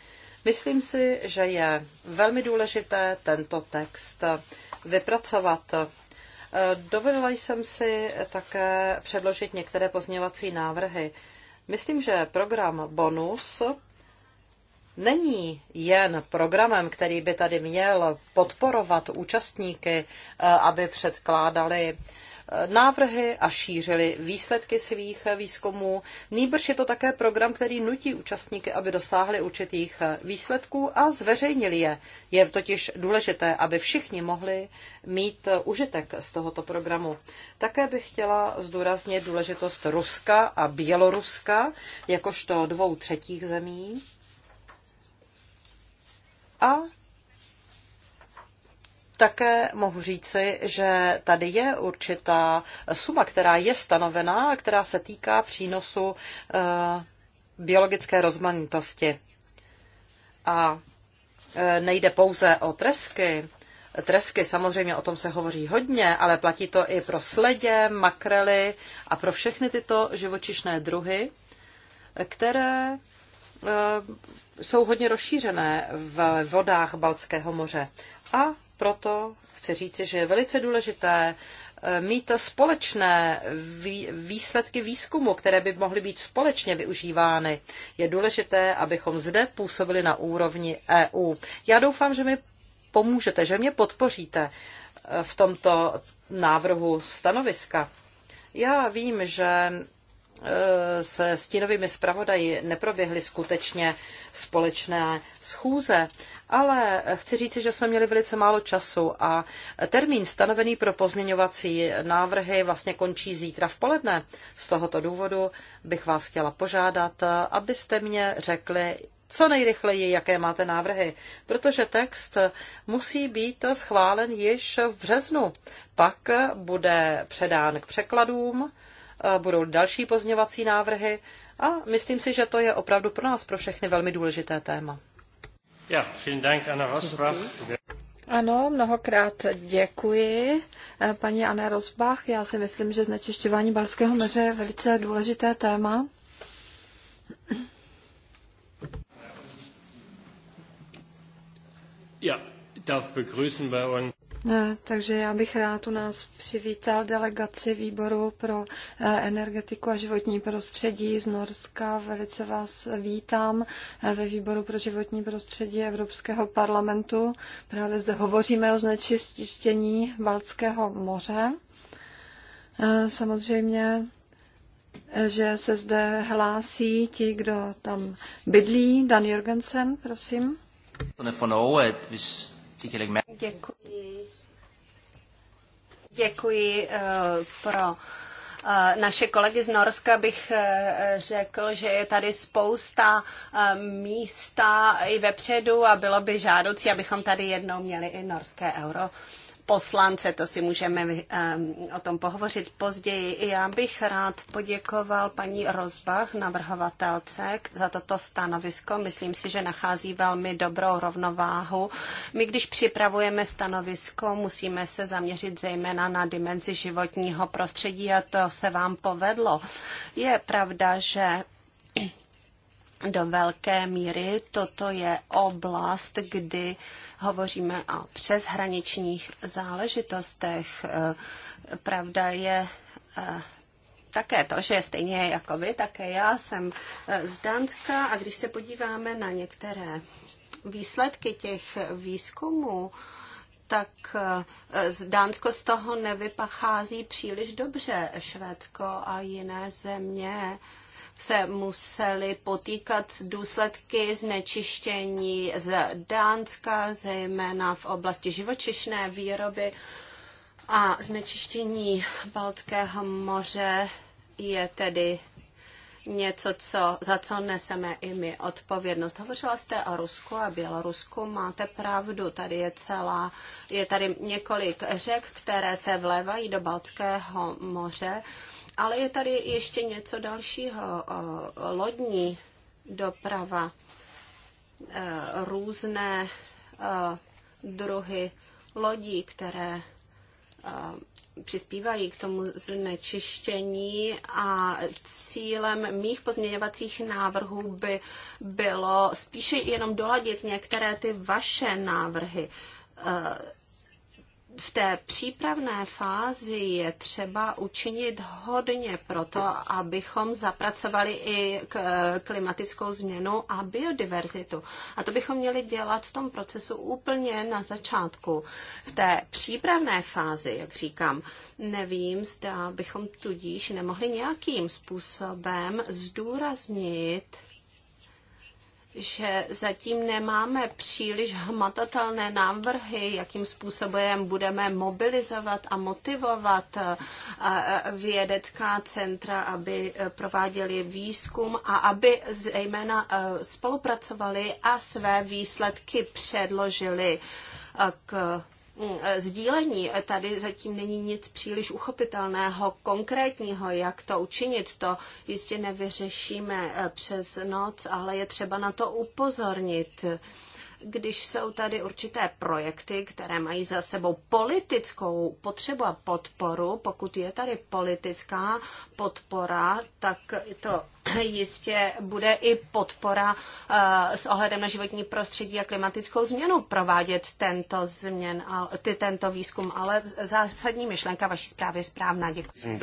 [SPEAKER 4] Myslím si, že je velmi důležité tento text vypracovat. Dovolila jsem si také předložit některé pozměňovací návrhy. Myslím, že program Bonus není jen programem, který by tady měl podporovat účastníky, eh, aby předkládali eh, návrhy a šířili výsledky svých eh, výzkumů. Nýbrž je to také program, který nutí účastníky, aby dosáhli určitých výsledků a zveřejnili je. Je totiž důležité, aby všichni mohli mít užitek z tohoto programu. Také bych chtěla zdůraznit důležitost Ruska a Běloruska jakožto dvou třetích zemí a také mohu říci, že tady je určitá suma, která je stanovená, která se týká přínosu eh, biologické rozmanitosti. A eh, nejde pouze o tresky. Tresky, samozřejmě o tom se hovoří hodně, ale platí to i pro sledě, makrely a pro všechny tyto živočišné druhy, které eh, jsou hodně rozšířené v vodách Baltského moře. A proto chci říci, že je velice důležité eh, mít společné výsledky výzkumu, které by mohly být společně využívány. Je důležité, abychom zde působili na úrovni EU. Já doufám, že mi pomůžete, že mě podpoříte eh, v tomto návrhu stanoviska. Já vím, že Eh, se stínovými zpravodaji neproběhly skutečně společné schůze, ale chci říct, že jsme měli velice málo času a termín stanovený pro pozměňovací návrhy vlastně končí zítra v poledne. Z tohoto důvodu bych vás chtěla požádat, abyste mě řekli, co nejrychleji, jaké máte návrhy, protože text musí být schválen již v březnu. Pak bude předán k překladům Eh, budou další pozměvací návrhy a myslím si, že to je opravdu pro nás, pro všechny velmi důležité téma.
[SPEAKER 1] Ja, vielen Dank, Anna Rosbach.
[SPEAKER 4] Ano, mnohokrát
[SPEAKER 2] děkuji. Eh, paní Anne Rosbach. já si myslím, že znečišťování Balského moře je velice důležité téma.
[SPEAKER 1] Ja, darf begrüßen bei uns.
[SPEAKER 2] Eh, takže já bych rád u nás přivítal delegaci výboru pro eh, energetiku a životní prostředí z Norska. Velice vás vítám eh, ve výboru pro životní prostředí Evropského parlamentu. Právě zde hovoříme o znečištění Baltského moře. Samozřejmě že se zde hlásí ti, kdo tam bydlí. Dan Jorgensen, prosím.
[SPEAKER 3] Děkuji. Děkuji eh, pro eh, naše kolegy z Norska bych eh, řekl, že je tady spousta místa i vepředu a bylo by žádoucí, abychom tady jednou měli i norské euro poslance, to si můžeme eh, o tom pohovořit později. Já bych rád poděkoval paní Rozbach, navrhovatelce, za toto stanovisko. Myslím si, že nachází velmi dobrou rovnováhu. My, když připravujeme stanovisko, musíme se zaměřit zejména na dimenzi životního prostředí a to se vám povedlo. Je pravda, že do velké míry toto je oblast, kdy uh, Hovoříme o přeshraničních záležitostech. Eh, pravda je eh, také to, že stejně jako vy, také já jsem eh, z Dánska a když se podíváme na některé výsledky těch výzkumů, tak z Dánsko z toho nevypachází příliš dobře. Švédsko a jiné země se museli potýkat s důsledky znečištění z Dánska, zejména v oblasti živočišné výroby a znečištění Baltského moře je tedy něco, co, za co neseme i my odpovědnost. Hovořila jste o Rusku a Bělorusku, máte pravdu, tady je celá, je tady několik řek, které se vlévají do Baltského moře ale je tady ještě něco dalšího. Lodní doprava, e, různé e, druhy lodí, které e, přispívají k tomu znečištění a cílem mých pozměňovacích návrhů by bylo spíše jenom doladit některé ty vaše návrhy v té přípravné fázi je třeba učinit hodně pro to, abychom zapracovali i k e, klimatickou změnu a biodiverzitu. A to bychom měli dělat v tom procesu úplně na začátku. V té přípravné fázi, jak říkám, nevím, zda bychom tudíž nemohli nějakým způsobem zdůraznit že zatím nemáme příliš hmatatelné návrhy, jakým způsobem budeme mobilizovat a motivovat eh, eh, vědecká centra, aby eh, prováděli výzkum a aby zejména spolupracovali a své výsledky předložili k Mm, eh, sdílení. Eh, tady zatím není nic příliš uchopitelného, konkrétního, jak to učinit. To jistě nevyřešíme eh, přes noc, ale je třeba na to upozornit když jsou tady určité projekty, které mají za sebou politickou potřebu a podporu, pokud je tady politická podpora, tak to jistě bude i podpora eh, s ohledem na životní prostředí a klimatickou změnu provádět tento, změn, ty, tento výzkum, ale zásadní myšlenka vaší zprávy je správná. Děkuji.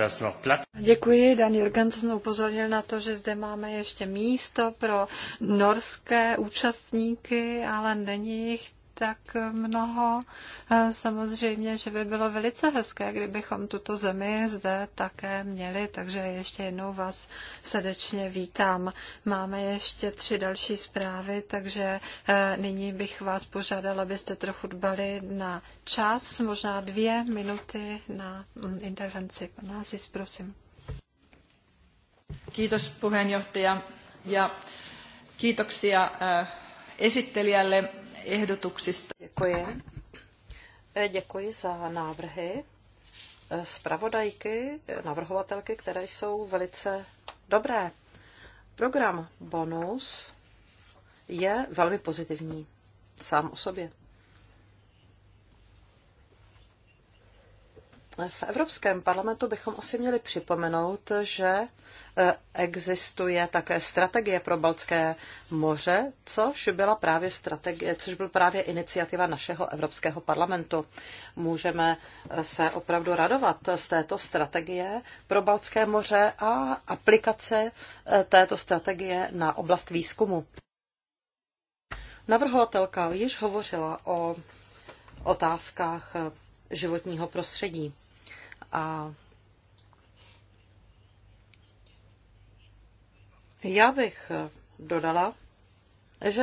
[SPEAKER 3] Děkuji.
[SPEAKER 2] Dan Jurgensen upozornil na to, že zde máme ještě místo pro norské účastníky, ale není jich tak mnoho. Eh, samozřejmě, že by bylo velice hezké, kdybychom tuto zemi zde také měli, takže ještě jednou vás srdečně vítám. Máme ještě tři další zprávy, takže eh, nyní bych vás požádala, abyste trochu dbali na čas, možná dvě minuty na mm, intervenci. Pan Aziz, prosím.
[SPEAKER 4] Kiitos puheenjohtaja ja kiitoksia eh, esittelijälle Děkuji. Eh, děkuji za návrhy eh, zpravodajky, eh, navrhovatelky, které jsou velice dobré. Program Bonus je velmi pozitivní sám o sobě. V Evropském parlamentu bychom asi měli připomenout, že eh, existuje také strategie pro Baltské moře, což, byla právě strategie, což byl právě iniciativa našeho Evropského parlamentu. Můžeme eh, se opravdu radovat z této strategie pro Baltské moře a aplikace eh, této strategie na oblast výzkumu. Navrhovatelka již hovořila o otázkách životního prostředí. A já bych dodala, že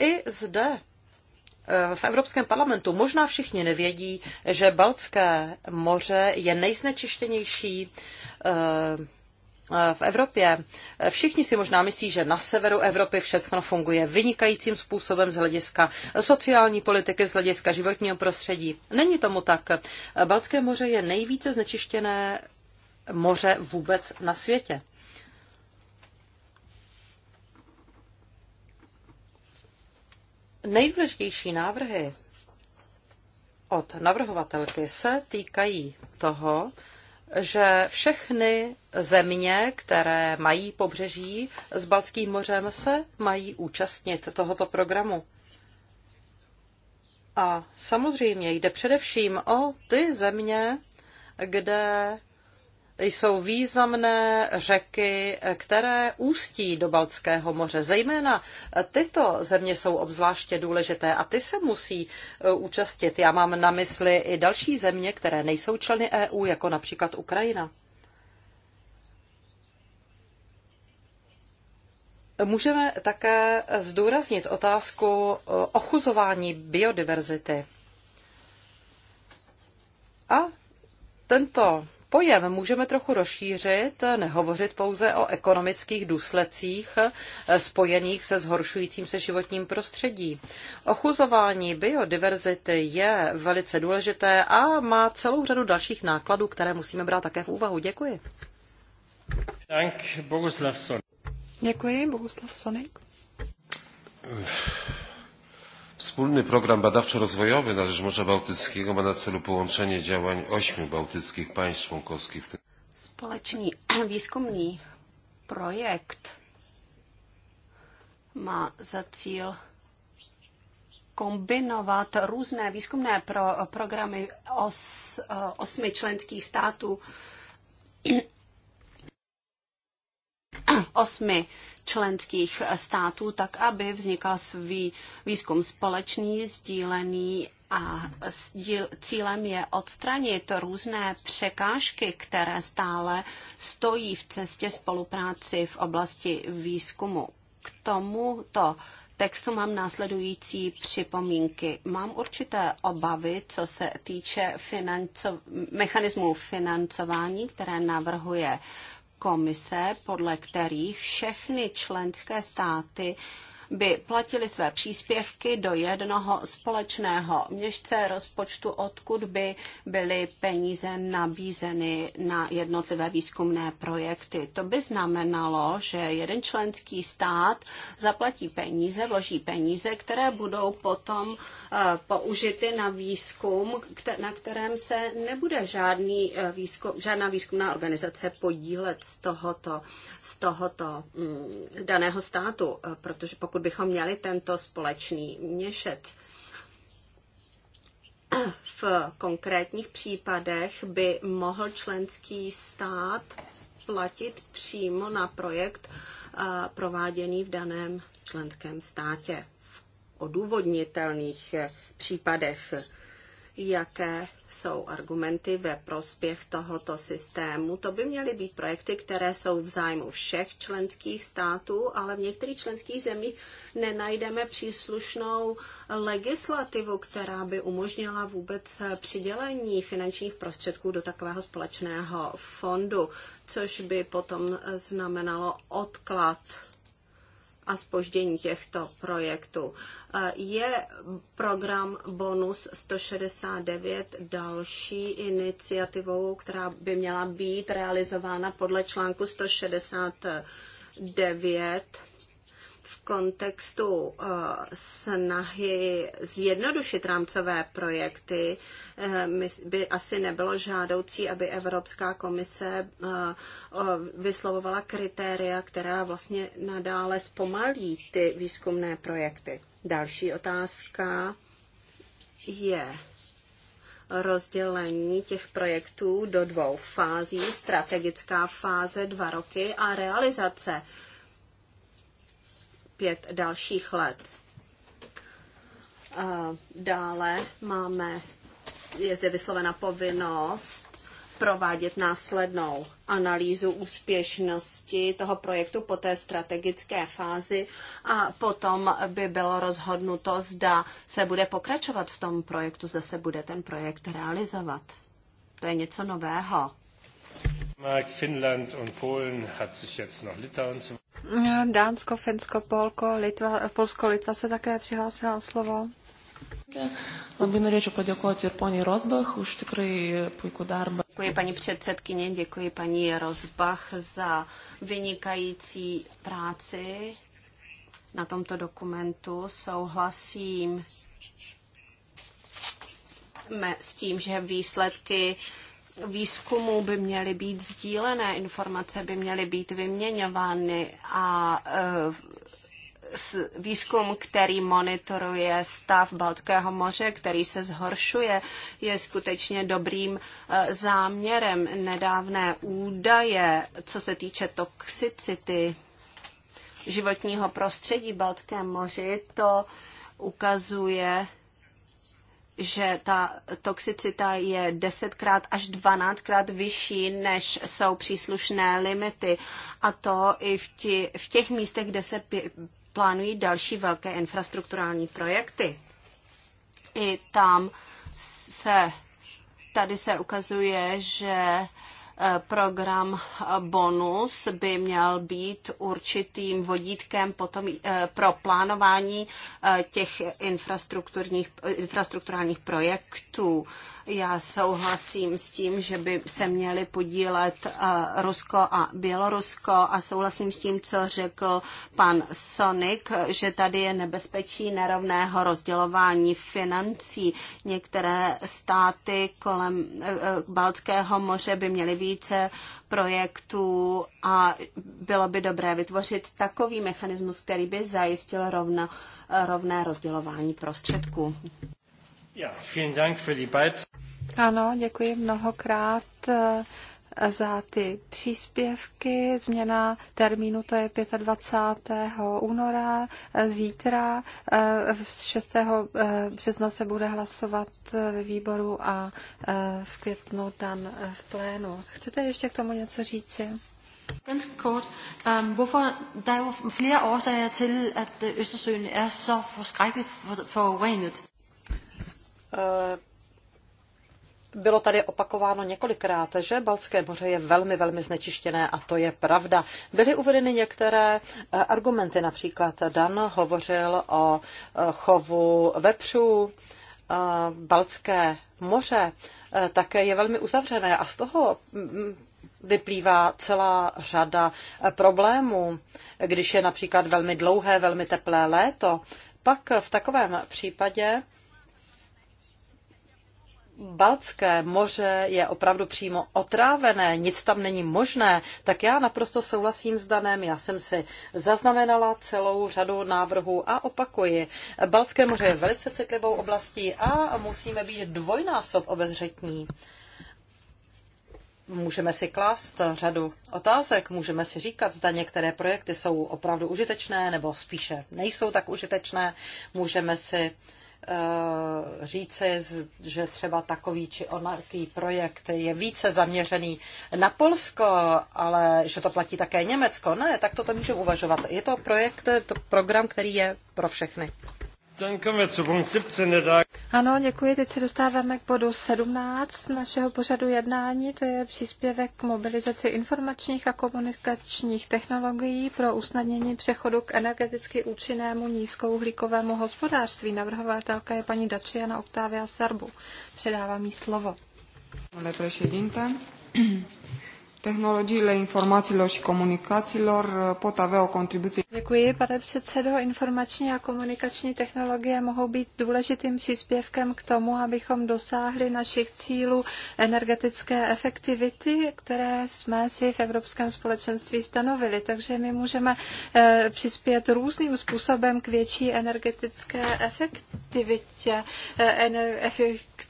[SPEAKER 4] i zde eh, v Evropském parlamentu možná všichni nevědí, že Baltské moře je nejznečištěnější eh, v Evropě. Všichni si možná myslí, že na severu Evropy všechno funguje vynikajícím způsobem z hlediska sociální politiky, z hlediska životního prostředí. Není tomu tak. Balské moře je nejvíce znečištěné moře vůbec na světě. Nejdůležitější návrhy od navrhovatelky se týkají toho, že všechny země, které mají pobřeží s Balckým mořem, se mají účastnit tohoto programu. A samozřejmě jde především o ty země, kde jsou významné řeky, které ústí do Baltského moře. Zejména tyto země jsou obzvláště důležité a ty se musí e, účastnit. Já mám na mysli i další země, které nejsou členy EU, jako například Ukrajina. Můžeme také zdůraznit otázku e, ochuzování biodiverzity. A tento Pojem můžeme trochu rozšířit, nehovořit pouze o ekonomických důsledcích eh, spojených se zhoršujícím se životním prostředí. Ochuzování biodiverzity je velice důležité a má celou řadu dalších nákladů, které musíme brát také v úvahu. Děkuji. Sonik. Děkuji, Boguslav Sonik.
[SPEAKER 1] Wspólny program badawczo-rozwojowy na rzecz Morza Bałtyckiego ma na celu połączenie działań ośmiu bałtyckich państw członkowskich.
[SPEAKER 3] Społeczny wiskumny projekt má za cel kombinovat různé výzkumné pro, programy os, osmi členských států, osmi členských států, tak aby vznikal svý výzkum společný, sdílený a cílem je odstranit různé překážky, které stále stojí v cestě spolupráci v oblasti výzkumu. K tomuto textu mám následující připomínky. Mám určité obavy, co se týče financo- mechanismů financování, které navrhuje komise, podle kterých všechny členské státy by platili své příspěvky do jednoho společného měšce rozpočtu, odkud by byly peníze nabízeny na jednotlivé výzkumné projekty. To by znamenalo, že jeden členský stát zaplatí peníze, vloží peníze, které budou potom eh, použity na výzkum, na kterém se nebude žádný eh, výzkum, žádná výzkumná organizace podílet z tohoto, z tohoto mm, daného státu, eh, protože pokud bychom měli tento společný měšec. V konkrétních případech by mohl členský stát platit přímo na projekt eh, prováděný v daném členském státě v odůvodnitelných případech jaké jsou argumenty ve prospěch tohoto systému. To by měly být projekty, které jsou v zájmu všech členských států, ale v některých členských zemích nenajdeme příslušnou legislativu, která by umožnila vůbec přidělení finančních prostředků do takového společného fondu, což by potom znamenalo odklad a spoždění těchto projektů. Eh, je program Bonus 169 další iniciativou, která by měla být realizována podle článku 169 kontextu eh, snahy zjednodušit rámcové projekty eh, by asi nebylo žádoucí, aby Evropská komise eh, vyslovovala kritéria, která vlastně nadále zpomalí ty výzkumné projekty. Další otázka je rozdělení těch projektů do dvou fází. Strategická fáze dva roky a realizace pět dalších let. Dále máme, je zde vyslovena povinnost provádět následnou analýzu úspěšnosti toho projektu po té strategické fázi a potom by bylo rozhodnuto, zda se bude pokračovat v tom projektu, zda se bude ten projekt realizovat. To je něco nového.
[SPEAKER 1] Finnland und Polen hat sich jetzt noch Litauen zu...
[SPEAKER 3] Dánsko, Finsko,
[SPEAKER 2] Polko, Litva, Polsko, Litva se také přihlásila o slovo.
[SPEAKER 3] Labai norėčiau padėkoti ir poniai Rozbach už tikrai puikų darbą. Děkuji paní předsedkyně, děkuji paní Rozbach za vynikající práci na tomto dokumentu. Souhlasím s tím, že výsledky výzkumu by měly být sdílené, informace by měly být vyměňovány a e, výzkum, který monitoruje stav Baltského moře, který se zhoršuje, je skutečně dobrým e, záměrem. Nedávné údaje, co se týče toxicity životního prostředí Baltském moři, to ukazuje, že ta toxicita je desetkrát až dvanáctkrát vyšší, než jsou příslušné limity. A to i v, ti, v těch místech, kde se plánují další velké infrastrukturální projekty. I tam se, tady se ukazuje, že program bonus by měl být určitým vodítkem potom eh, pro plánování eh, těch infrastrukturních, infrastrukturálních projektů. Já souhlasím s tím, že by se měly podílet eh, Rusko a Bělorusko a souhlasím s tím, co řekl pan Sonik, že tady je nebezpečí nerovného rozdělování financí. Některé státy kolem eh, eh, Baltského moře by měly více projektů a bylo by dobré vytvořit takový mechanismus, který by zajistil rovno, rovné rozdělování prostředků ano, děkuji mnohokrát eh, za
[SPEAKER 2] ty příspěvky. Změna termínu to je 25. února. Eh, zítra 6. Eh, března se bude hlasovat ve výboru a v květnu tam v plénu. Chcete ještě k tomu něco říci? Ganske kort. Um, hvorfor, der er jo flere årsager
[SPEAKER 4] til, at øh, Østersøen er så forskrækkeligt forurenet. Eh, bylo tady opakováno několikrát, že Baltské moře je velmi, velmi znečištěné a to je pravda. Byly uvedeny některé eh, argumenty, například Dan hovořil o eh, chovu vepřů, Baltské moře také je velmi uzavřené a z toho mm, vyplývá celá řada problémů. Když je například velmi dlouhé, velmi teplé léto, pak v takovém případě Balcké moře je opravdu přímo otrávené, nic tam není možné, tak já naprosto souhlasím s Danem. Já jsem si zaznamenala celou řadu návrhů a opakuji. Balcké moře je velice citlivou oblastí a musíme být dvojnásob obezřetní. Můžeme si klást řadu otázek, můžeme si říkat, zda některé projekty jsou opravdu užitečné nebo spíše nejsou tak užitečné. Můžeme si uh, Eh, říci, že třeba takový či onaký projekt je více zaměřený na Polsko, ale že to platí také Německo. Ne, tak to můžeme uvažovat. Je to projekt, to program, který je pro všechny.
[SPEAKER 1] Ano, děkuji.
[SPEAKER 2] Teď se dostáváme k bodu 17 našeho pořadu jednání. To je příspěvek k mobilizaci informačních a komunikačních technologií pro usnadnění přechodu k energeticky účinnému nízkouhlíkovému hospodářství. Navrhovatelka je paní Dačiana Oktávia Sarbu. Předávám jí slovo. Pane Technologiile informațiilor și comunicațiilor uh, pot avea o contribuție. Děkuji, pane předsedo. Informační a komunikační technologie mohou být důležitým příspěvkem k tomu, abychom dosáhli našich cílů energetické efektivity, které jsme si v Evropském společenství stanovili. Takže my můžeme eh, přispět různým způsobem k větší energetické efektivitě, eh, ener-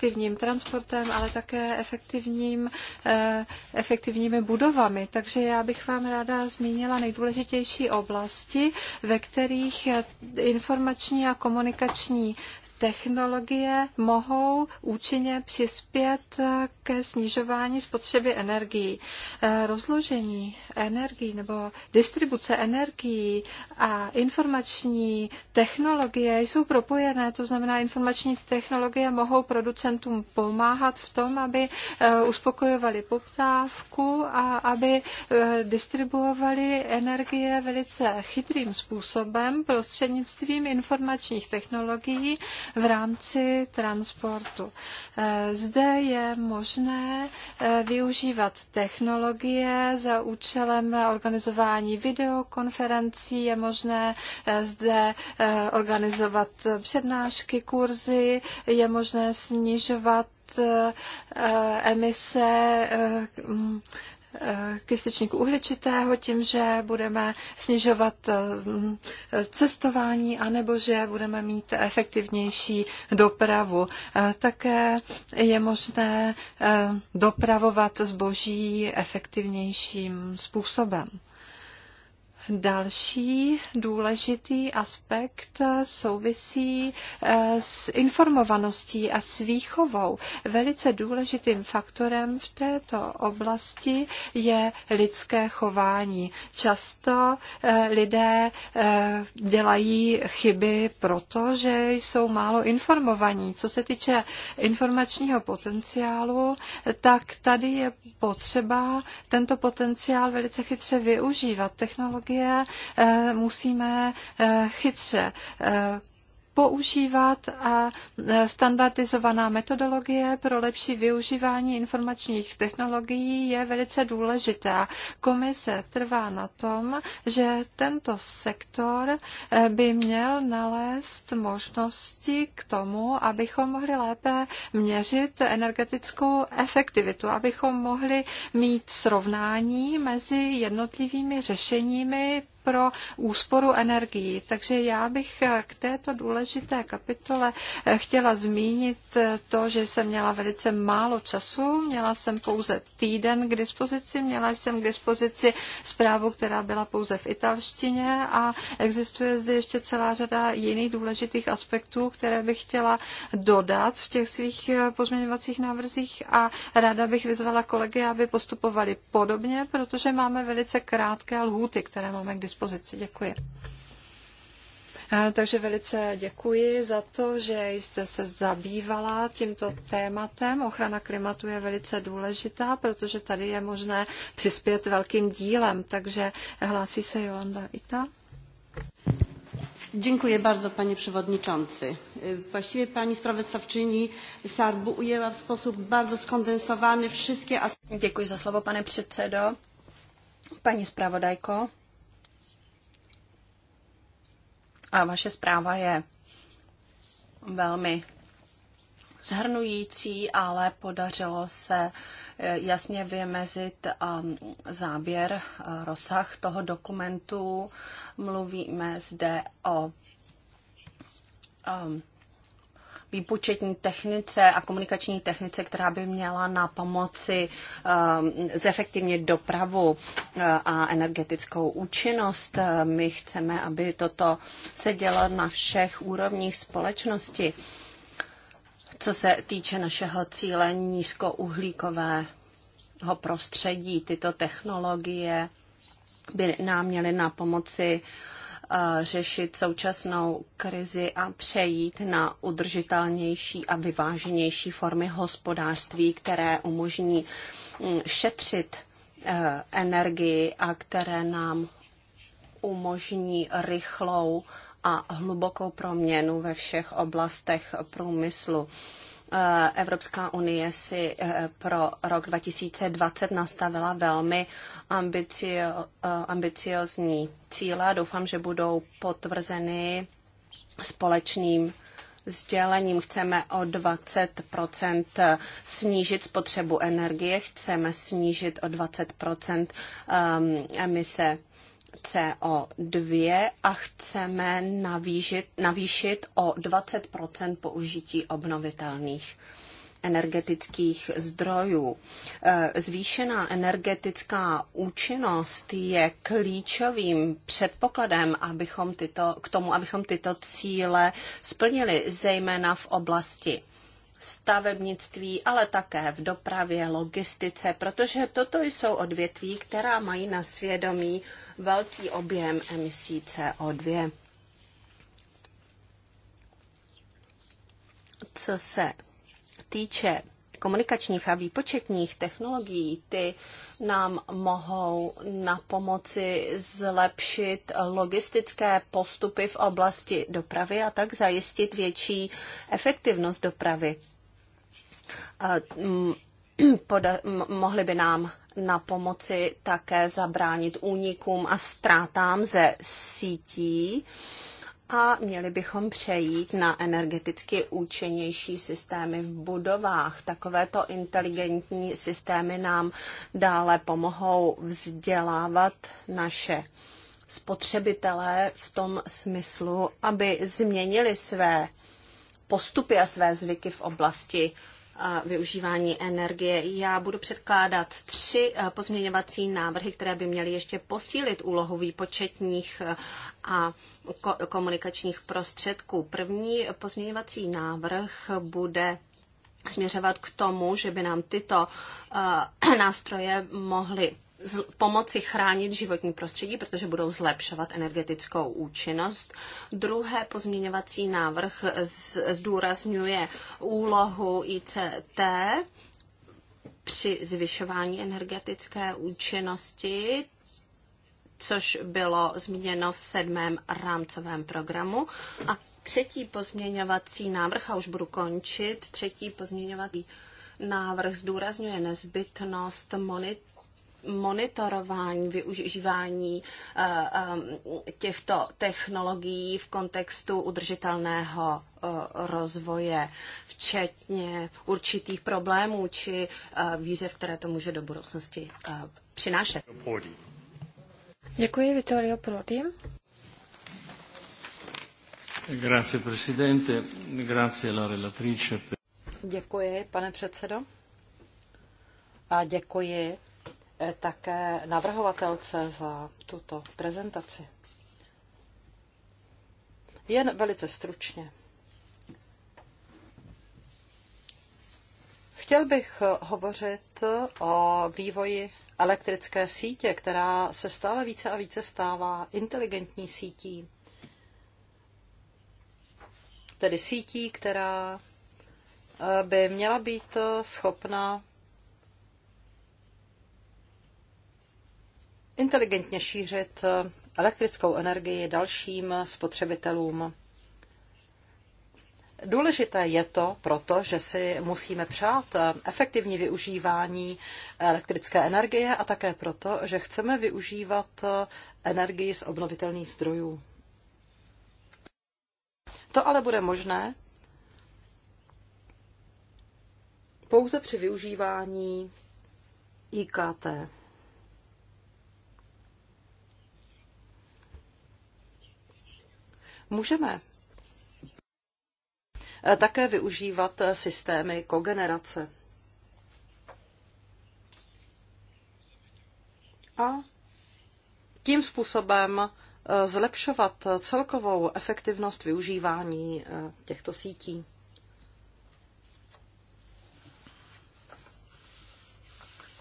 [SPEAKER 2] efektivním transportem, ale také efektivním, eh, efektivními budovami. Takže já bych vám ráda zmínila nejdůležitější oblasti, ve kterých informační a komunikační technologie mohou účinně přispět ke snižování spotřeby energií. Eh, rozložení energií nebo distribuce energií a informační technologie jsou propojené, to znamená, informační technologie mohou producentům pomáhat v tom, aby eh, uspokojovali poptávku a aby eh, distribuovali energie velice chytrým způsobem prostřednictvím informačních technologií, v rámci transportu. Eh, zde je možné eh, využívat technologie za účelem organizování videokonferencí, je možné eh, zde organizovat přednášky, kurzy, je možné snižovat emise kysličníku uhličitého tím, že budeme snižovat mm, cestování anebo že budeme mít efektivnější dopravu. Eh, také je možné eh, dopravovat zboží efektivnějším způsobem. Další důležitý aspekt souvisí eh, s informovaností a s výchovou. Velice důležitým faktorem v této oblasti je lidské chování. Často eh, lidé eh, dělají chyby proto, že jsou málo informovaní. Co se týče informačního potenciálu, tak tady je potřeba tento potenciál velice chytře využívat. Technologie energie eh, musíme eh, chytře eh, používat e, standardizovaná metodologie pro lepší využívání informačních technologií je velice důležitá. Komise trvá na tom, že tento sektor e, by měl nalézt možnosti k tomu, abychom mohli lépe měřit energetickou efektivitu, abychom mohli mít srovnání mezi jednotlivými řešeními pro úsporu energií. Takže já bych k této důležité kapitole eh, chtěla zmínit eh, to, že jsem měla velice málo času, měla jsem pouze týden k dispozici, měla jsem k dispozici zprávu, která byla pouze v italštině a existuje zde ještě celá řada jiných důležitých aspektů, které bych chtěla dodat v těch svých eh, pozměňovacích návrzích a ráda bych vyzvala kolegy, aby postupovali podobně, protože máme velice krátké lhůty, které máme k dispozici dispozici. Děkuji. Takže velice děkuji za to, že jste se zabývala tímto tématem. Ochrana klimatu je velice důležitá, protože tady je možné přispět velkým dílem. Takže hlásí se Jolanda Ita.
[SPEAKER 3] Dziękuję bardzo panie przewodniczący. Właściwie pani sprawozdawczyni Sarbu ujęła w sposób bardzo skondensowany wszystkie aspekty. Děkuji za slovo, pane předsedo. Paní sprawodajko. A vaše zpráva je velmi zhrnující, ale podařilo se eh, jasně vymezit um, záběr, eh, rozsah toho dokumentu. Mluvíme zde o um, výpočetní technice a komunikační technice, která by měla na pomoci um, zefektivnit dopravu uh, a energetickou účinnost. Uh, my chceme, aby toto se dělo na všech úrovních společnosti. Co se týče našeho cíle nízkouhlíkového prostředí, tyto technologie by nám měly na pomoci uh, Eh, řešit současnou krizi a přejít na udržitelnější a vyváženější formy hospodářství, které umožní mm, šetřit eh, energii a které nám umožní rychlou a hlubokou proměnu ve všech oblastech průmyslu. Eh, Evropská unie si eh, pro rok 2020 nastavila velmi ambicio, eh, ambiciozní cíle a doufám, že budou potvrzeny společným sdělením. Chceme o 20 snížit spotřebu energie, chceme snížit o 20 ehm, emise CO2 a chceme navýšit, navýšit o 20 použití obnovitelných energetických zdrojů. E, zvýšená energetická účinnost je klíčovým předpokladem abychom tyto, k tomu, abychom tyto cíle splnili, zejména v oblasti stavebnictví, ale také v dopravě, logistice, protože toto jsou odvětví, která mají na svědomí velký objem emisí CO2. Co se týče komunikačních a výpočetních technologií, ty nám mohou na pomoci zlepšit logistické postupy v oblasti dopravy a tak zajistit větší efektivnost dopravy. Mm, poda- mohly by nám na pomoci také zabránit únikům a ztrátám ze sítí a měli bychom přejít na energeticky účinnější systémy v budovách. Takovéto inteligentní systémy nám dále pomohou vzdělávat naše spotřebitelé v tom smyslu, aby změnili své postupy a své zvyky v oblasti využívání energie. Já budu předkládat tři eh, pozměňovací návrhy, které by měly ještě posílit úlohu výpočetních eh, a komunikačních prostředků. První pozměňovací návrh bude směřovat k tomu, že by nám tyto eh, nástroje mohly pomoci chránit životní prostředí, protože budou zlepšovat energetickou účinnost. Druhé pozměňovací návrh zdůrazňuje úlohu ICT při zvyšování energetické účinnosti což bylo zmíněno v sedmém rámcovém programu. A třetí pozměňovací návrh, a už budu končit, třetí pozměňovací návrh zdůrazňuje nezbytnost monitorování monitorování využívání eh, eh, těchto technologií v kontextu udržitelného eh, rozvoje, včetně určitých problémů či výzev, které to může do budoucnosti přinášet.
[SPEAKER 2] Děkuji, Vittorio Prodi.
[SPEAKER 1] Grazie, presidente. Grazie la relatrice.
[SPEAKER 4] Děkuji, pane předsedo. A děkuji také navrhovatelce za tuto prezentaci. Jen velice stručně. Chtěl bych hovořit o vývoji elektrické sítě, která se stále více a více stává inteligentní sítí. Tedy sítí, která by měla být schopna inteligentně šířit eh, elektrickou energii dalším spotřebitelům. Důležité je to proto, že si musíme přát eh, efektivní využívání elektrické energie a také proto, že chceme využívat eh, energii z obnovitelných zdrojů. To ale bude možné pouze při využívání IKT. Můžeme také využívat systémy kogenerace. A tím způsobem eh, zlepšovat celkovou efektivnost využívání eh, těchto sítí.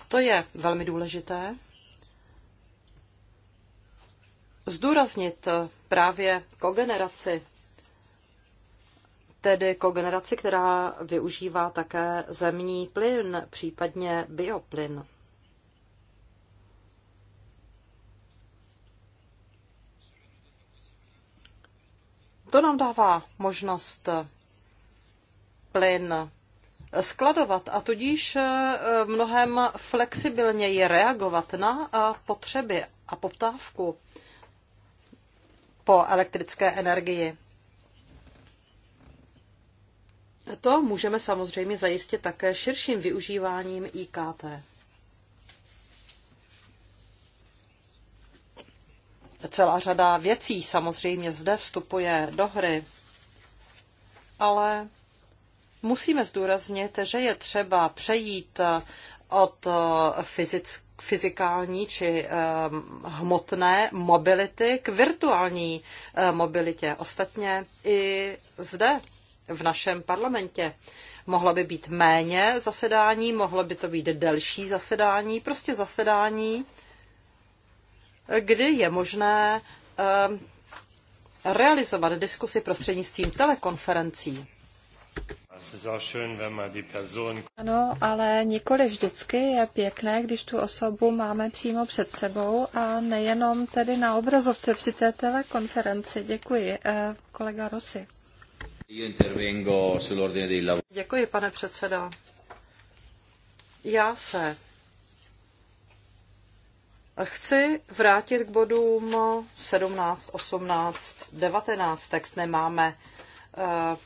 [SPEAKER 4] To je velmi důležité. Zdůraznit eh, právě kogeneraci, tedy kogeneraci, která využívá také zemní plyn, případně bioplyn. To nám dává možnost plyn skladovat a tudíž eh, mnohem flexibilněji reagovat na eh, potřeby a poptávku po elektrické energii. To můžeme samozřejmě zajistit také širším využíváním IKT. Celá řada věcí samozřejmě zde vstupuje do hry, ale musíme zdůraznit, že je třeba přejít od fyzické fyzikální či eh, hmotné mobility k virtuální eh, mobilitě. Ostatně i zde v našem parlamentě. Mohlo by být méně zasedání, mohlo by to být delší zasedání, prostě zasedání, kdy je možné eh, realizovat diskusy prostřednictvím telekonferencí.
[SPEAKER 2] Ano, ale nikoli vždycky je pěkné, když tu osobu máme přímo před sebou a nejenom tedy na obrazovce při té telekonferenci. Děkuji,
[SPEAKER 4] eh, kolega Rosy. Děkuji, pane předseda. Já se chci vrátit k bodům 17, 18, 19. Text nemáme eh,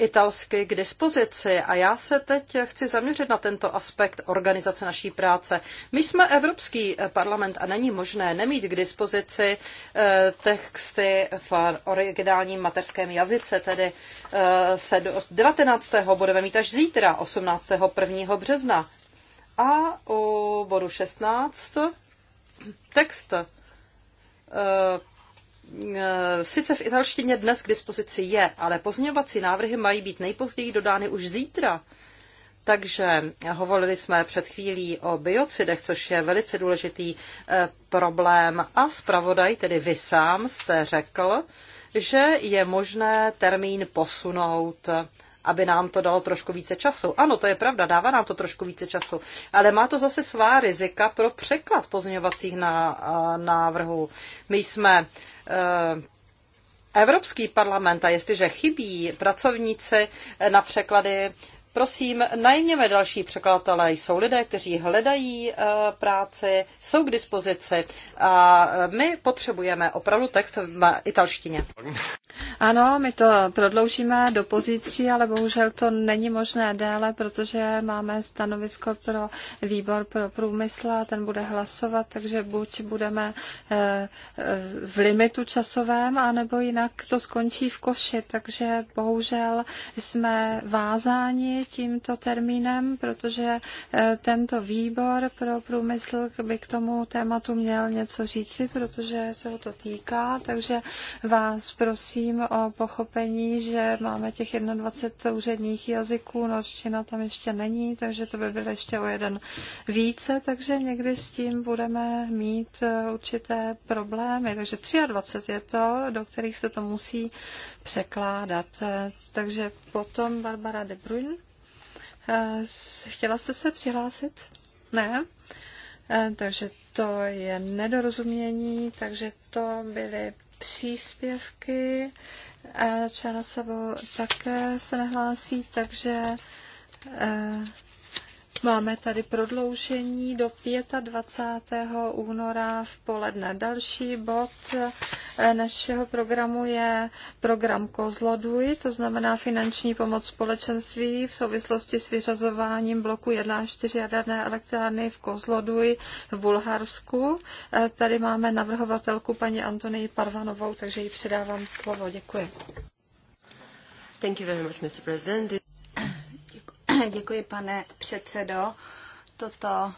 [SPEAKER 4] italsky k dispozici a já se teď chci zaměřit na tento aspekt organizace naší práce. My jsme Evropský parlament a není možné nemít k dispozici eh, texty v originálním mateřském jazyce, tedy 19. Eh, budeme mít až zítra, 18. 1. března. A u bodu 16 text eh, Eh, sice v italštině dnes k dispozici je, ale pozměňovací návrhy mají být nejpozději dodány už zítra. Takže hovorili jsme před chvílí o biocidech, což je velice důležitý eh, problém. A zpravodaj, tedy vy sám, jste řekl, že je možné termín posunout aby nám to dalo trošku více času. Ano, to je pravda, dává nám to trošku více času, ale má to zase svá rizika pro překlad pozměňovacích návrhů. My jsme eh, Evropský parlament a jestliže chybí pracovníci na překlady, Prosím, najměme další překladatele. Jsou lidé, kteří hledají eh, práci, jsou k dispozici a eh, my potřebujeme opravdu text v italštině.
[SPEAKER 2] Ano, my to prodloužíme do pozítří, ale bohužel to není možné déle, protože máme stanovisko pro výbor pro průmysl a ten bude hlasovat, takže buď budeme eh, v limitu časovém, anebo jinak to skončí v koši, takže bohužel jsme vázáni tímto termínem, protože eh, tento výbor pro průmysl by k tomu tématu měl něco říci, protože se ho to týká, takže vás prosím o pochopení, že máme těch 21 úředních jazyků, norština tam ještě není, takže to by byl ještě o jeden více, takže někdy s tím budeme mít eh, určité problémy. Takže 23 je to, do kterých se to musí překládat. Eh, takže potom Barbara de Bruyne. Eh, chtěla jste se přihlásit? Ne? Eh, takže to je nedorozumění, takže to byly příspěvky. Eh, Čana Sabo také se nehlásí, takže Máme tady prodloužení do 25. února v poledne. Další bod eh, našeho programu je program Kozloduj, to znamená finanční pomoc společenství v souvislosti s vyřazováním bloku 1 a 4 jaderné elektrárny v Kozloduj v Bulharsku. Eh, tady máme navrhovatelku paní Antonii Parvanovou, takže jí předávám slovo.
[SPEAKER 3] Děkuji. Thank you very much, Mr. President. Děkuji, pane předsedo. Toto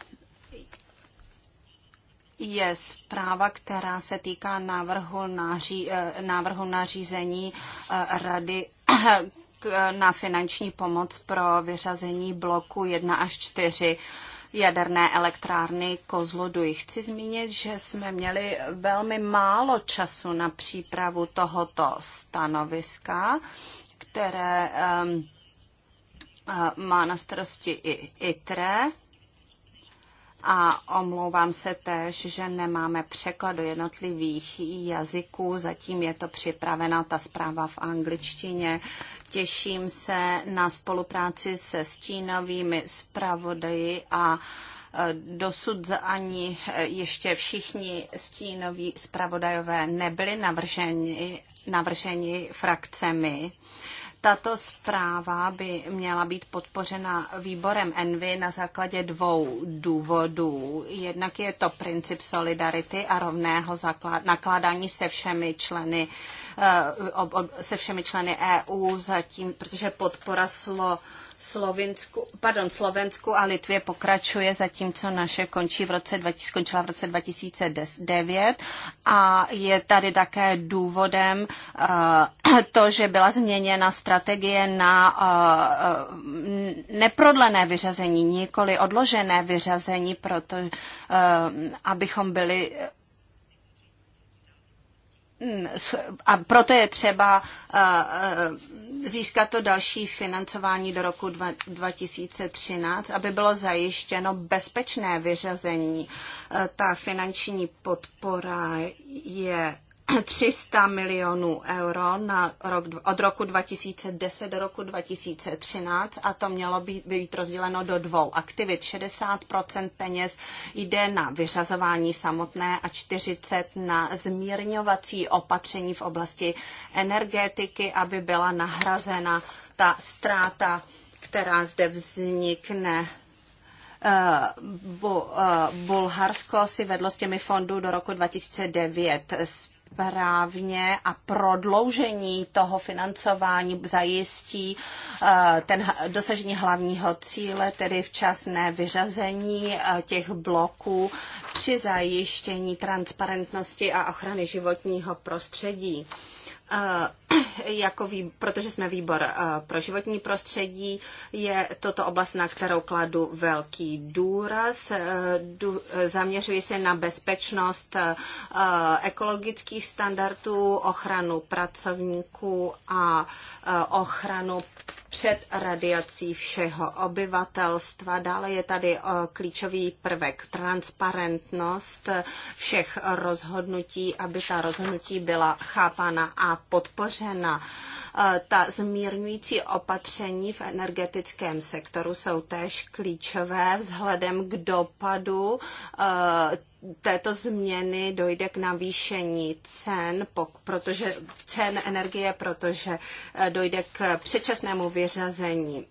[SPEAKER 3] je zpráva, která se týká návrhu, náří, eh, návrhu nařízení eh, Rady eh, na finanční pomoc pro vyřazení bloku 1 až 4 jaderné elektrárny Kozloduj. Chci zmínit, že jsme měli velmi málo času na přípravu tohoto stanoviska, které um, má na starosti i ITRE a omlouvám se též, že nemáme překlad do jednotlivých jazyků, zatím je to připravena ta zpráva v angličtině. Těším se na spolupráci se stínovými zpravodaji a e, dosud ani e, ještě všichni stínoví zpravodajové nebyli navrženi, navrženi frakcemi tato zpráva by měla být podpořena výborem Envy na základě dvou důvodů. Jednak je to princip solidarity a rovného nakládání se všemi členy eh, se všemi členy EU, zatím, protože podpora slo Slovinsku, pardon, Slovensku a Litvě pokračuje, zatímco naše končí v roce, skončila v roce 2009 a je tady také důvodem uh, to, že byla změněna strategie na uh, neprodlené vyřazení, nikoli odložené vyřazení, proto uh, abychom byli Mm, a proto je třeba eh, eh, získat to další financování do roku 2013, aby bylo zajištěno bezpečné vyřazení. Eh, ta finanční podpora je 300 milionů euro na rok, od roku 2010 do roku 2013 a to mělo být, být rozděleno do dvou aktivit. 60% peněz jde na vyřazování samotné a 40% na zmírňovací opatření v oblasti energetiky, aby byla nahrazena ta ztráta, která zde vznikne eh, eh, Bulharsko si vedlo s těmi fondů do roku 2009 s správně a prodloužení toho financování zajistí eh, ten dosažení hlavního cíle, tedy včasné vyřazení eh, těch bloků při zajištění transparentnosti a ochrany životního prostředí. jako vý, protože jsme výbor pro životní prostředí, je toto oblast, na kterou kladu velký důraz. zaměřuji se na bezpečnost ekologických standardů, ochranu pracovníků a ochranu před radiací všeho obyvatelstva. Dále je tady klíčový prvek transparentnost všech rozhodnutí, aby ta rozhodnutí byla chápána a podpořena. Eh, ta zmírňující opatření v energetickém sektoru jsou též klíčové vzhledem k dopadu eh, této změny dojde k navýšení cen, protože cen energie, protože eh, dojde k předčasnému vyřazení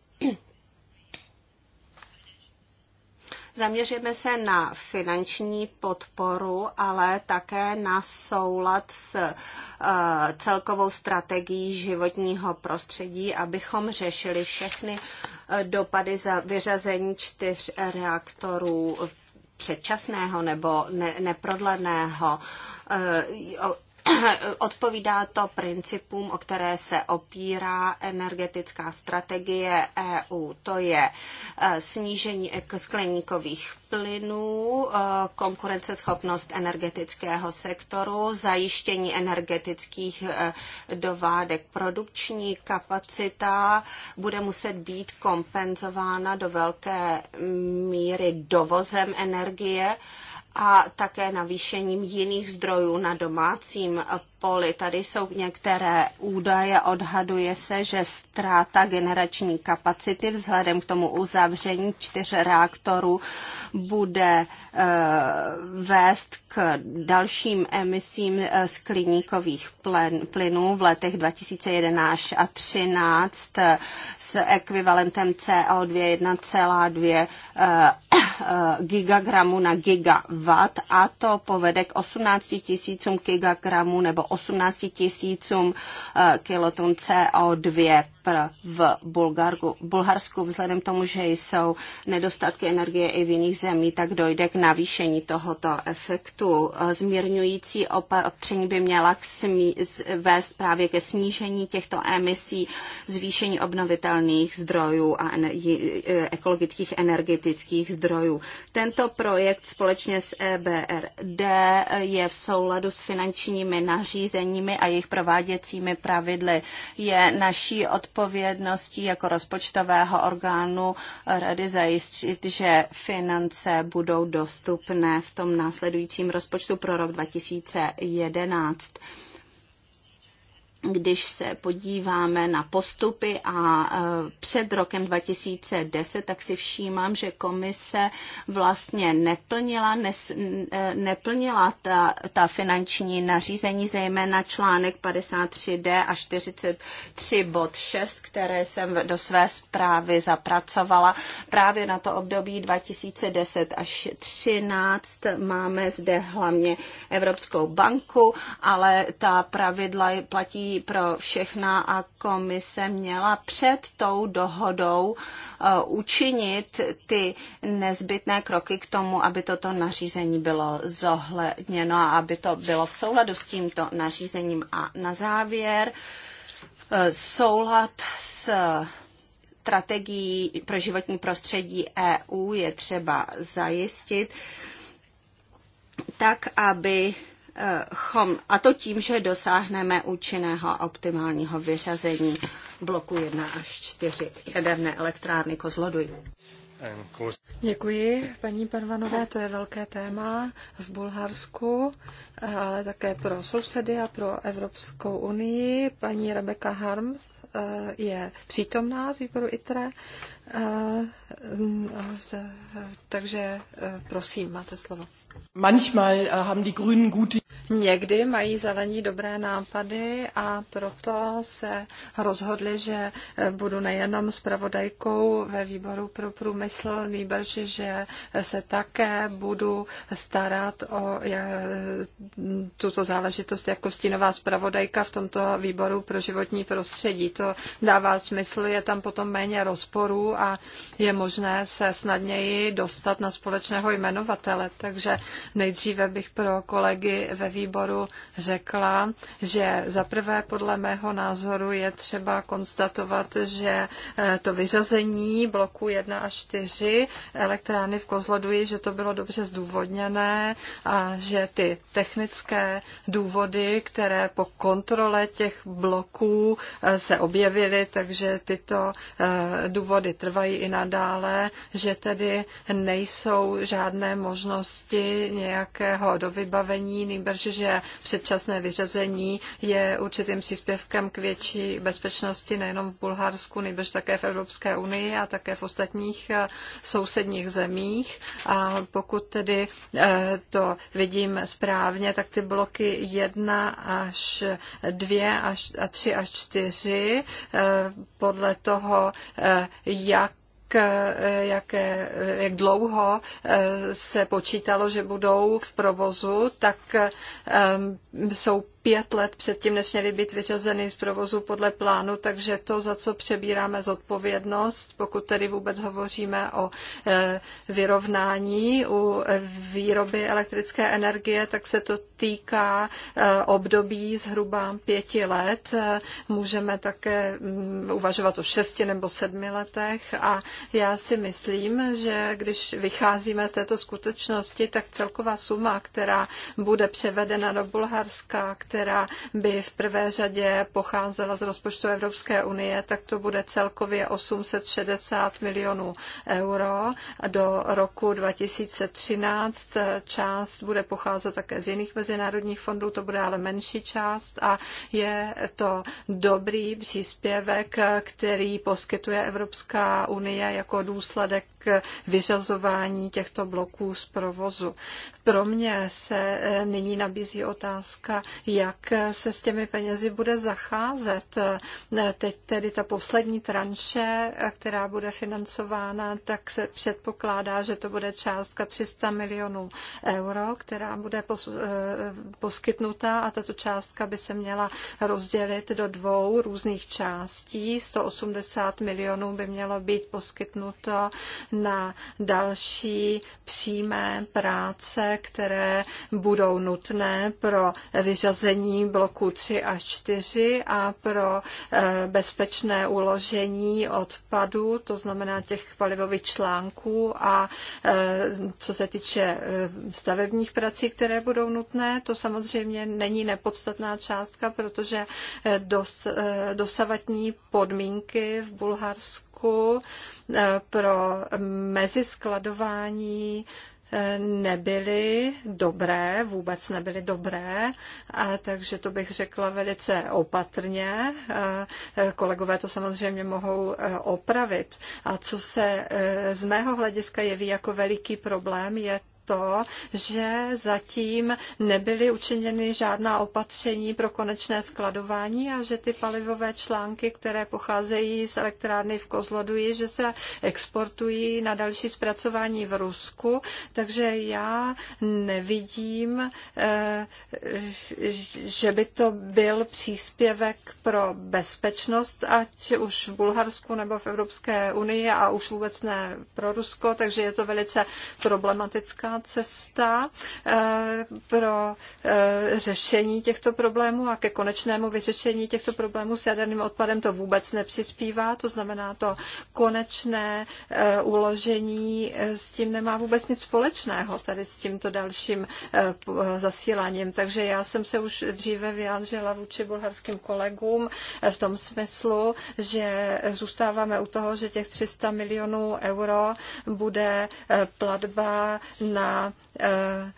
[SPEAKER 3] Zaměříme se na finanční podporu, ale také na soulad s eh, celkovou strategií životního prostředí, abychom řešili všechny eh, dopady za vyřazení čtyř reaktorů předčasného nebo ne, neprodleného eh, Odpovídá to principům, o které se opírá energetická strategie EU. To je eh, snížení skleníkových plynů, eh, konkurenceschopnost energetického sektoru, zajištění energetických eh, dovádek. Produkční kapacita bude muset být kompenzována do velké míry dovozem energie a také navýšením jiných zdrojů na domácím poli. Tady jsou některé údaje. Odhaduje se, že ztráta generační kapacity vzhledem k tomu uzavření čtyř reaktorů bude eh, vést k dalším emisím eh, skliníkových plynů v letech 2011 a 2013 eh, s ekvivalentem CO2 1,2 gigagramu na gigawatt a to povede k 18 tisícům gigagramů nebo 18 tisícům eh, kiloton CO2 v Bulgarku, Bulharsku vzhledem k tomu, že jsou nedostatky energie i v jiných zemích, tak dojde k navýšení tohoto efektu. Zmírňující opatření by měla k smí, vést právě ke snížení těchto emisí, zvýšení obnovitelných zdrojů a energi, eh, ekologických energetických zdrojů. Tento projekt společně s EBRD je v souladu s finančními nařízeními a jejich prováděcími pravidly. Je naší od odpovědností jako rozpočtového orgánu rady zajistit, že finance budou dostupné v tom následujícím rozpočtu pro rok 2011 když se podíváme na postupy a e, před rokem 2010, tak si všímám, že komise vlastně neplnila, nes, e, neplnila ta, ta finanční nařízení, zejména článek 53D a 43 bod 6, které jsem do své zprávy zapracovala. Právě na to období 2010 až 2013 máme zde hlavně Evropskou banku, ale ta pravidla platí pro všechna a komise měla před tou dohodou eh, učinit ty nezbytné kroky k tomu, aby toto nařízení bylo zohledněno a aby to bylo v souladu s tímto nařízením. A na závěr eh, soulad s strategií pro životní prostředí EU je třeba zajistit tak, aby chom, a to tím, že dosáhneme účinného optimálního vyřazení bloku 1 až 4 jaderné elektrárny Kozloduj.
[SPEAKER 2] Děkuji, paní Pervanové, to je velké téma v Bulharsku, ale také pro sousedy a pro Evropskou unii. Paní Rebecca Harms eh, je přítomná z výboru ITRE, eh, takže eh, prosím, máte slovo. Manchmal äh, haben die Grünen gute Někdy mají zelení dobré nápady a proto se rozhodli, že eh, budu nejenom zpravodajkou ve výboru pro průmysl, nejbrž, že se také budu starat o tuto záležitost jako stínová zpravodajka v tomto výboru pro životní prostředí. To dává smysl, je tam potom méně rozporů a je možné se snadněji dostat na společného jmenovatele. Takže Nejdříve bych pro kolegy ve výboru řekla, že za prvé podle mého názoru je třeba konstatovat, že eh, to vyřazení bloku 1 a 4 elektrárny v Kozloduji, že to bylo dobře zdůvodněné a že ty technické důvody, které po kontrole těch bloků eh, se objevily, takže tyto eh, důvody trvají i nadále, že tedy nejsou žádné možnosti nějakého dovybavení, nejbrž, že předčasné vyřazení je určitým příspěvkem k větší bezpečnosti nejenom v Bulharsku, nejbrž také v Evropské unii a také v ostatních eh, sousedních zemích. A pokud tedy eh, to vidím správně, tak ty bloky 1 až 2 až, a 3 až 4 eh, podle toho, jak Eh, jaké, eh, jak dlouho eh, se počítalo, že budou v provozu, tak jsou pět let předtím, než měly být vyřazeny z provozu podle plánu, takže to, za co přebíráme zodpovědnost, pokud tedy vůbec hovoříme o e, vyrovnání u výroby elektrické energie, tak se to týká e, období zhruba pěti let. E, můžeme také mm, uvažovat o šesti nebo sedmi letech a já si myslím, že když vycházíme z této skutečnosti, tak celková suma, která bude převedena do Bulharska, která by v prvé řadě pocházela z rozpočtu Evropské unie, tak to bude celkově 860 milionů euro. Do roku 2013 část bude pocházet také z jiných mezinárodních fondů, to bude ale menší část a je to dobrý příspěvek, který poskytuje Evropská unie jako důsledek vyřazování těchto bloků z provozu. Pro mě se nyní nabízí otázka, jak jak se s těmi penězi bude zacházet. Teď tedy ta poslední tranše, která bude financována, tak se předpokládá, že to bude částka 300 milionů euro, která bude eh, poskytnuta a tato částka by se měla rozdělit do dvou různých částí. 180 milionů by mělo být poskytnuto na další přímé práce, které budou nutné pro vyřazení uložení bloků 3 a 4 a pro eh, bezpečné uložení odpadu, to znamená těch palivových článků a eh, co se týče eh, stavebních prací, které budou nutné, to samozřejmě není nepodstatná částka, protože dost dosavatní podmínky v Bulharsku pro meziskladování nebyly dobré, vůbec nebyly dobré, a takže to bych řekla velice opatrně. Eh, kolegové to samozřejmě mohou eh, opravit. A co se eh, z mého hlediska jeví jako veliký problém, je to, že zatím nebyly učiněny žádná opatření pro konečné skladování a že ty palivové články, které pocházejí z elektrárny v Kozloduji, že se exportují na další zpracování v Rusku. Takže já nevidím, eh, že by to byl příspěvek pro bezpečnost, ať už v Bulharsku nebo v Evropské unii a už vůbec ne pro Rusko, takže je to velice problematická cesta eh, pro eh, řešení těchto problémů a ke konečnému vyřešení těchto problémů s jaderným odpadem to vůbec nepřispívá, to znamená to konečné eh, uložení s tím nemá vůbec nic společného tady s tímto dalším zasíláním. Takže já jsem se už dříve vyjádřila vůči bulharským kolegům v tom smyslu, že zůstáváme u toho, že těch 300 milionů euro bude platba na na eh,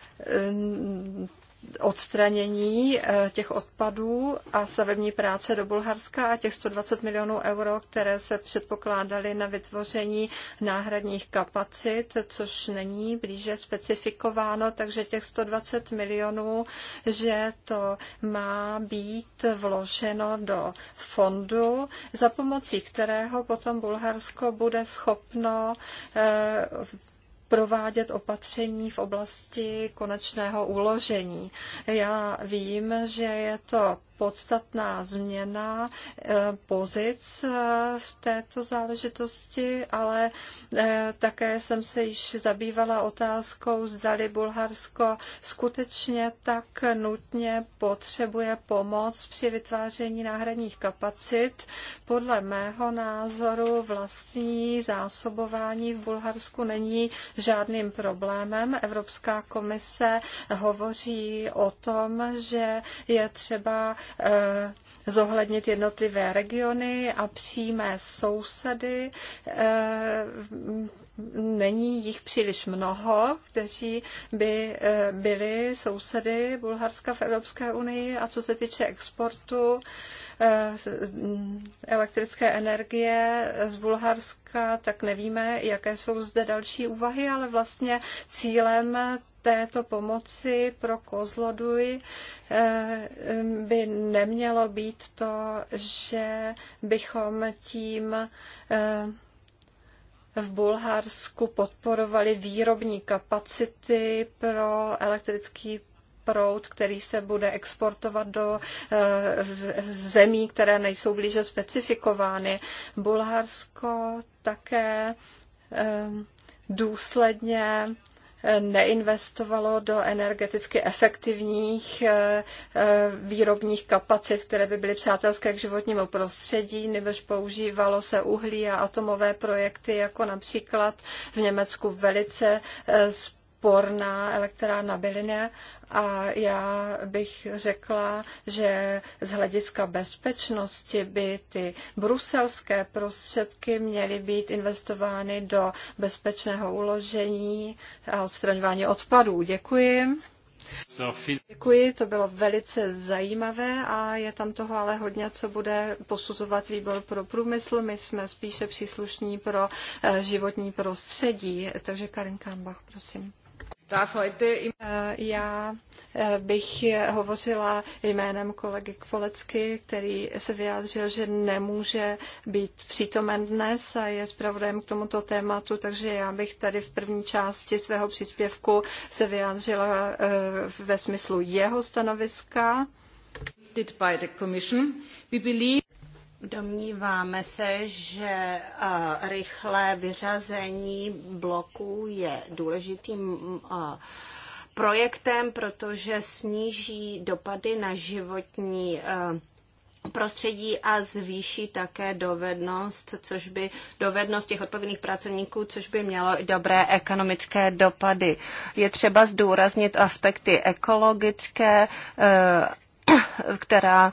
[SPEAKER 2] odstranění eh, těch odpadů a stavební práce do Bulharska a těch 120 milionů euro, které se předpokládaly na vytvoření náhradních kapacit, což není blíže specifikováno, takže těch 120 milionů, že to má být vloženo do fondu, za pomocí kterého potom Bulharsko bude schopno eh, provádět opatření v oblasti konečného uložení. Já vím, že je to podstatná změna eh, pozic eh, v této záležitosti, ale eh, také jsem se již zabývala otázkou, zdali Bulharsko skutečně tak nutně potřebuje pomoc při vytváření náhradních kapacit. Podle mého názoru vlastní zásobování v Bulharsku není žádným problémem. Evropská komise hovoří o tom, že je třeba Eh, zohlednit jednotlivé regiony a přímé sousedy. Eh, není jich příliš mnoho, kteří by eh, byli sousedy Bulharska v Evropské unii. A co se týče exportu mm, elektrické energie z Bulharska, tak nevíme, jaké jsou zde další úvahy, ale vlastně cílem této pomoci pro Kozloduj eh, eh, by nemělo být to, že bychom tím eh, v Bulharsku podporovali výrobní kapacity pro elektrický proud, který se bude exportovat do zemí, které nejsou blíže specifikovány. Bulharsko také důsledně neinvestovalo do energeticky efektivních eh, eh, výrobních kapacit, které by byly přátelské k životnímu prostředí, nebož používalo se uhlí a atomové projekty, jako například v Německu velice společné eh, sporná, elektrárna Bylina a já bych řekla, že z hlediska bezpečnosti by ty bruselské prostředky měly být investovány do bezpečného uložení a odstraňování odpadů. Děkuji. Děkuji, to bylo velice zajímavé a je tam toho ale hodně, co bude posuzovat výbor pro průmysl. My jsme spíše příslušní pro eh, životní prostředí, takže Karin Kambach, prosím. Eh, já eh, bych hovořila jménem kolegy Kvolecky, který se vyjádřil, že nemůže být přítomen dnes a je zpravodajem k tomuto tématu, takže já bych tady v první části svého příspěvku se vyjádřila eh, ve smyslu jeho stanoviska.
[SPEAKER 3] By believe... Domníváme se, že rychlé vyřazení bloků je důležitým projektem, protože sníží dopady na životní prostředí a zvýší také dovednost, což by dovednost těch odpovědných pracovníků, což by mělo i dobré ekonomické dopady. Je třeba zdůraznit aspekty ekologické, e, která,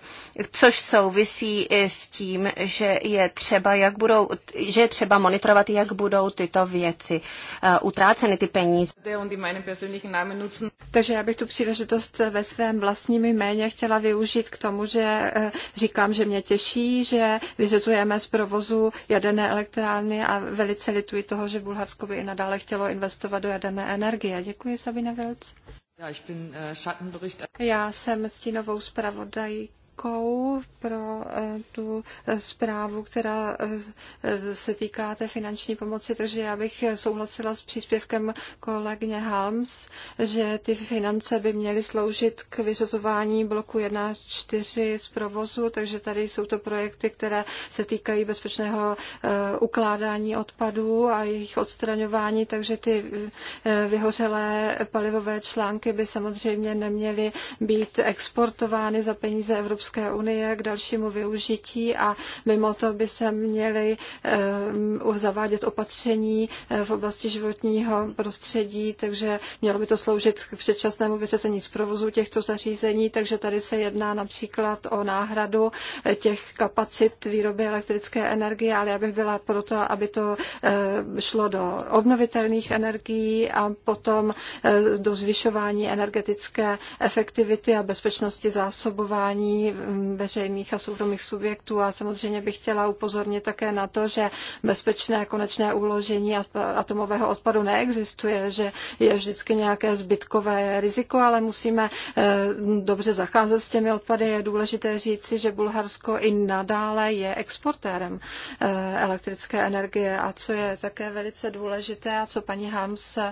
[SPEAKER 3] což souvisí i s tím, že je třeba, jak budou, že je třeba monitorovat, jak budou tyto věci uh, utráceny, ty peníze. Takže já bych tu
[SPEAKER 2] příležitost ve svém vlastním jméně chtěla využít k tomu, že eh, říkám, že mě těší, že vyřezujeme z provozu jaderné elektrárny a velice lituji toho, že Bulharsko by i nadále chtělo investovat do jaderné energie. Děkuji, Sabina Vilc.
[SPEAKER 1] Äh,
[SPEAKER 2] Já jsem stínovou zpravodajkou zpravodajkou pro eh, tu eh, zprávu, která eh, se týká té finanční pomoci, takže já bych souhlasila s příspěvkem kolegyně Halms, že ty finance by měly sloužit k vyřazování bloku 1 4 z provozu, takže tady jsou to projekty, které se týkají bezpečného ukládání odpadů a jejich odstraňování, takže ty vyhořelé palivové články by samozřejmě neměly být exportovány za peníze Evropské Evropské unie k dalšímu využití a mimo to by se měly eh, zavádět opatření eh, v oblasti životního prostředí, takže mělo by to sloužit k předčasnému vyřazení z provozu těchto zařízení, takže tady se jedná například o náhradu eh, těch kapacit výroby elektrické energie, ale já bych byla proto, aby to šlo do obnovitelných energií a potom do zvyšování energetické efektivity a bezpečnosti zásobování Mm, veřejných a soukromých subjektů a samozřejmě bych chtěla upozornit také na to, že bezpečné konečné uložení atomového odpadu neexistuje, že je vždycky nějaké zbytkové riziko, ale musíme eh, dobře zacházet s těmi odpady. Je důležité říci, že Bulharsko i nadále je exportérem eh, elektrické energie a co je také velice důležité a co paní Hams eh,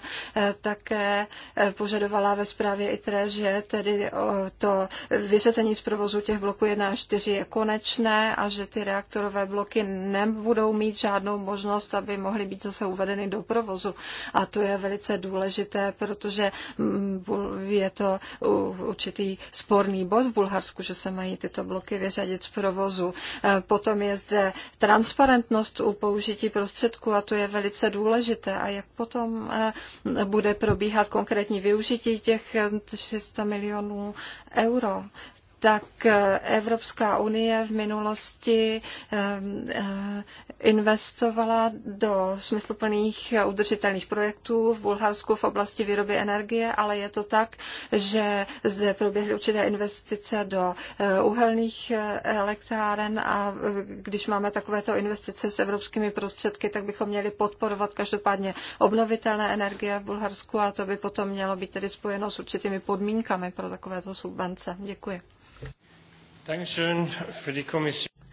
[SPEAKER 2] také požadovala ve zprávě ITRE, že tedy to vyřazení z provozu těch bloků 1 a 4 je konečné a že ty reaktorové bloky nebudou mít žádnou možnost, aby mohly být zase uvedeny do provozu. A to je velice důležité, protože mm, je to určitý sporný bod v Bulharsku, že se mají tyto bloky vyřadit z provozu. E, potom je zde transparentnost u použití prostředků a to je velice důležité. A jak potom e, bude probíhat konkrétní využití těch 300 milionů euro tak eh, Evropská unie v minulosti eh, eh, investovala do smysluplných udržitelných projektů v Bulharsku v oblasti výroby energie, ale je to tak, že zde proběhly určité investice do uhelných elektráren a když máme takovéto investice s evropskými prostředky, tak bychom měli podporovat každopádně obnovitelné energie v Bulharsku a to by potom mělo být tedy spojeno s určitými podmínkami pro takovéto subvence. Děkuji.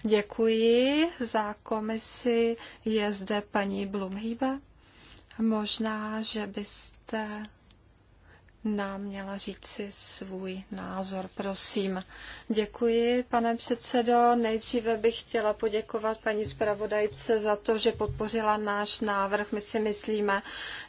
[SPEAKER 2] Děkuji za komisi. Je zde paní Blumhýbe. Možná, že byste nám měla říci svůj názor. Prosím. Děkuji, pane předsedo. Nejdříve bych chtěla poděkovat paní zpravodajce za to, že podpořila náš návrh. My si myslíme,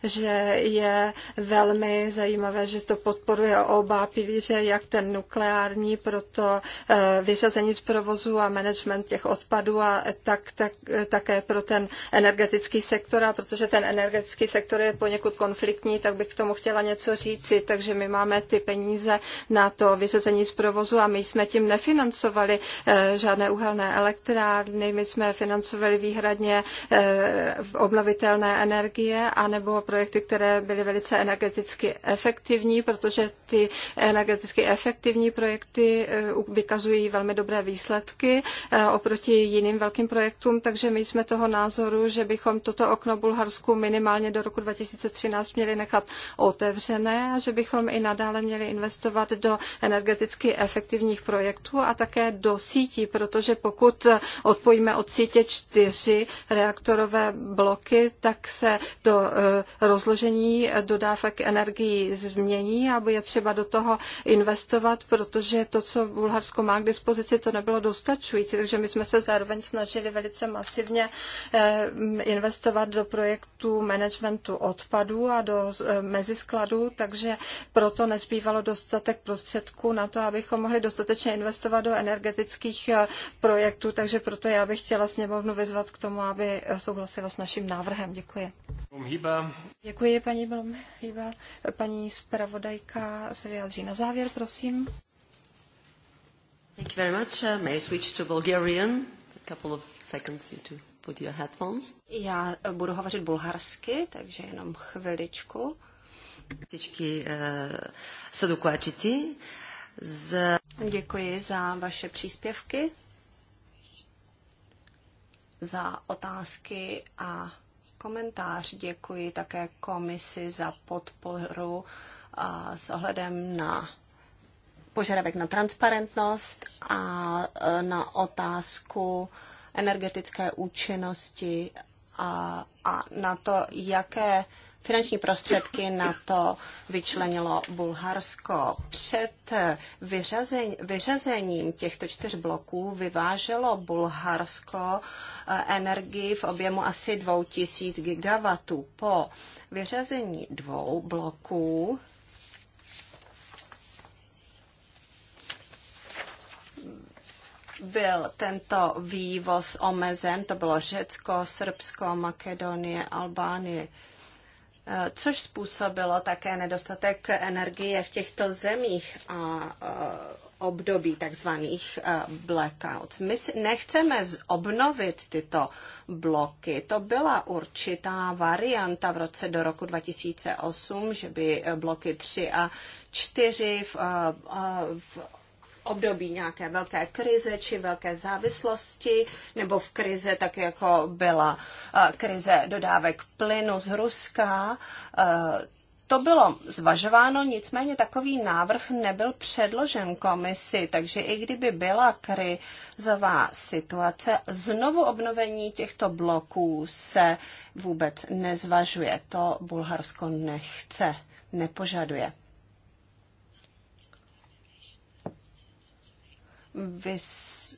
[SPEAKER 2] že je velmi zajímavé, že to podporuje oba pilíře, jak ten nukleární, proto eh, vyřazení z provozu a management těch odpadů a tak, tak, také pro ten energetický sektor. A protože ten energetický sektor je poněkud konfliktní, tak bych k tomu chtěla něco říci takže my máme ty peníze na to vyřazení z provozu a my jsme tím nefinancovali eh, žádné uhelné elektrárny, my jsme financovali výhradně eh, obnovitelné energie anebo projekty, které byly velice energeticky efektivní, protože ty energeticky efektivní projekty eh, vykazují velmi dobré výsledky oproti jiným velkým projektům, takže my jsme toho názoru, že bychom toto okno Bulharsku minimálně do roku 2013 měli nechat otevřené a že bychom i nadále měli investovat do energeticky efektivních projektů a také do sítí, protože pokud odpojíme od sítě čtyři reaktorové bloky, tak se to eh, rozložení dodávek energií změní a je třeba do toho investovat, protože to, co Bulharsko má k dispozici, to nebylo dostačující, takže my jsme se zároveň snažili velice masivně eh, investovat do projektu managementu odpadů a do eh, meziskladů, takže pro proto nezbývalo dostatek prostředků na to, abychom mohli dostatečně investovat do energetických eh, projektů, takže proto já bych chtěla sněmovnu vyzvat k tomu, aby souhlasila s naším návrhem. Děkuji. Hýba. Děkuji, paní Blomhýba. Paní zpravodajka se vyjádří na závěr,
[SPEAKER 3] prosím. Thank you very much. Uh, may I switch to Bulgarian? A couple of seconds you to put your headphones. Já eh, budu hovořit bulharsky, takže jenom chviličku. Всички съдокладчици за... Děkuji za vaše příspěvky, za otázky a komentář. Děkuji také komisi za podporu a eh, s ohledem na požadavek na transparentnost a eh, na otázku energetické účinnosti a, a na to, jaké Finanční prostředky na to vyčlenilo Bulharsko. Před vyřazen, vyřazením těchto čtyř bloků vyváželo Bulharsko eh, energii v objemu asi 2000 gigawatů. Po vyřazení dvou bloků byl tento vývoz omezen, to bylo Řecko, Srbsko, Makedonie, Albánie. Eh, což způsobilo také nedostatek energie v těchto zemích a eh, období takzvaných eh, blackouts. My nechceme obnovit tyto bloky. To byla určitá varianta v roce do roku 2008, že by bloky 3 a 4 v, v období nějaké velké krize či velké závislosti, nebo v krize, tak jako byla eh, krize dodávek plynu z Ruska, eh, to bylo zvažováno, nicméně takový návrh nebyl předložen komisi, takže i kdyby byla krizová situace, znovu obnovení těchto bloků se vůbec nezvažuje. To Bulharsko nechce, nepožaduje.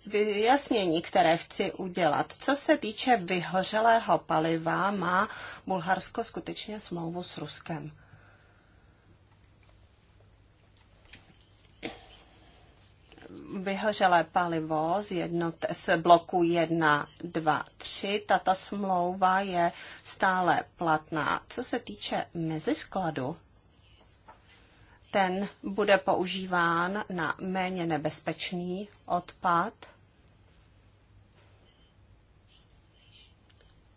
[SPEAKER 3] vyjasnění, které chci udělat. Co se týče vyhořelého paliva, má Bulharsko skutečně smlouvu s Ruskem. vyhořelé palivo z, jednot, z bloku 1, 2, 3. Tato smlouva je stále platná. Co se týče meziskladu, ten bude používán na méně nebezpečný odpad,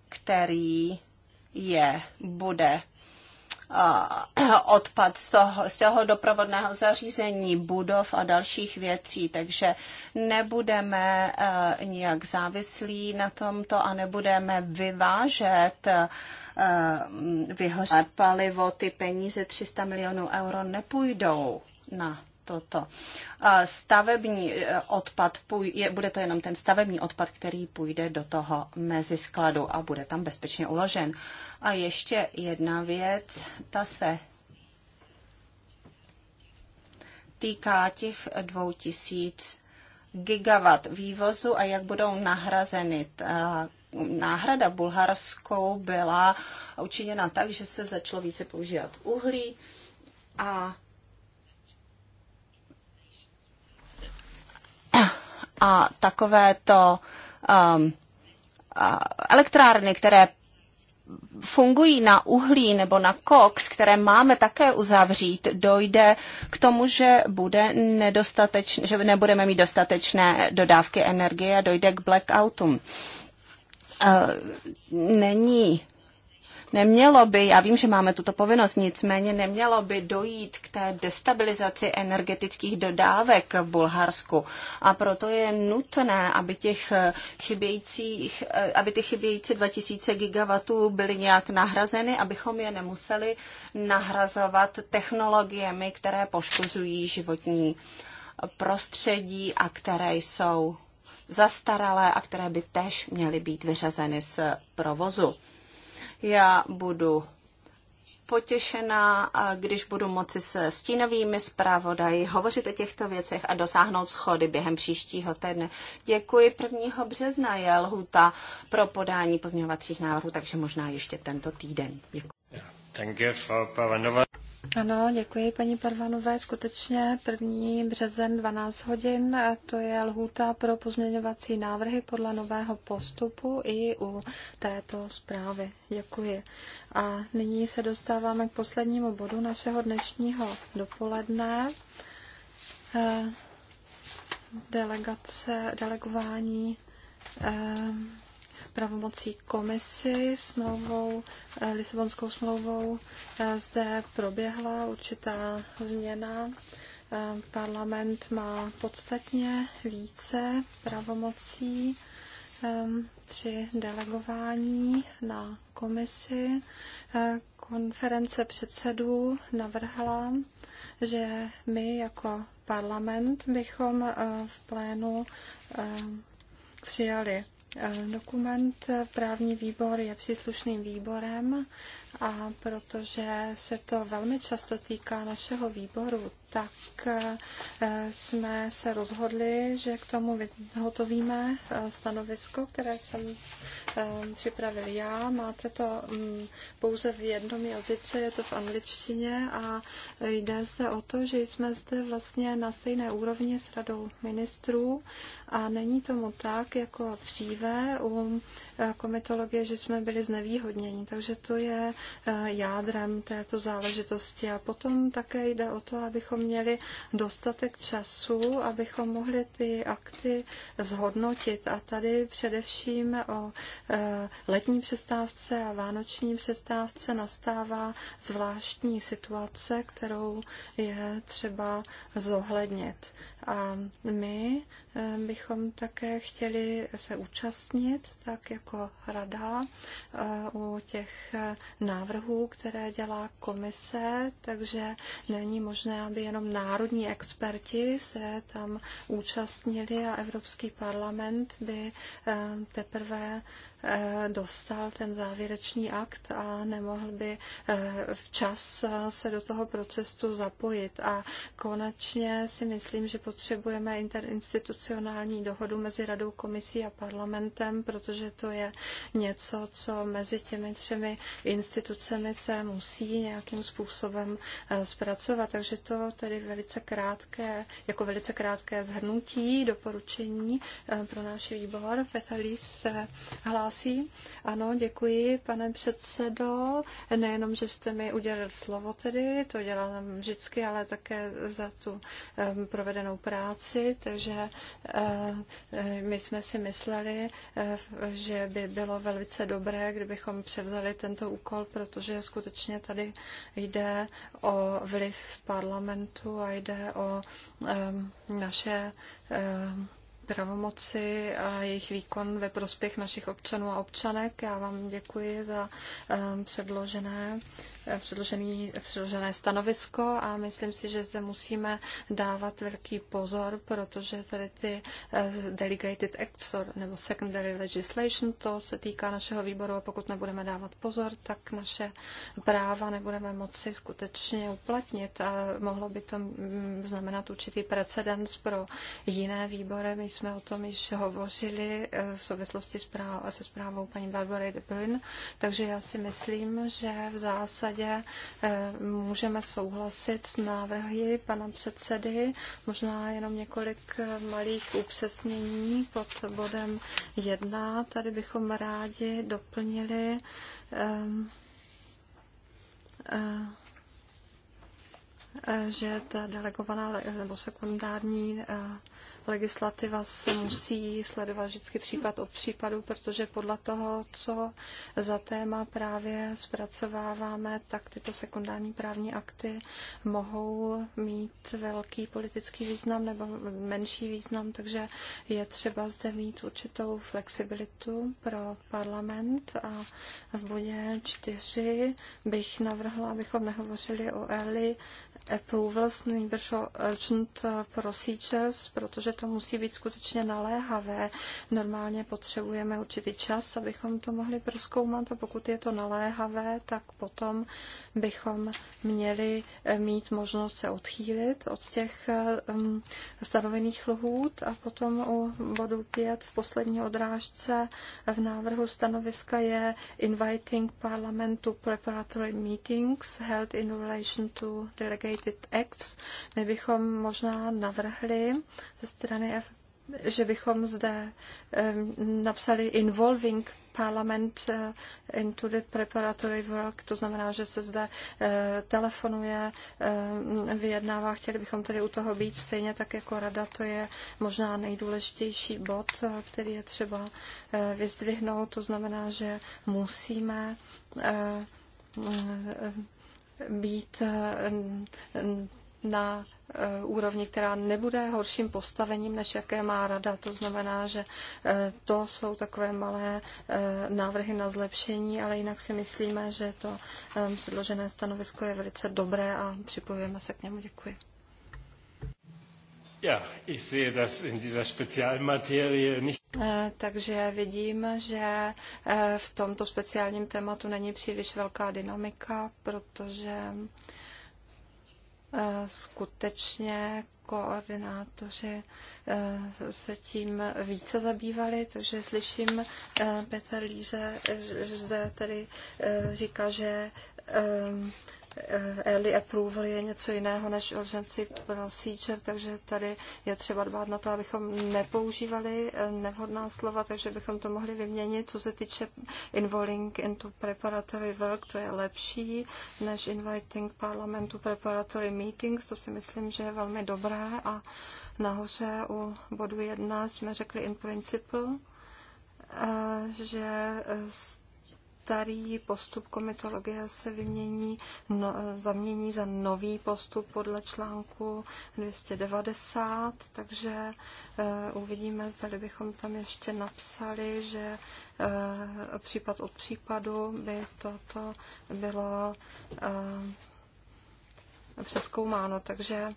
[SPEAKER 3] který je, bude eh, odpad z toho, z toho doprovodného zařízení, budov a dalších věcí, takže nebudeme eh, nijak závislí na tomto a nebudeme vyvážet eh, Eh, vyhořelé palivo, ty peníze 300 milionů euro nepůjdou na toto. Eh, stavební eh, odpad, půjde, bude to jenom ten stavební odpad, který půjde do toho mezi skladu a bude tam bezpečně uložen. A ještě jedna věc, ta se týká těch 2000 gigawatt vývozu a jak budou nahrazeny náhrada bulharskou byla učiněna tak, že se začalo více používat uhlí a a takovéto um, elektrárny, které fungují na uhlí nebo na koks, které máme také uzavřít, dojde k tomu, že, bude nedostateč, že nebudeme mít dostatečné dodávky energie a dojde k blackoutům. Eh, není Nemělo by, já vím, že máme tuto povinnost, nicméně nemělo by dojít k té destabilizaci energetických dodávek v Bulharsku. A proto je nutné, aby, těch eh, chybějících, eh, aby ty chybějící 2000 gigawatů byly nějak nahrazeny, abychom je nemuseli nahrazovat technologiemi, které poškozují životní prostředí a které jsou zastaralé a které by tež měly být vyřazeny z provozu. Já budu potěšená, když budu moci se stínovými zpravodaji hovořit o těchto věcech a dosáhnout schody během příštího týdne. Děkuji. 1. března je lhuta pro podání pozměňovacích návrhů, takže možná ještě tento týden. Děkuji. Ano, děkuji paní Parvanové. Skutečně
[SPEAKER 2] 1. březen 12 hodin, a to je lhůta pro pozměňovací návrhy podle nového postupu i u této zprávy. Děkuji. A nyní se dostáváme k poslednímu bodu našeho dnešního dopoledne. Eh, delegace, delegování eh, pravomocí komisi smlouvou, eh, Lisabonskou smlouvou. Eh, zde proběhla určitá změna. Eh, parlament má podstatně více pravomocí, tři ehm, delegování na komisi. Konference předsedů navrhla, že my jako parlament bychom v plénu přijali Eh, dokument eh, právní výbor je příslušným výborem a protože se to velmi často týká našeho výboru, tak eh, jsme se rozhodli, že k tomu vyhotovíme stanovisko, které jsem připravil já. Máte to mm, pouze v jednom jazyce, je to v angličtině a jde zde o to, že jsme zde vlastně na stejné úrovni s radou ministrů a není tomu tak, jako dříve u eh, komitologie, že jsme byli znevýhodněni. Takže to je eh, jádrem této záležitosti. A potom také jde o to, abychom měli dostatek času, abychom mohli ty akty zhodnotit. A tady především o eh, letní přestávce a vánoční přestávce nastává zvláštní situace, kterou je třeba zohlednit. A my bychom bychom také chtěli se účastnit, tak jako rada, eh, u těch eh, návrhů, které dělá komise, takže není možné, aby jenom národní experti se tam účastnili a Evropský parlament by eh, teprve Eh, dostal ten závěrečný akt a nemohl by eh, včas eh, se do toho procesu zapojit. A konečně si myslím, že potřebujeme interinstitucionální dohodu mezi Radou komisí a parlamentem, protože to je něco, co mezi těmi třemi institucemi se musí nějakým způsobem zpracovat. Takže to tedy velice krátké, jako velice krátké zhrnutí doporučení pro náš výbor. Petalí se hlásí hlásí? Ano, děkuji, pane předsedo. Nejenom, že jste mi udělil slovo tedy, to dělám vždycky, ale také za tu provedenou práci, takže eh, my jsme si mysleli, eh, že by bylo velice dobré, kdybychom převzali tento úkol, protože skutečně tady jde o vliv parlamentu a jde o naše pravomoci a jejich výkon ve prospěch našich občanů a občanek. Já vám děkuji za eh, předložené předložený, předložené stanovisko a myslím si, že zde musíme dávat velký pozor, protože tady ty eh, delegated acts nebo secondary legislation, to se týká našeho výboru a pokud nebudeme dávat pozor, tak naše práva nebudeme moci skutečně uplatnit a mohlo by to mm, znamenat určitý precedens pro jiné výbory. My jsme o tom již hovořili eh, v souvislosti se zprávou paní Barbary de Bruyne, takže já si myslím, že v zásadě zásadě eh, můžeme souhlasit s návrhy pana předsedy. Možná jenom několik eh, malých upřesnění pod bodem jedna Tady bychom rádi doplnili ehm, eh, že ta delegovaná nebo sekundární Legislativa se musí sledovat vždycky případ od případu, protože podle toho, co za téma právě zpracováváme, tak tyto sekundární právní akty mohou mít velký politický význam nebo menší význam, takže je třeba zde mít určitou flexibilitu pro parlament a v bodě čtyři bych navrhla, abychom nehovořili o ELI nejbrž o urgent procedures, protože to musí být skutečně naléhavé. Normálně potřebujeme určitý čas, abychom to mohli proskoumat a pokud je to naléhavé, tak potom bychom měli eh, mít možnost se odchýlit od těch eh, mm, stanovených lhůt a potom u bodu 5 v poslední odrážce v návrhu stanoviska je inviting parliament to preparatory meetings held in relation to delegation Delegated Acts, my bychom možná navrhli ze strany F, že bychom zde napsali involving Parliament eh, into the preparatory work, to znamená, že se zde eh, telefonuje, vyjednává, chtěli bychom tedy u toho být stejně tak jako rada, to je možná nejdůležitější bod, eh, který je třeba vyzdvihnout, to znamená, že musíme být eh, na eh, úrovni, která nebude horším postavením, než jaké má rada. To znamená, že eh, to jsou takové malé návrhy na zlepšení, ale jinak si myslíme, že to předložené stanovisko je velice dobré a připojujeme se k němu. Děkuji.
[SPEAKER 1] Ja, ich sehe das in dieser nicht.
[SPEAKER 2] Eh, takže vidím, že eh, v tomto speciálním tématu není příliš velká dynamika, protože eh, skutečně koordinátoři se tím více zabývali, takže slyším Petr Líze, že zde tedy říká, že early approval je něco jiného než urgency procedure, takže tady je třeba dbát na to, abychom nepoužívali eh, nevhodná slova, takže bychom to mohli vyměnit. Co se týče involving into preparatory work, to je lepší než inviting parliamentu preparatory meetings, to si myslím, že je velmi dobré a nahoře u bodu jedna jsme řekli in principle, eh, že starý postup komitologie se vymění, no, zamění za nový postup podle článku 290, takže e, uvidíme, zda bychom tam ještě napsali, že e, případ od případu by toto bylo e, eh, přeskoumáno. Takže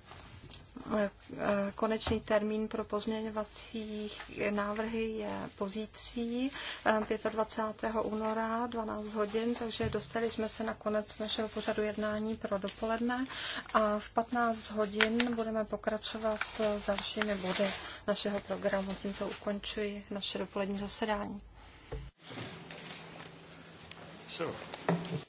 [SPEAKER 2] Konečný termín pro pozměňovací návrhy je pozítří eh, 25. února 12 hodin, takže dostali jsme se na konec našeho pořadu jednání pro dopoledne a v 15 hodin budeme pokračovat s dalšími body našeho programu. Tímto ukončuji naše dopolední zasedání.
[SPEAKER 1] So.